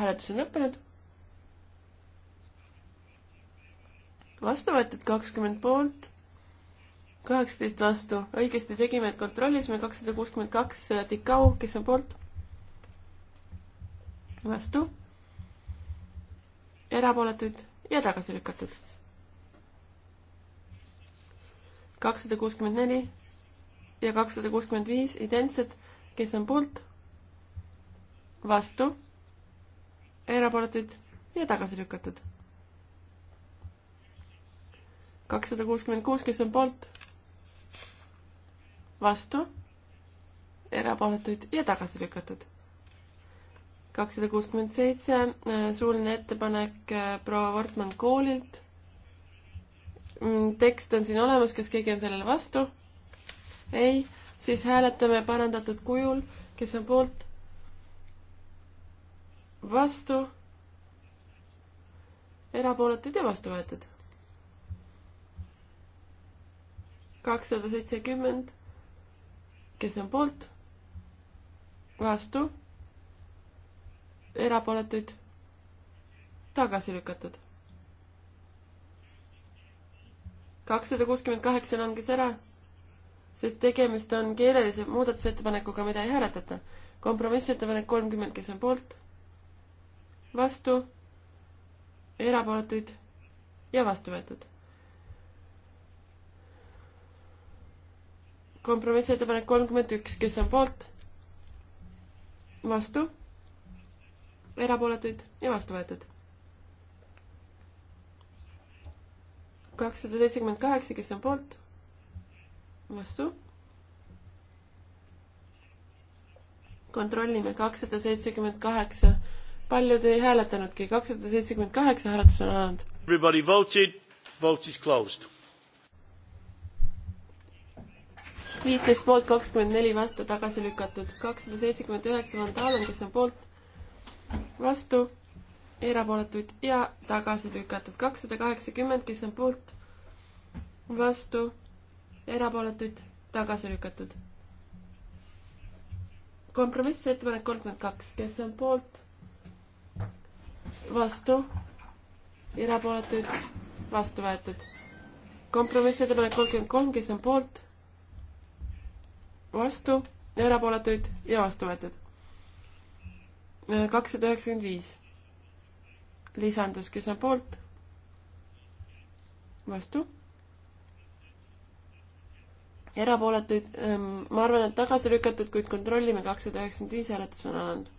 hääletus on lõppenud. vastu võetud kakskümmend poolt, kaheksateist vastu, õigesti tegime, et kontrollisime, kakssada kuuskümmend kaks äh, Tikau, kes on poolt? vastu, erapooletuid ja tagasi lükatud. kakssada kuuskümmend neli ja kakssada kuuskümmend viis identsed, kes on poolt, vastu, erapooletuid ja tagasi lükatud kakssada kuuskümmend kuus, kes on poolt? vastu? erapooletuid ja tagasi lükatud. kakssada kuuskümmend seitse, äh, suuline ettepanek äh, proua Wortmann koolilt. Mm, tekst on siin olemas, kas keegi on sellele vastu? ei, siis hääletame parandatud kujul, kes on poolt? vastu? erapooletuid ja vastu võetud kakssada seitsekümmend, kes on poolt, vastu, erapooletuid, tagasi lükatud. kakssada kuuskümmend kaheksa langes ära, sest tegemist on keelelise muudatusettepanekuga, mida ei hääletata. kompromissettepanek kolmkümmend, kes on poolt, vastu, erapooletuid ja vastu võetud kompromissettepanek kolmkümmend üks, kes on poolt? vastu? erapooletuid ja vastu võetud. kakssada seitsekümmend kaheksa, kes on poolt? vastu? kontrollime, kakssada seitsekümmend kaheksa. paljud ei hääletanudki, kakssada seitsekümmend kaheksa hääletust on alanud. Everybody voted, vote is closed viisteist poolt, kakskümmend neli vastu, tagasi lükatud. kakssada seitsekümmend üheksa Van Dalen, kes on poolt, vastu, erapooletuid ja tagasi lükatud. kakssada kaheksakümmend, kes on poolt, vastu, erapooletuid, tagasi lükatud. kompromissettepanek kolmkümmend kaks, kes on poolt, vastu, erapooletuid, vastu võetud. kompromissettepanek kolmkümmend kolm, kes on poolt vastu, erapooletuid ja vastu võetud. kakssada üheksakümmend viis. lisandus, kes on poolt? vastu. erapooletuid, ähm, ma arvan, et tagasi lükatud, kuid kontrollime, kakssada üheksakümmend viis hääletus on alanud.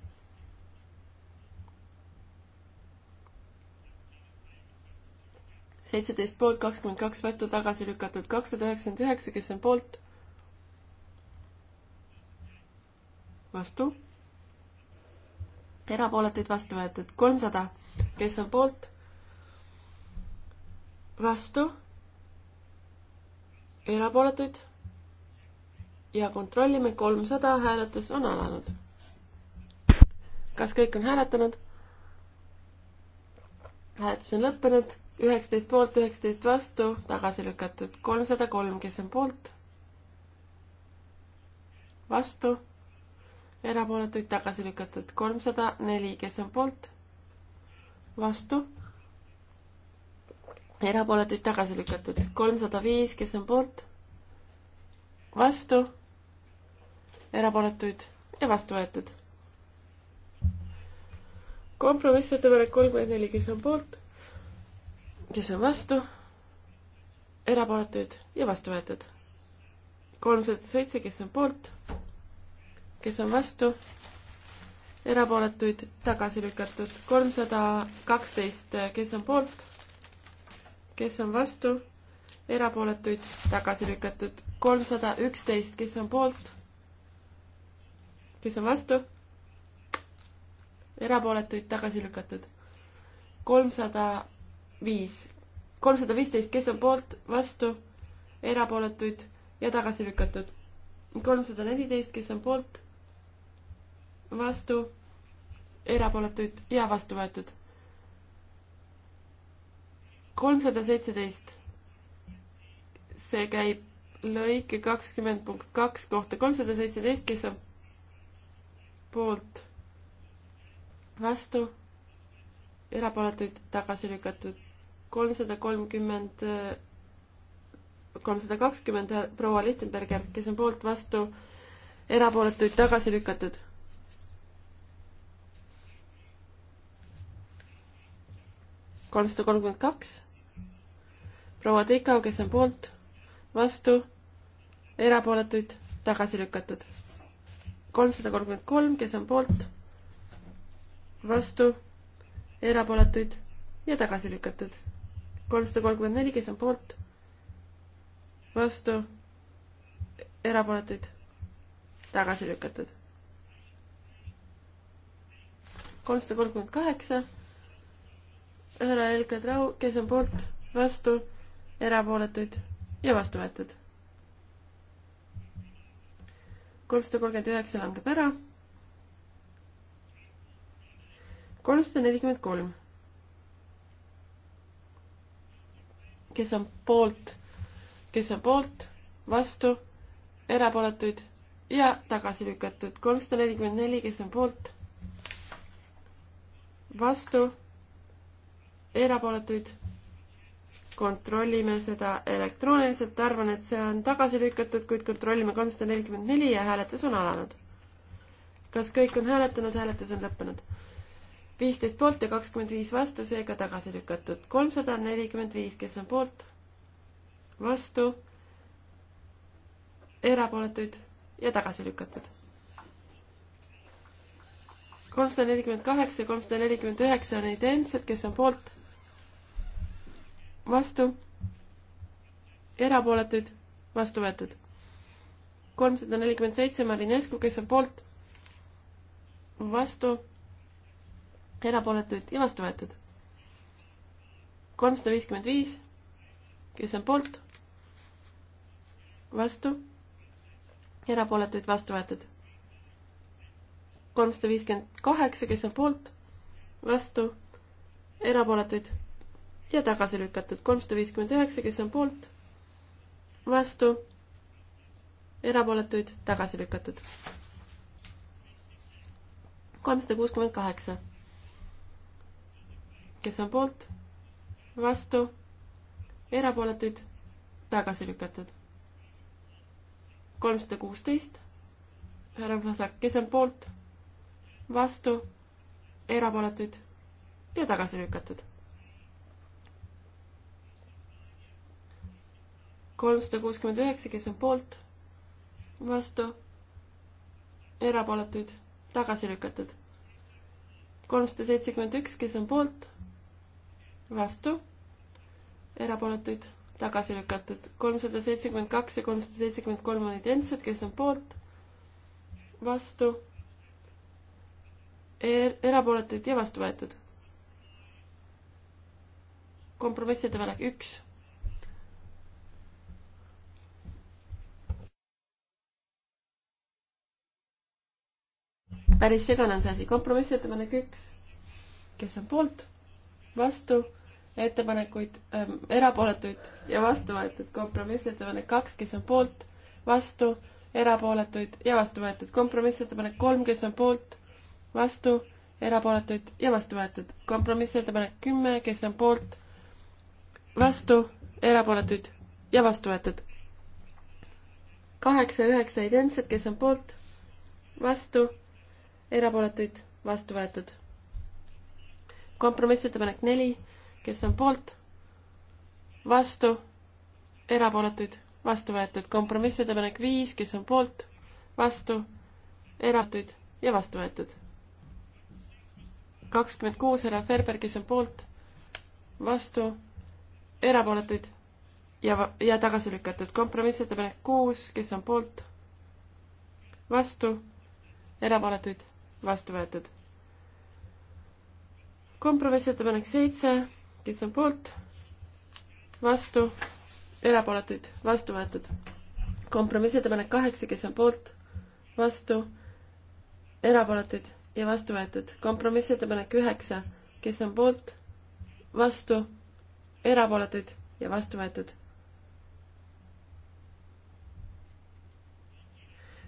seitseteist poolt, kakskümmend kaks vastu, tagasi lükatud kakssada üheksakümmend üheksa, kes on poolt vastu, erapooletuid vastu võetud kolmsada, kes on poolt, vastu, erapooletuid ja kontrollime, kolmsada hääletus on alanud. kas kõik on hääletanud? hääletus on lõppenud, üheksateist poolt, üheksateist vastu, tagasi lükatud kolmsada kolm, kes on poolt? vastu erapooletuid tagasi lükatud kolmsada neli, kes on poolt, vastu, erapooletuid tagasi lükatud kolmsada viis, kes on poolt, vastu, erapooletuid ja vastu võetud. kompromissettepanek kolmkümmend neli, kes on poolt, kes on vastu, erapooletuid ja vastu võetud. kolmsada seitse, kes on poolt kes on vastu, erapooletuid tagasi lükatud. kolmsada kaksteist, kes on poolt, kes on vastu, erapooletuid tagasi lükatud. kolmsada üksteist, kes on poolt, kes on vastu, erapooletuid tagasi lükatud. kolmsada viis, kolmsada viisteist, kes on poolt, vastu, erapooletuid ja tagasi lükatud. kolmsada neliteist, kes on poolt vastu, erapooletuid ja vastu võetud. kolmsada seitseteist. see käib lõike kakskümmend punkt kaks kohta kolmsada seitseteist, kes on poolt, vastu, erapooletuid tagasi lükatud. kolmsada kolmkümmend, kolmsada kakskümmend proua Lichtenberger, kes on poolt, vastu, erapooletuid tagasi lükatud kolmsada kolmkümmend kaks. proua Tikau, kes on poolt, vastu, erapooletuid, tagasi lükatud. kolmsada kolmkümmend kolm, kes on poolt, vastu, erapooletuid ja tagasi lükatud. kolmsada kolmkümmend neli, kes on poolt, vastu, erapooletuid, tagasi lükatud. kolmsada kolmkümmend kaheksa härra Elka Trau, kes on poolt, vastu, erapooletuid ja vastu võetud. kolmsada kolmkümmend üheksa langeb ära. kolmsada nelikümmend kolm. kes on poolt, kes on poolt, vastu, erapooletuid ja tagasi lükatud. kolmsada nelikümmend neli, kes on poolt, vastu erapooletuid. kontrollime seda elektrooniliselt, arvan, et see on tagasi lükatud, kuid kontrollime kolmsada nelikümmend neli ja hääletus on alanud. kas kõik on hääletanud, hääletus on lõppenud? viisteist poolt ja kakskümmend viis vastu, seega tagasi lükatud. kolmsada nelikümmend viis, kes on poolt? vastu? erapooletuid ja tagasi lükatud kolmsada nelikümmend kaheksa ja kolmsada nelikümmend üheksa on identsed, kes on poolt, vastu, erapooletuid, vastu võetud. kolmsada nelikümmend seitse Marinescu, kes on poolt, vastu, erapooletuid ja vastu võetud. kolmsada viiskümmend viis, kes on poolt, vastu, erapooletuid vastu võetud. kolmsada viiskümmend kaheksa, kes on poolt, vastu, erapooletuid ja tagasi lükatud. kolmsada viiskümmend üheksa, kes on poolt, vastu, erapooletuid, tagasi lükatud. kolmsada kuuskümmend kaheksa, kes on poolt, vastu, erapooletuid, tagasi lükatud. kolmsada kuusteist, härra Vlasak, kes on poolt, vastu, erapooletuid ja tagasi lükatud kolmsada kuuskümmend üheksa, kes on poolt, vastu, erapooletuid, tagasi lükatud. kolmsada seitsekümmend üks, kes on poolt, vastu, erapooletuid, tagasi lükatud. kolmsada seitsekümmend kaks ja kolmsada seitsekümmend kolm on identsed, kes on poolt, vastu er,, erapooletuid ja vastu võetud. kompromissettepanek üks päris segane on see asi. kompromissettepanek üks, kes on poolt, vastu, ettepanekuid ähm,, erapooletuid ja vastu võetud. kompromissettepanek kaks, kes on poolt, vastu, erapooletuid ja vastu võetud. kompromissettepanek kolm, kes on poolt, vastu, erapooletuid ja vastu võetud. kompromissettepanek kümme, kes on poolt, vastu, erapooletuid ja vastu võetud. kaheksa ja üheksa identsed, kes on poolt, vastu erapooletuid, vastu võetud. kompromissettepanek neli, kes on poolt, vastu, erapooletuid, vastu võetud. kompromissettepanek viis, kes on poolt, vastu, eratuid ja vastu võetud. kakskümmend kuus, härra Ferber, kes on poolt, vastu, erapooletuid ja, ja tagasi lükatud. kompromissettepanek kuus, kes on poolt, vastu, erapooletuid vastu võetud. kompromissettepanek seitse, kes on poolt, vastu, erapooletuid, vastu võetud. kompromissettepanek kaheksa, kes on poolt, vastu, erapooletuid ja vastu võetud. kompromissettepanek üheksa, kes on poolt, vastu, erapooletuid ja vastu võetud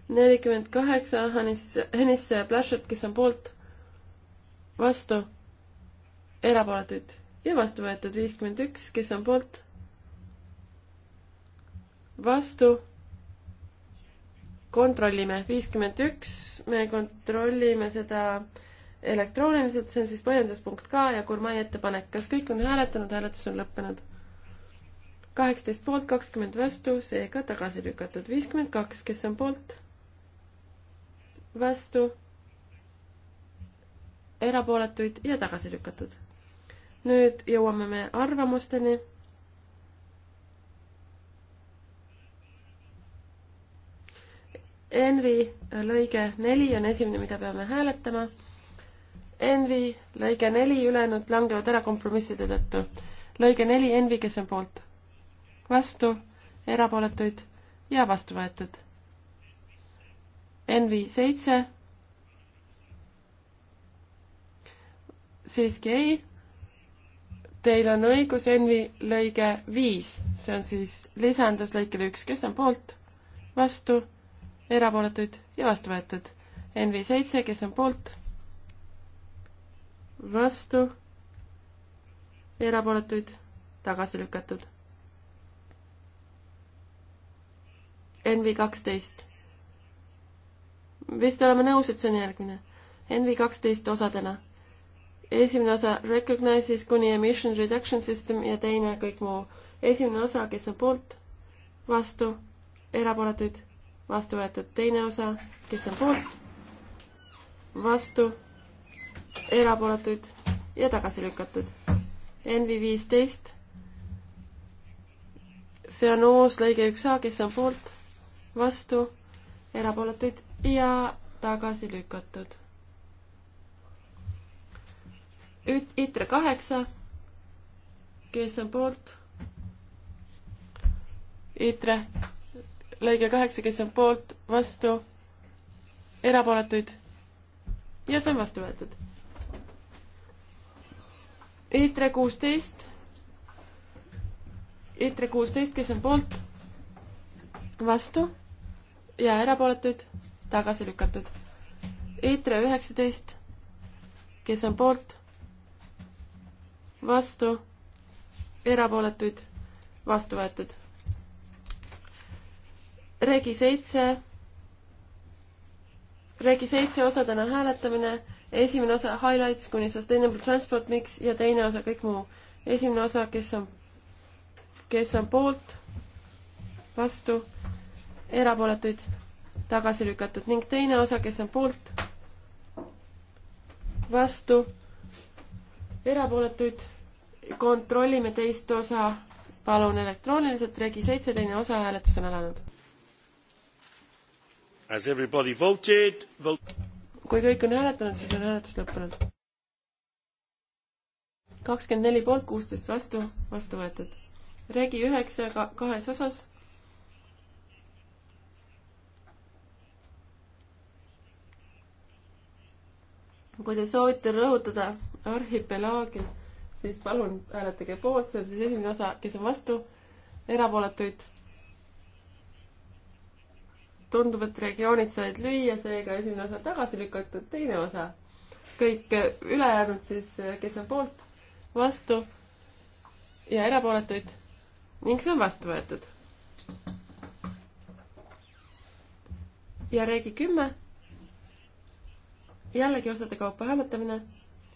nelikümmend kaheksa, Hannes, Hennis Plašet, kes on poolt, vastu, erapooletuid ja vastu võetud viiskümmend üks, kes on poolt, vastu, kontrollime, viiskümmend üks, me kontrollime seda elektrooniliselt, see on siis põhjenduspunkt ka ja Gurmai ettepanek, kas kõik on hääletanud, hääletus on lõppenud kaheksateist poolt, kakskümmend vastu, seega tagasi lükatud. viiskümmend kaks, kes on poolt? vastu, erapooletuid ja tagasi lükatud. nüüd jõuame me arvamusteni. Envi lõige neli on esimene, mida peame hääletama. Envi lõige neli, ülejäänud langevad ära kompromisside tõttu. lõige neli, Envi, kes on poolt? vastu, erapooletuid ja vastu võetud NV seitse. siiski ei. Teil on õigus, NV lõige viis, see on siis lisandus lõikele üks, kes on poolt, vastu, erapooletuid ja vastu võetud. NV seitse, kes on poolt, vastu, erapooletuid, tagasi lükatud NV kaksteist vist oleme nõus, et see on järgmine. NV kaksteist osadena. esimene osa recognizes kuni emission reduction system ja teine kõik muu. esimene osa, kes on poolt, vastu, erapooletuid, vastu võetud. teine osa, kes on poolt, vastu, erapooletuid ja tagasi lükatud. NV viisteist. see on uus lõige üks A, kes on poolt, vastu, erapooletuid ja tagasi lükatud. ITRE kaheksa, kes on poolt? ITRE lõige kaheksa, kes on poolt, vastu, erapooletuid ja see on vastu võetud. ITRE kuusteist, ITRE kuusteist, kes on poolt, vastu ja erapooletuid tagasi lükatud. Eitre üheksateist, kes on poolt, vastu, erapooletuid, vastu võetud. Regi seitse, Regi seitse osadena hääletamine, esimene osa highlights kuni sustainable transport mix ja teine osa kõik muu. esimene osa, kes on, kes on poolt, vastu, erapooletuid tagasi lükatud ning teine osa, kes on poolt, vastu, erapooletuid, kontrollime teist osa, palun elektrooniliselt, regi seitse, teine osa, hääletus on alanud. Has everybody voted Vote.? kui kõik on hääletanud, siis on hääletus lõppenud. kakskümmend neli poolt, kuusteist vastu, vastu võetud. regi üheksa kahes osas kui te soovite rõhutada arhipelaagi, siis palun hääletage poolt, see on siis esimene osa, kes on vastu, erapooletuid. tundub, et regioonid said lüüa, seega esimene osa tagasi lükatud, teine osa. kõik ülejäänud siis, kes on poolt, vastu ja erapooletuid ning see on vastu võetud. ja reegi kümme jällegi osade kaupa hääletamine.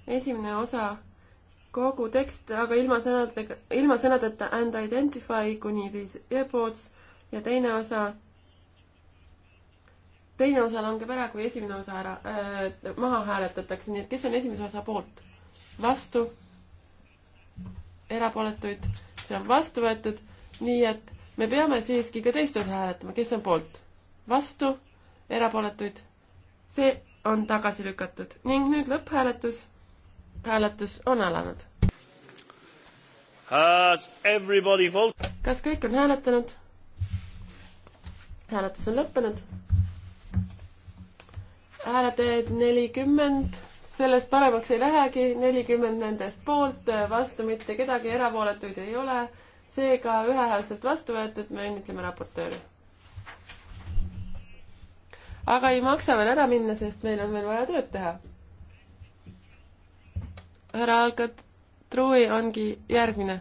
esimene osa, kogu tekst, aga ilma sõnadega, ilma sõnadeta and identify kuni these earpods ja teine osa, teine osa langeb ära, kui esimene osa ära äh,, maha hääletatakse, nii et kes on esimese osa poolt? vastu? erapooletuid? see on vastu võetud, nii et me peame siiski ka teist osa hääletama, kes on poolt? vastu? erapooletuid? see on tagasi lükatud ning nüüd lõpphääletus. hääletus on alanud. kas kõik on hääletanud? hääletus on lõppenud. hääletajaid nelikümmend, sellest paremaks ei lähegi, nelikümmend nendest poolt, vastu mitte kedagi, erapooletuid ei ole. seega ühehäälselt vastu võetud, me õnnitleme raportööri aga ei maksa veel ära minna, sest meil on veel vaja tööd teha. härra Alkat, Trui ongi järgmine.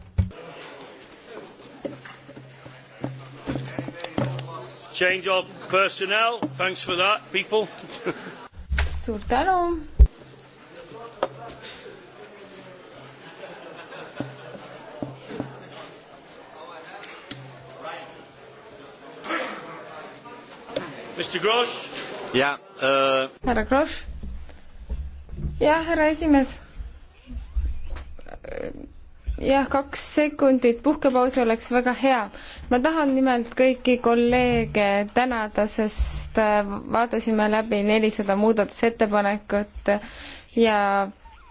Change of personnel, thanks for that people suur tänu ja äh.... härra Grosch? jah, härra esimees. jah, kaks sekundit puhkepausi oleks väga hea. ma tahan nimelt kõiki kolleege tänada, sest äh, vaatasime läbi nelisada muudatusettepanekut ja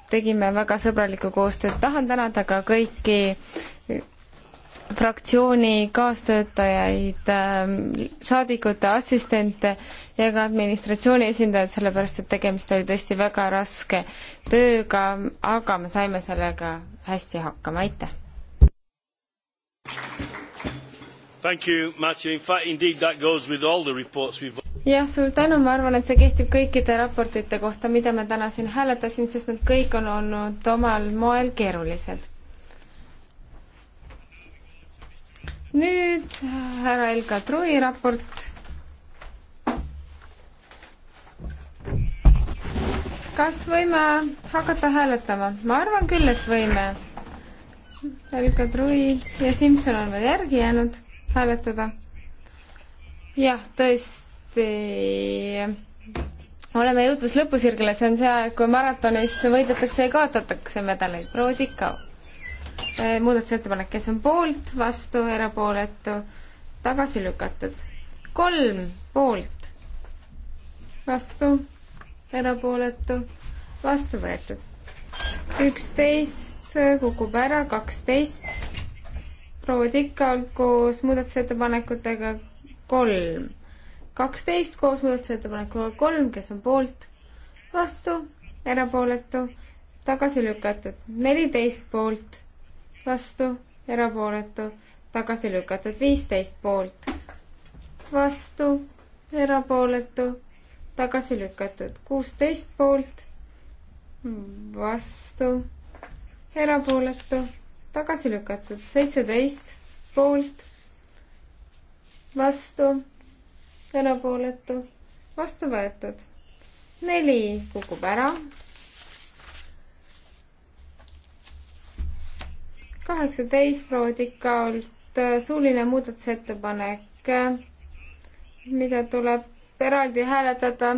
tegime väga sõbralikku koostööd. tahan tänada ka kõiki fraktsiooni kaastöötajaid, ähm, saadikute assistente ja ka administratsiooni esindajad, sellepärast et tegemist oli tõesti väga raske tööga, aga me saime sellega hästi hakkama, aitäh! jah, suur tänu, ma arvan, et see kehtib kõikide raportite kohta, mida me täna siin hääletasin, sest nad kõik on olnud omal moel keerulised nüüd härra Elka Trui raport. kas võime hakata hääletama? ma arvan küll, et võime. Elka Trui ja Simson on veel järgi jäänud hääletada. jah, tõesti. oleme jõudmas lõpusirgele, see on see aeg, kui maratonis võidetakse ja kaotatakse medaleid. proua Tikau Äh, muudatusettepanek, kes on poolt, vastu, erapooletu, tagasi lükatud. kolm poolt, vastu, erapooletu, vastu võetud. üksteist äh, kukub ära, kaksteist proovid ikka koos muudatusettepanekutega kolm. kaksteist koos muudatusettepanekuga kolm, kes on poolt, vastu, erapooletu, tagasi lükatud, neliteist poolt vastu, erapooletu, tagasi lükatud viisteist poolt, vastu, erapooletu, tagasi lükatud kuusteist poolt, vastu, erapooletu, tagasi lükatud seitseteist poolt, vastu, erapooletu, vastu võetud. neli kukub ära kaheksateist proua Tikalt äh, suuline muudatusettepanek, äh, mida tuleb eraldi hääletada.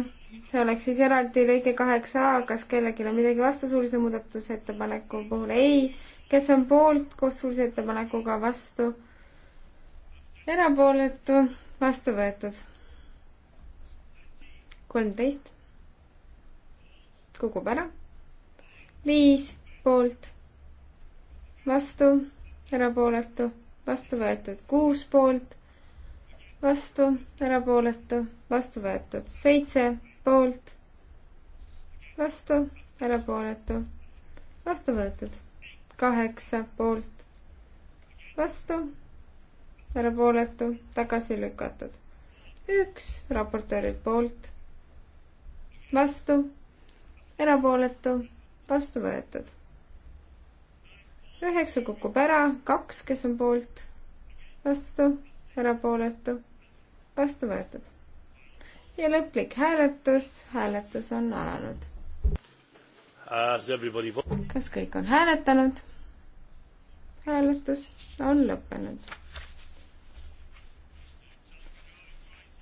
see oleks siis eraldi lõige kaheksa A, kas kellelgi on midagi vastu suulise muudatusettepaneku puhul? ei. kes on poolt koos suulise ettepanekuga vastu? erapooletu, vastu võetud. kolmteist kukub ära. viis poolt vastu, erapooletu, vastu võetud kuus poolt, vastu, erapooletu, vastu võetud seitse poolt, vastu, erapooletu, vastu võetud kaheksa poolt, vastu, erapooletu, tagasi lükatud üks raportööri poolt, vastu, erapooletu, vastu võetud üheksa kukub ära, kaks, kes on poolt, vastu, erapooletu, vastu võetud. ja lõplik hääletus, hääletus on alanud. kas kõik on hääletanud? hääletus on lõppenud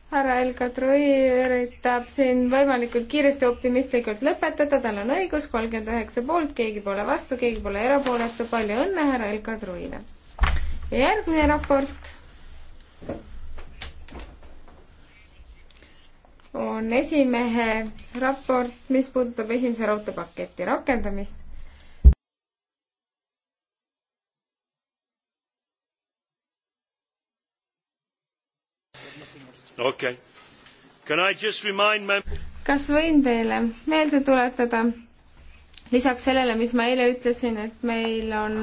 härra Elka Troi üritab siin võimalikult kiiresti optimistlikult lõpetada, tal on õigus, kolmkümmend üheksa poolt, keegi pole vastu, keegi pole erapooletu, palju õnne härra Elka Troile. ja järgmine raport on esimehe raport, mis puudutab esimese raudteepaketi rakendamist okei okay.. Can I just remind me- kas võin teile meelde tuletada, lisaks sellele, mis ma eile ütlesin, et meil on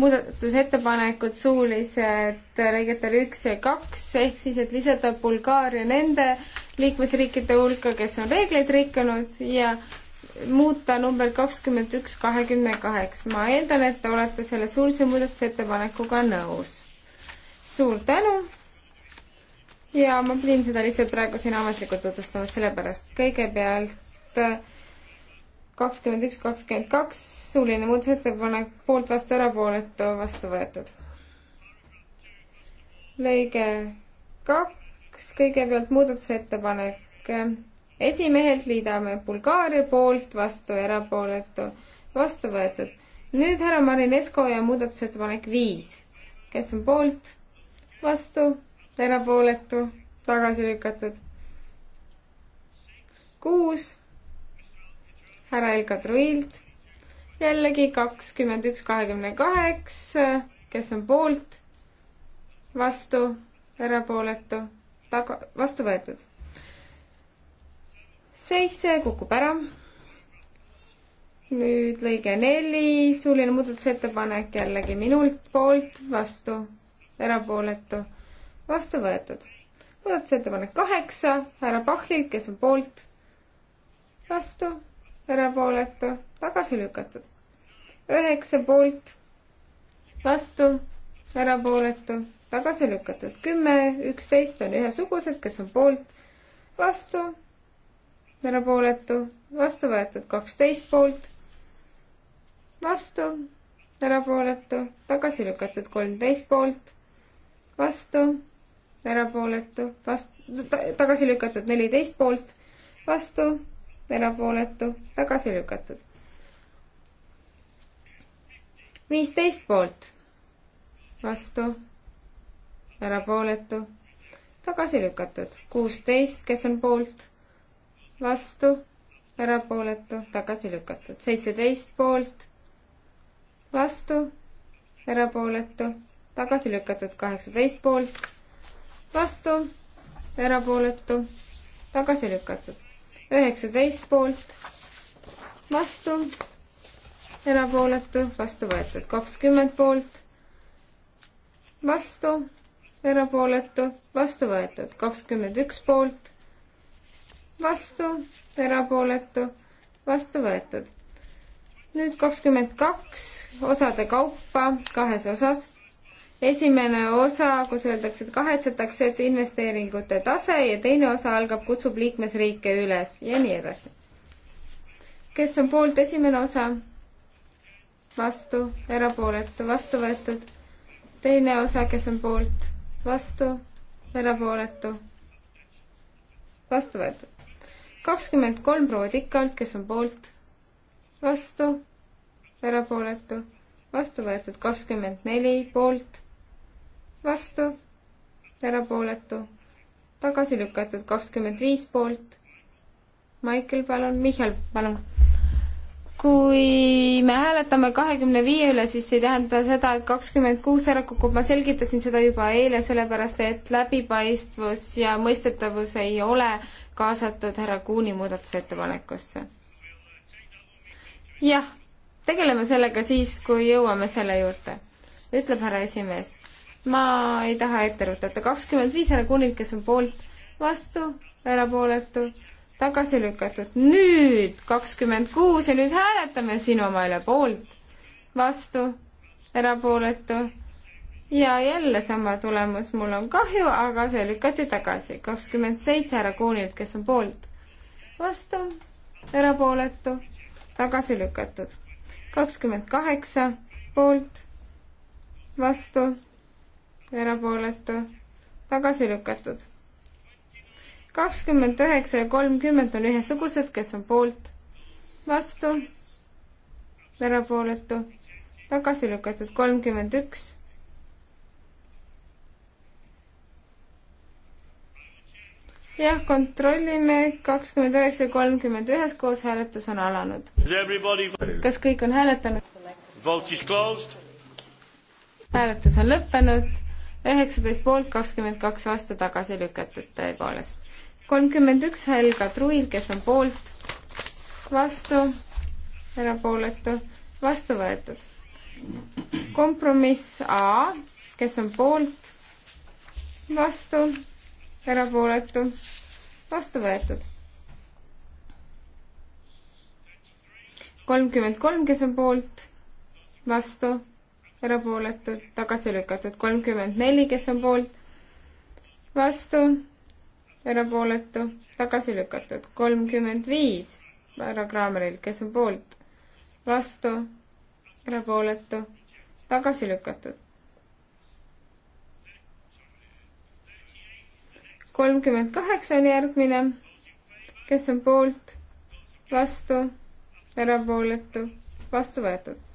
muudatusettepanekud suulised lõigetel üks ja kaks, ehk siis, et lisada Bulgaaria nende liikmesriikide hulka, kes on reegleid rikkunud ja muuta number kakskümmend üks kahekümne kaheks. ma eeldan, et te olete selle suurse muudatusettepanekuga nõus. suur tänu ja ma pidin seda lihtsalt praegu siin ametlikult tutvustama, sellepärast kõigepealt äh, kakskümmend üks, kakskümmend kaks suuline muudatusettepanek, poolt vastu erapooletu, vastu võetud. lõige kaks, kõigepealt muudatusettepanek äh, esimehelt liidame Bulgaaria poolt vastu erapooletu, vastu võetud. nüüd härra Marinesko ja muudatusettepanek viis, kes on poolt, vastu erapooletu, tagasi lükatud. kuus härra Elka Truilt, jällegi kakskümmend üks, kahekümne kaheksa, kes on poolt, vastu, erapooletu, taga, vastu võetud. seitse kukub ära nüüd lõige neli, suuline muudatusettepanek jällegi minult poolt, vastu, erapooletu, vastu võetud. muudatusettepanek kaheksa, härra Pahhilt, kes on poolt, vastu, erapooletu, tagasi lükatud. üheksa poolt, vastu, erapooletu, tagasi lükatud. kümme, üksteist on ühesugused, kes on poolt, vastu, erapooletu, vastu võetud. kaksteist poolt, vastu, erapooletu, tagasi lükatud. kolmteist poolt, vastu erapooletu, vast-, tagasi lükatud neliteist poolt, vastu, erapooletu, tagasi lükatud. viisteist poolt, vastu, erapooletu, tagasi lükatud. kuusteist, kes on poolt, vastu, erapooletu, tagasi lükatud. seitseteist poolt, vastu, erapooletu, tagasi lükatud. kaheksateist poolt vastu, erapooletu, tagasi lükatud. üheksateist poolt, vastu, erapooletu, vastu võetud. kakskümmend poolt, vastu, erapooletu, vastu võetud. kakskümmend üks poolt, vastu, erapooletu, vastu võetud. nüüd kakskümmend kaks osade kaupa kahes osas esimene osa, kus öeldakse, et kahetsetakse, et investeeringute tase ja teine osa algab, kutsub liikmesriike üles ja nii edasi. kes on poolt esimene osa? vastu, erapooletu, vastu võetud. teine osa, kes on poolt? vastu, erapooletu, vastu võetud. kakskümmend kolm proodikalt, kes on poolt? vastu, erapooletu, vastu võetud. kakskümmend neli poolt vastu, erapooletu, tagasi lükatud kakskümmend viis poolt. Michael, palun, Michal, palun. kui me hääletame kahekümne viie üle, siis see ei tähenda seda, et kakskümmend kuus ära kukub, ma selgitasin seda juba eile, sellepärast et läbipaistvus ja mõistetavus ei ole kaasatud härra Kuuni muudatusettepanekusse. jah, tegeleme sellega siis, kui jõuame selle juurde, ütleb härra esimees ma ei taha ette rutata, kakskümmend viis härra Kunilt, kes on poolt, vastu, erapooletu, tagasi lükatud. nüüd kakskümmend kuus ja nüüd hääletame sinu oma üle poolt, vastu, erapooletu ja jälle sama tulemus, mul on kahju, aga see lükati tagasi. kakskümmend seitse härra Kunilt, kes on poolt, vastu, erapooletu, tagasi lükatud. kakskümmend kaheksa poolt, vastu erapooletu, tagasi lükatud. kakskümmend üheksa ja kolmkümmend on ühesugused, kes on poolt, vastu, erapooletu, tagasi lükatud, kolmkümmend üks. jah, kontrollime kakskümmend üheksa ja kolmkümmend ühes koos hääletus on alanud. kas kõik on hääletanud? hääletus on lõppenud üheksateist poolt, kakskümmend kaks vastu, tagasi lükatud tõepoolest. kolmkümmend üks Helga Truil, kes on poolt, vastu, erapooletu, vastu võetud. kompromiss A, kes on poolt, vastu, erapooletu, vastu võetud. kolmkümmend kolm, kes on poolt, vastu erapooletud, tagasi lükatud. kolmkümmend neli, kes on poolt, vastu, erapooletu, tagasi lükatud. kolmkümmend viis härra Kraamerilt, kes on poolt, vastu, erapooletu, tagasi lükatud. kolmkümmend kaheksa on järgmine, kes on poolt, vastu, erapooletu, vastu võetud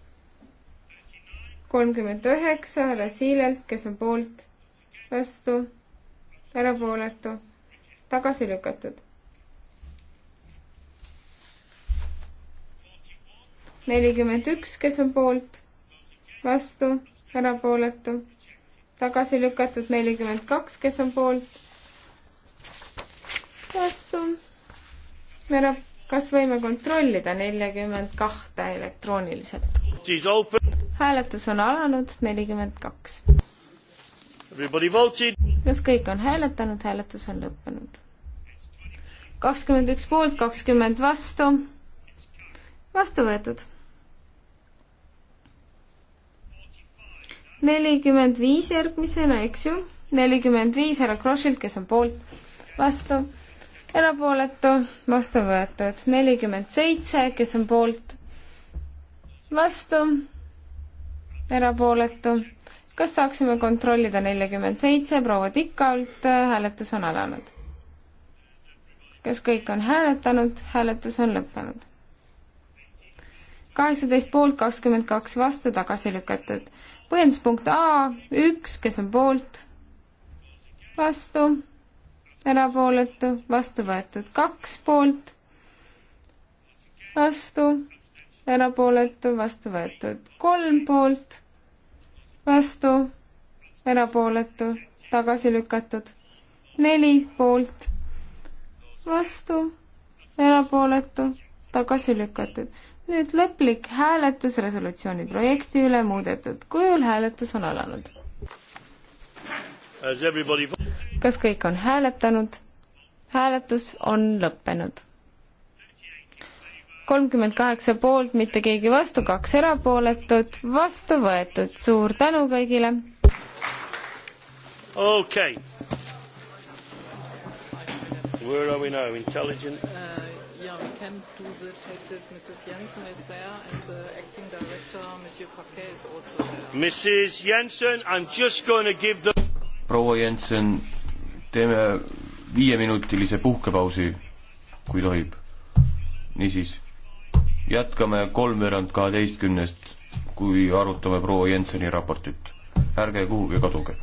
kolmkümmend üheksa härra Siilelt, kes on poolt, vastu, erapooletu, tagasi lükatud. nelikümmend üks, kes on poolt, vastu, erapooletu, tagasi lükatud nelikümmend kaks, kes on poolt, vastu, ära, kas võime kontrollida neljakümmend kahte elektrooniliselt? hääletus on alanud, nelikümmend kaks. kas kõik on hääletanud, hääletus on lõppenud. kakskümmend üks poolt, kakskümmend vastu, vastu võetud. nelikümmend viis järgmisena, eks ju, nelikümmend viis härra Krossilt, kes on poolt, vastu, erapooletu, vastu võetud, nelikümmend seitse, kes on poolt, vastu erapooletu. kas saaksime kontrollida neljakümmend seitse proua Tikalt, äh, hääletus on alanud. kas kõik on hääletanud, hääletus on lõppenud. kaheksateist poolt, kakskümmend kaks vastu, tagasi lükatud. põhjenduspunkt A, üks, kes on poolt, vastu, erapooletu, vastu võetud kaks poolt, vastu erapooletu, vastu võetud. kolm poolt, vastu, erapooletu, tagasi lükatud. neli poolt, vastu, erapooletu, tagasi lükatud. nüüd lõplik hääletus resolutsiooni projekti üle muudetud kujul, hääletus on alanud. kas kõik on hääletanud? hääletus on lõppenud kolmkümmend kaheksa poolt, mitte keegi vastu, kaks erapooletut, vastu võetud. suur tänu kõigile. okei okay.. Where are we now? Intelligent uh,? Yeah, we can do the taxes. Mrs. Jensen is there and the acting director, Monsieur Paquet, is also there. Mrs. Jensen, I'm just going to give the. proua Jensen, teeme viieminutilise puhkepausi, kui tohib. niisiis jätkame kolmveerand kaheteistkümnest, kui arutame proua Jenseni raportit. ärge kuhugi kaduge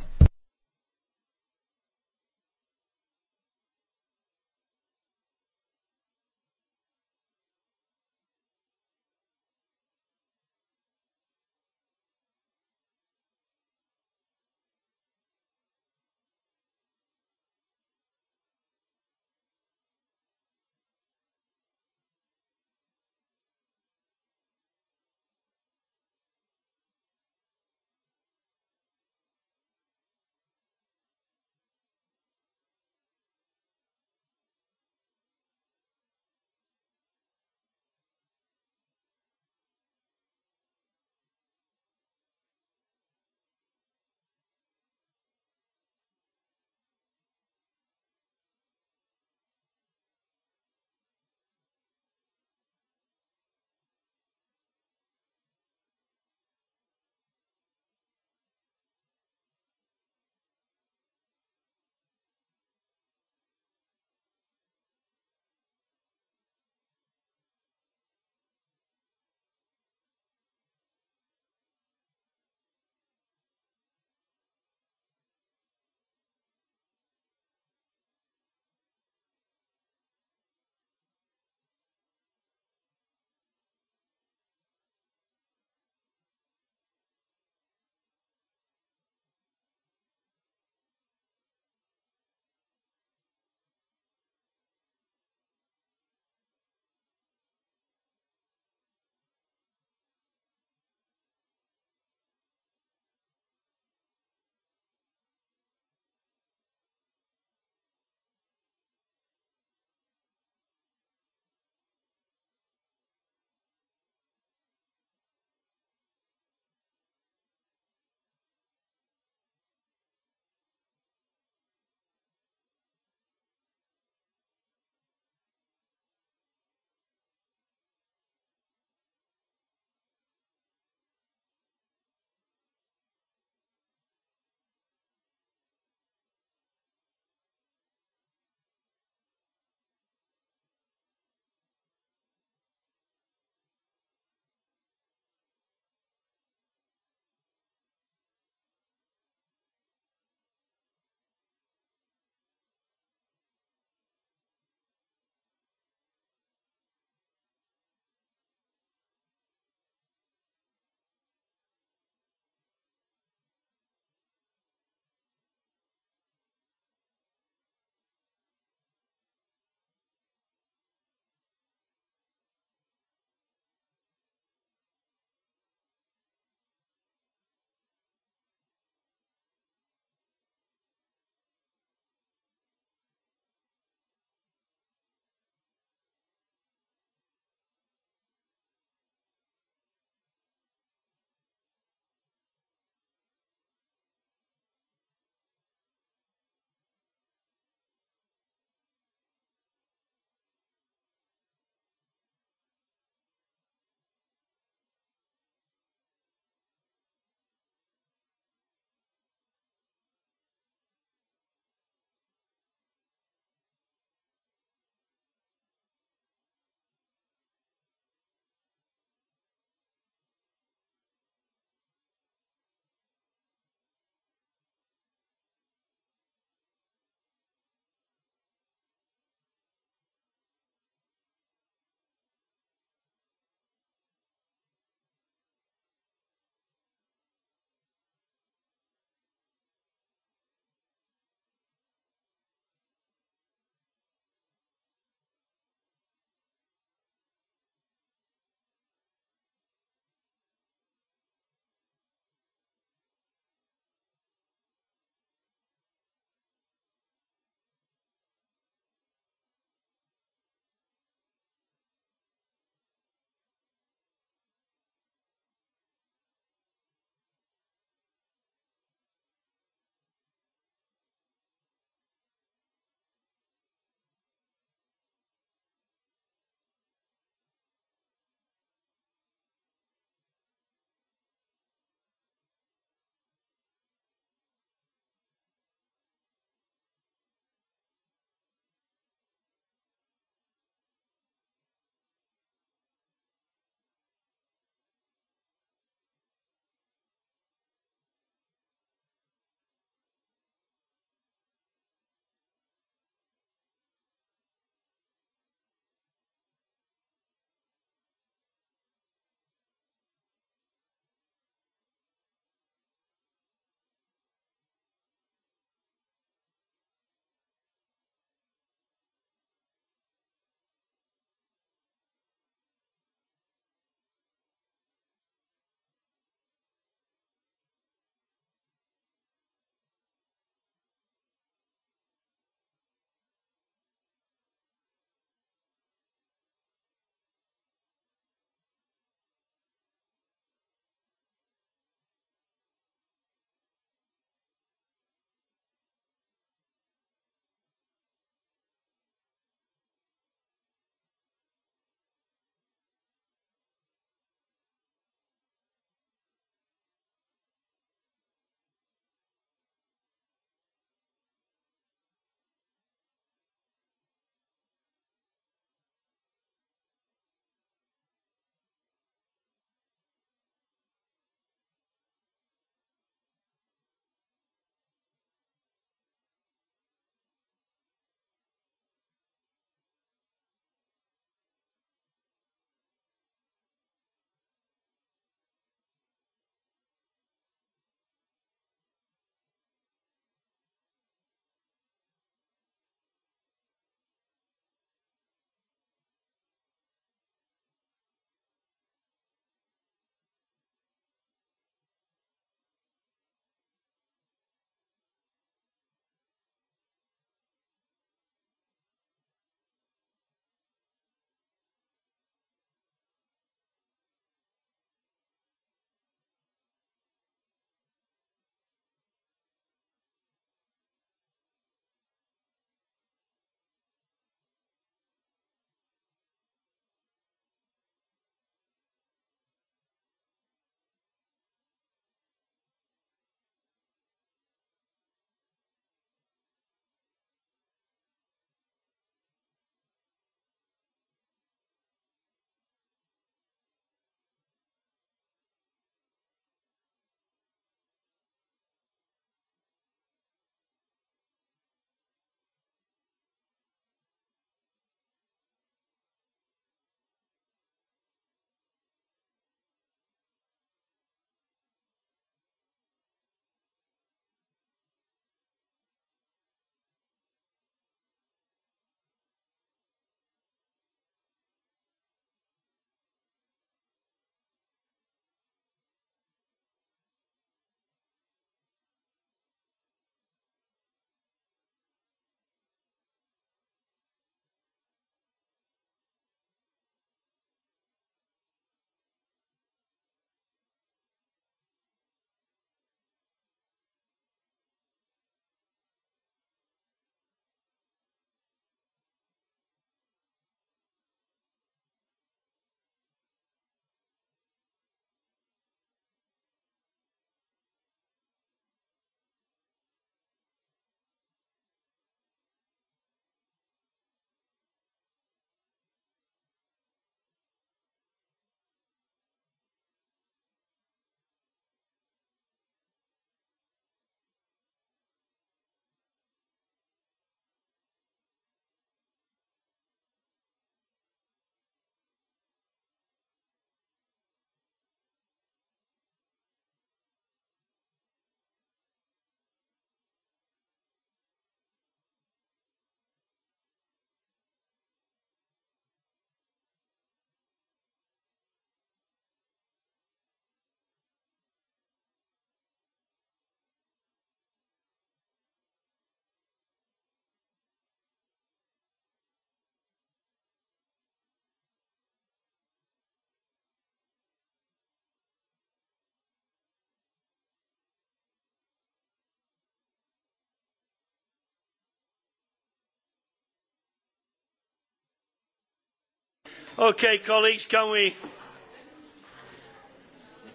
Okay, colleagues, can we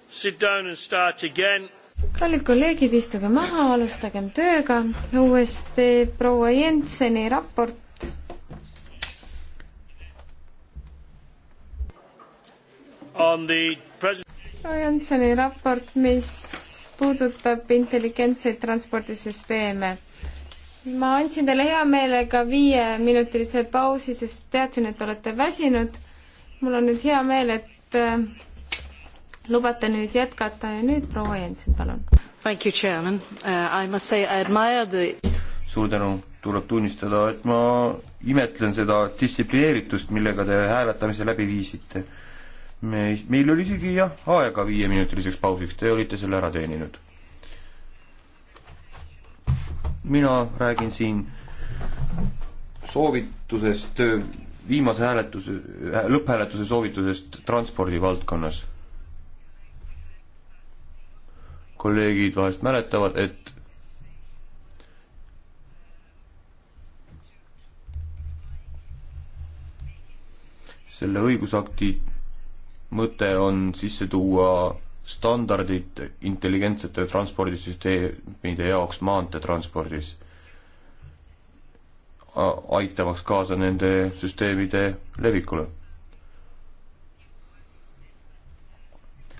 sit down and start again? kallid kolleegid, istuge maha, alustagem tööga. uuesti proua Jenseni raport. proua Jenseni raport, mis puudutab intelligentseid transpordisüsteeme ma andsin teile hea meelega viieminutilise pausi, sest teadsin, et olete väsinud mul on nüüd hea meel, et äh, lubate nüüd jätkata ja nüüd proua Jensen, palun. Thank you, chairman uh,. I must say I admire the suur tänu, tuleb tunnistada, et ma imetlen seda distsiplineeritust, millega te hääletamise läbi viisite. me, meil oli isegi jah, aega viieminutiliseks pausiks, te olite selle ära teeninud. mina räägin siin soovitusest viimase hääletuse, lõpphääletuse soovitusest transpordi valdkonnas. kolleegid vahest mäletavad, et selle õigusakti mõte on sisse tuua standardid intelligentsete transpordisüsteemide jaoks maanteetranspordis aitamaks kaasa nende süsteemide levikule.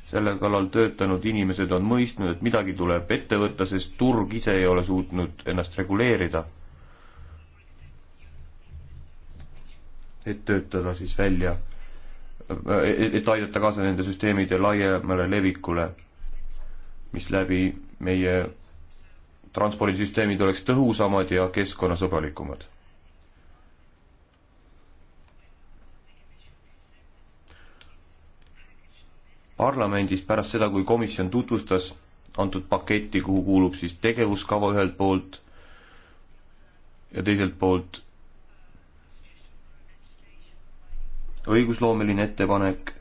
selle kallal töötanud inimesed on mõistnud, et midagi tuleb ette võtta, sest turg ise ei ole suutnud ennast reguleerida. et töötada siis välja, et aidata kaasa nende süsteemide laiemale levikule, mis läbi meie transpordisüsteemid oleks tõhusamad ja keskkonnasõbralikumad parlamendis pärast seda, kui komisjon tutvustas antud paketti, kuhu kuulub siis tegevuskava ühelt poolt ja teiselt poolt õigusloomeline ettepanek,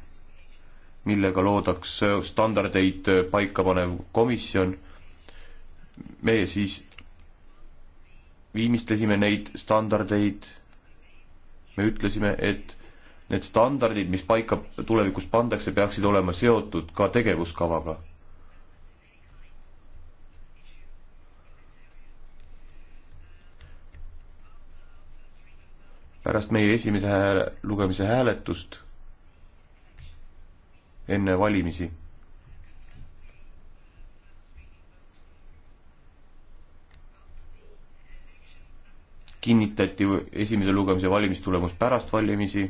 millega loodaks standardeid paika panev komisjon. meie siis viimistlesime neid standardeid. me ütlesime, et need standardid, mis paika tulevikus pandakse, peaksid olema seotud ka tegevuskavaga. pärast meie esimese hääle, lugemise hääletust enne valimisi kinnitati esimese lugemise valimistulemus pärast valimisi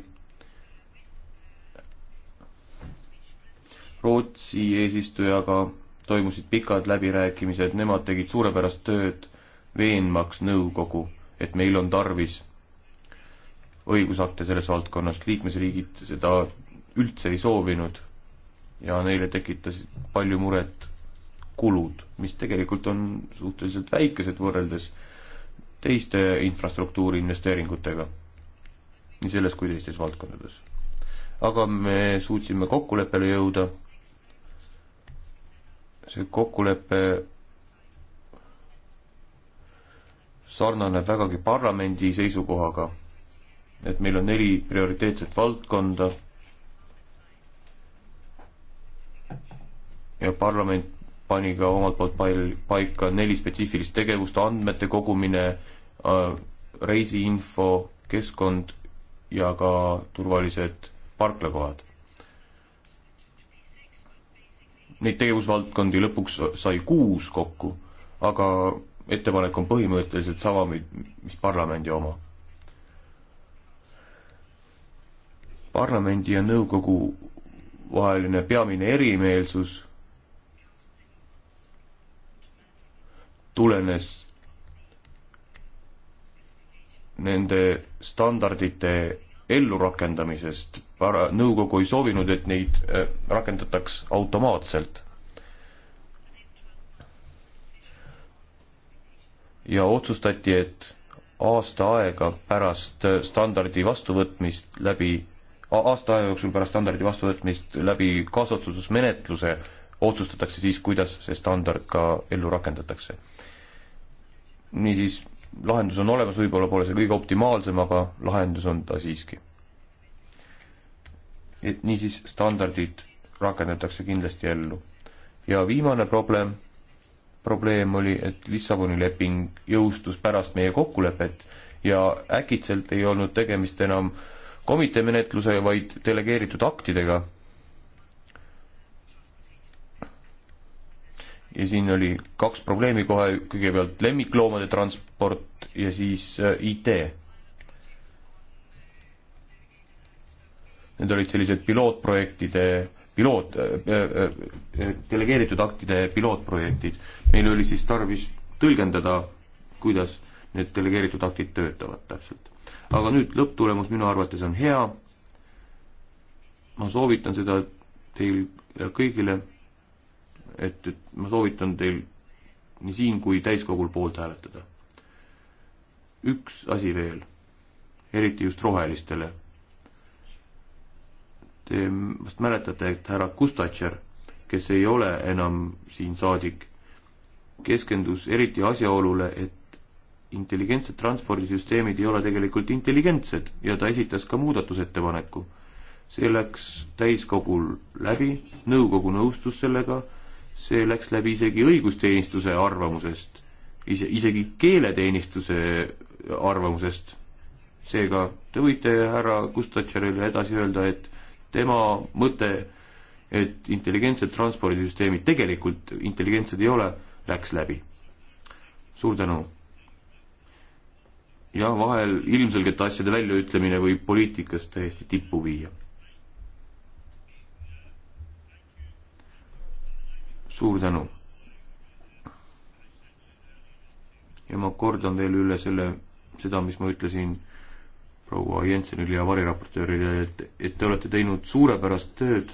Rootsi eesistujaga toimusid pikad läbirääkimised, nemad tegid suurepärast tööd veenmaks nõukogu, et meil on tarvis õigusakte selles valdkonnas, liikmesriigid seda üldse ei soovinud ja neile tekitasid palju muret kulud, mis tegelikult on suhteliselt väikesed võrreldes teiste infrastruktuuri investeeringutega, nii selles kui teistes valdkondades. aga me suutsime kokkuleppele jõuda see kokkulepe sarnaneb vägagi parlamendi seisukohaga, et meil on neli prioriteetset valdkonda ja parlament pani ka omalt poolt pal-, paika neli spetsiifilist tegevust, andmete kogumine, äh, reisiinfo, keskkond ja ka turvalised parklakohad. neid tegevusvaldkondi lõpuks sai kuus kokku, aga ettepanek on põhimõtteliselt sama, mis parlamendi oma. parlamendi ja nõukogu vaheline peamine erimeelsus tulenes nende standardite ellurakendamisest para-, nõukogu ei soovinud, et neid äh, rakendataks automaatselt. ja otsustati, et aasta aega pärast äh, standardi vastuvõtmist läbi, aasta aja jooksul pärast standardi vastuvõtmist läbi kaasotsustusmenetluse otsustatakse siis, kuidas see standard ka ellu rakendatakse. niisiis, lahendus on olemas, võib-olla pole see kõige optimaalsem, aga lahendus on ta siiski et niisiis standardid rakendatakse kindlasti ellu. ja viimane probleem, probleem oli, et Lissaboni leping jõustus pärast meie kokkulepet ja äkitselt ei olnud tegemist enam komitee menetluse, vaid delegeeritud aktidega. ja siin oli kaks probleemi kohe, kõigepealt lemmikloomade transport ja siis äh, IT need olid sellised pilootprojektide, piloot äh, äh,, äh, delegeeritud aktide pilootprojektid. meil oli siis tarvis tõlgendada, kuidas need delegeeritud aktid töötavad täpselt. aga nüüd lõpptulemus minu arvates on hea, ma soovitan seda teil kõigile, et, et ma soovitan teil nii siin kui täiskogul poolt hääletada. üks asi veel, eriti just rohelistele Te vast mäletate, et härra Kustatšer, kes ei ole enam siin saadik, keskendus eriti asjaolule, et intelligentsed transpordisüsteemid ei ole tegelikult intelligentsed ja ta esitas ka muudatusettepaneku. see läks täiskogul läbi, nõukogu nõustus sellega, see läks läbi isegi õigusteenistuse arvamusest, ise, isegi keeleteenistuse arvamusest. seega te võite härra Kustatšerile edasi öelda, et tema mõte, et intelligentsed transpordisüsteemid tegelikult intelligentsed ei ole, läks läbi. suur tänu. ja vahel ilmselgete asjade väljaütlemine võib poliitikast täiesti tippu viia. suur tänu. ja ma kordan veel üle selle, seda, mis ma ütlesin proua Jensenile ja variraportöörile, et, et te olete teinud suurepärast tööd.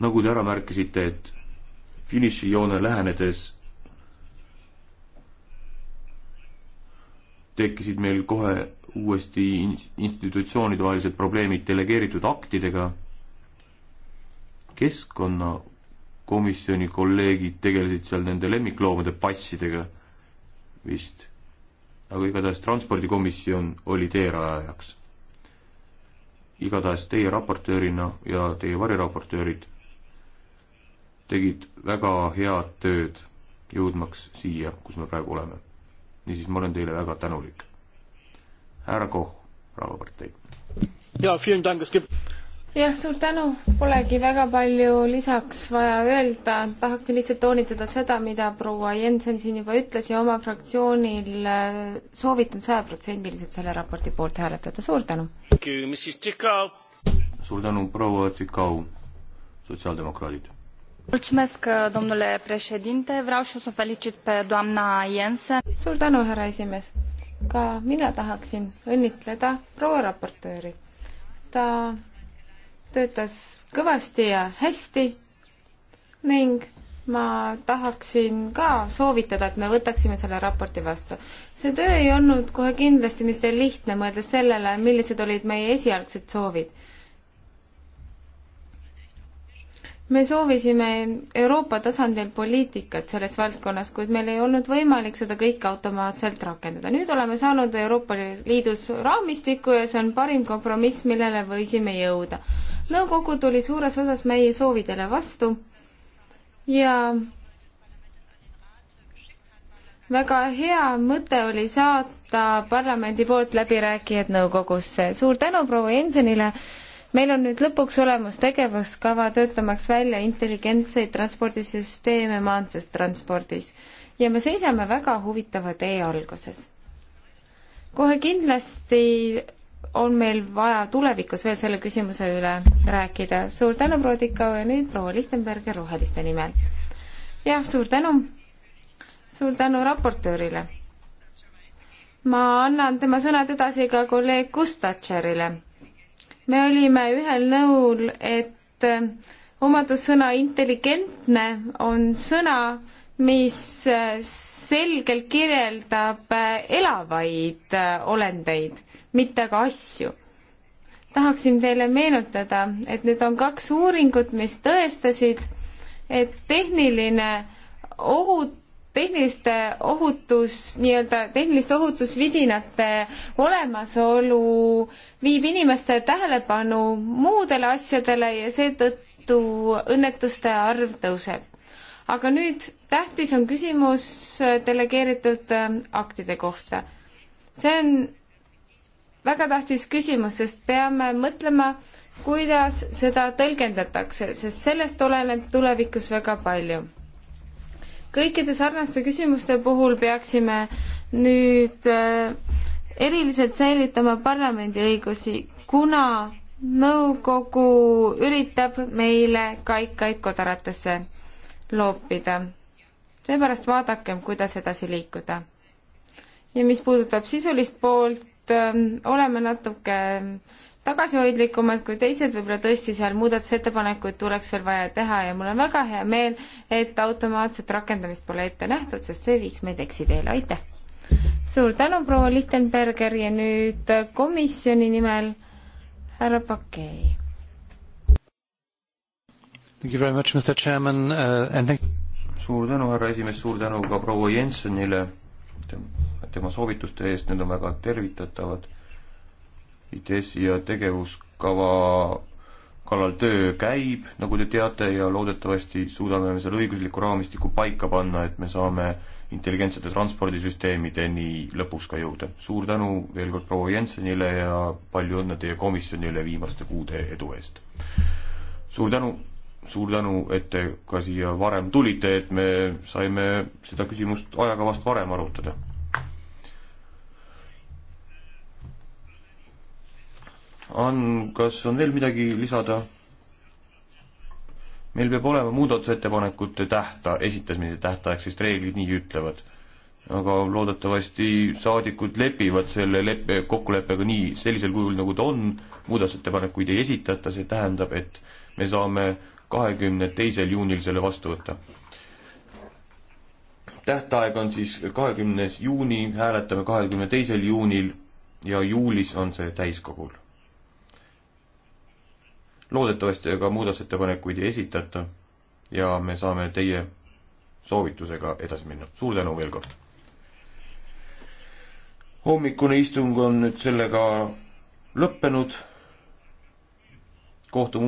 nagu te ära märkisite, et finišijoone lähenedes tekkisid meil kohe uuesti institutsioonide vahelised probleemid delegeeritud aktidega. keskkonnakomisjoni kolleegid tegelesid seal nende lemmikloomade passidega vist aga igatahes Transpordikomisjon oli teerajajaks. igatahes teie raportöörina ja teie variraportöörid tegid väga head tööd, jõudmaks siia, kus me praegu oleme. niisiis, ma olen teile väga tänulik. härra Koch, Rahvapartei. jaa, vielen Dank, es gibt jah, suur tänu, polegi väga palju lisaks vaja öelda, tahaksin lihtsalt toonitada seda, mida proua Jensen siin juba ütles ja oma fraktsioonil äh, soovitan sajaprotsendiliselt selle raporti poolt hääletada, suur tänu! suur tänu, proua Tsikau, sotsiaaldemokraadid! mulțumesc, domnule președinte, vreau și o să o felicit pe doamna Jensen. suur tänu, härra esimees! ka mina tahaksin õnnitleda proua raportööri. ta töötas kõvasti ja hästi ning ma tahaksin ka soovitada, et me võtaksime selle raporti vastu. see töö ei olnud kohe kindlasti mitte lihtne, mõeldes sellele, millised olid meie esialgsed soovid. me soovisime Euroopa tasandil poliitikat selles valdkonnas, kuid meil ei olnud võimalik seda kõike automaatselt rakendada. nüüd oleme saanud Euroopa Liidus raamistiku ja see on parim kompromiss, millele võisime jõuda nõukogu tuli suures osas meie soovidele vastu ja väga hea mõte oli saata parlamendi poolt läbirääkijad nõukogusse. suur tänu proua Jensenile. meil on nüüd lõpuks olemas tegevuskava töötamaks välja intelligentseid transpordisüsteeme maanteetranspordis ja me seisame väga huvitava tee alguses. kohe kindlasti on meil vaja tulevikus veel selle küsimuse üle rääkida. suur tänu, proua Tikau ja nüüd proua Lichtenberger Roheliste nimel. jah, suur tänu. suur tänu raportöörile. ma annan tema sõnad edasi ka kolleeg Gustatšerile. me olime ühel nõul, et omadussõna intelligentne on sõna, mis selgelt kirjeldab äh, elavaid äh, olendeid, mitte aga asju. tahaksin teile meenutada, et nüüd on kaks uuringut, mis tõestasid, et tehniline ohut-, tehniliste ohutus, nii-öelda tehniliste ohutusvidinate olemasolu viib inimeste tähelepanu muudele asjadele ja seetõttu õnnetuste arv tõuseb aga nüüd tähtis on küsimus äh, delegeeritud äh, aktide kohta. see on väga tähtis küsimus, sest peame mõtlema, kuidas seda tõlgendatakse, sest sellest oleneb tulevikus väga palju. kõikide sarnaste küsimuste puhul peaksime nüüd äh, eriliselt säilitama parlamendi õigusi, kuna nõukogu üritab meile kaikaid kodaratesse loopida. seepärast vaadakem, kuidas edasi liikuda. ja mis puudutab sisulist poolt, ähm, oleme natuke tagasihoidlikumad kui teised, võib-olla tõesti seal muudatusettepanekuid tuleks veel vaja teha ja mul on väga hea meel, et automaatset rakendamist pole ette nähtud, sest see viiks meid eksiteele, aitäh! suur tänu, proua Lichtenberger ja nüüd komisjoni nimel härra Pakei Thank you very much, Mr Chairman uh, and thank suur tänu, härra esimees, suur tänu ka proua Jensenile tema soovituste eest, need on väga tervitatavad. ITS-i ja tegevuskava kallal töö käib, nagu te teate, ja loodetavasti suudame me selle õigusliku raamistiku paika panna, et me saame intelligentsete transpordisüsteemideni lõpuks ka jõuda. suur tänu veel kord proua Jensenile ja palju õnne teie komisjonile viimaste kuude edu eest. suur tänu suur tänu, et te ka siia varem tulite, et me saime seda küsimust ajakavast varem arutada. Ann, kas on veel midagi lisada? meil peab olema muudatusettepanekute tähta, esitamise tähtaeg, sest reeglid nii ütlevad. aga loodetavasti saadikud lepivad selle leppe, kokkuleppega nii sellisel kujul, nagu ta on, muudatusettepanekuid ei esitata, see tähendab, et me saame kahekümne teisel juunil selle vastu võtta. tähtaeg on siis kahekümnes juuni, hääletame kahekümne teisel juunil ja juulis on see täiskogul. loodetavasti ega muudatusettepanekuid ei esitata ja me saame teie soovitusega edasi minna. suur tänu veel kord! hommikune istung on nüüd sellega lõppenud. kohtume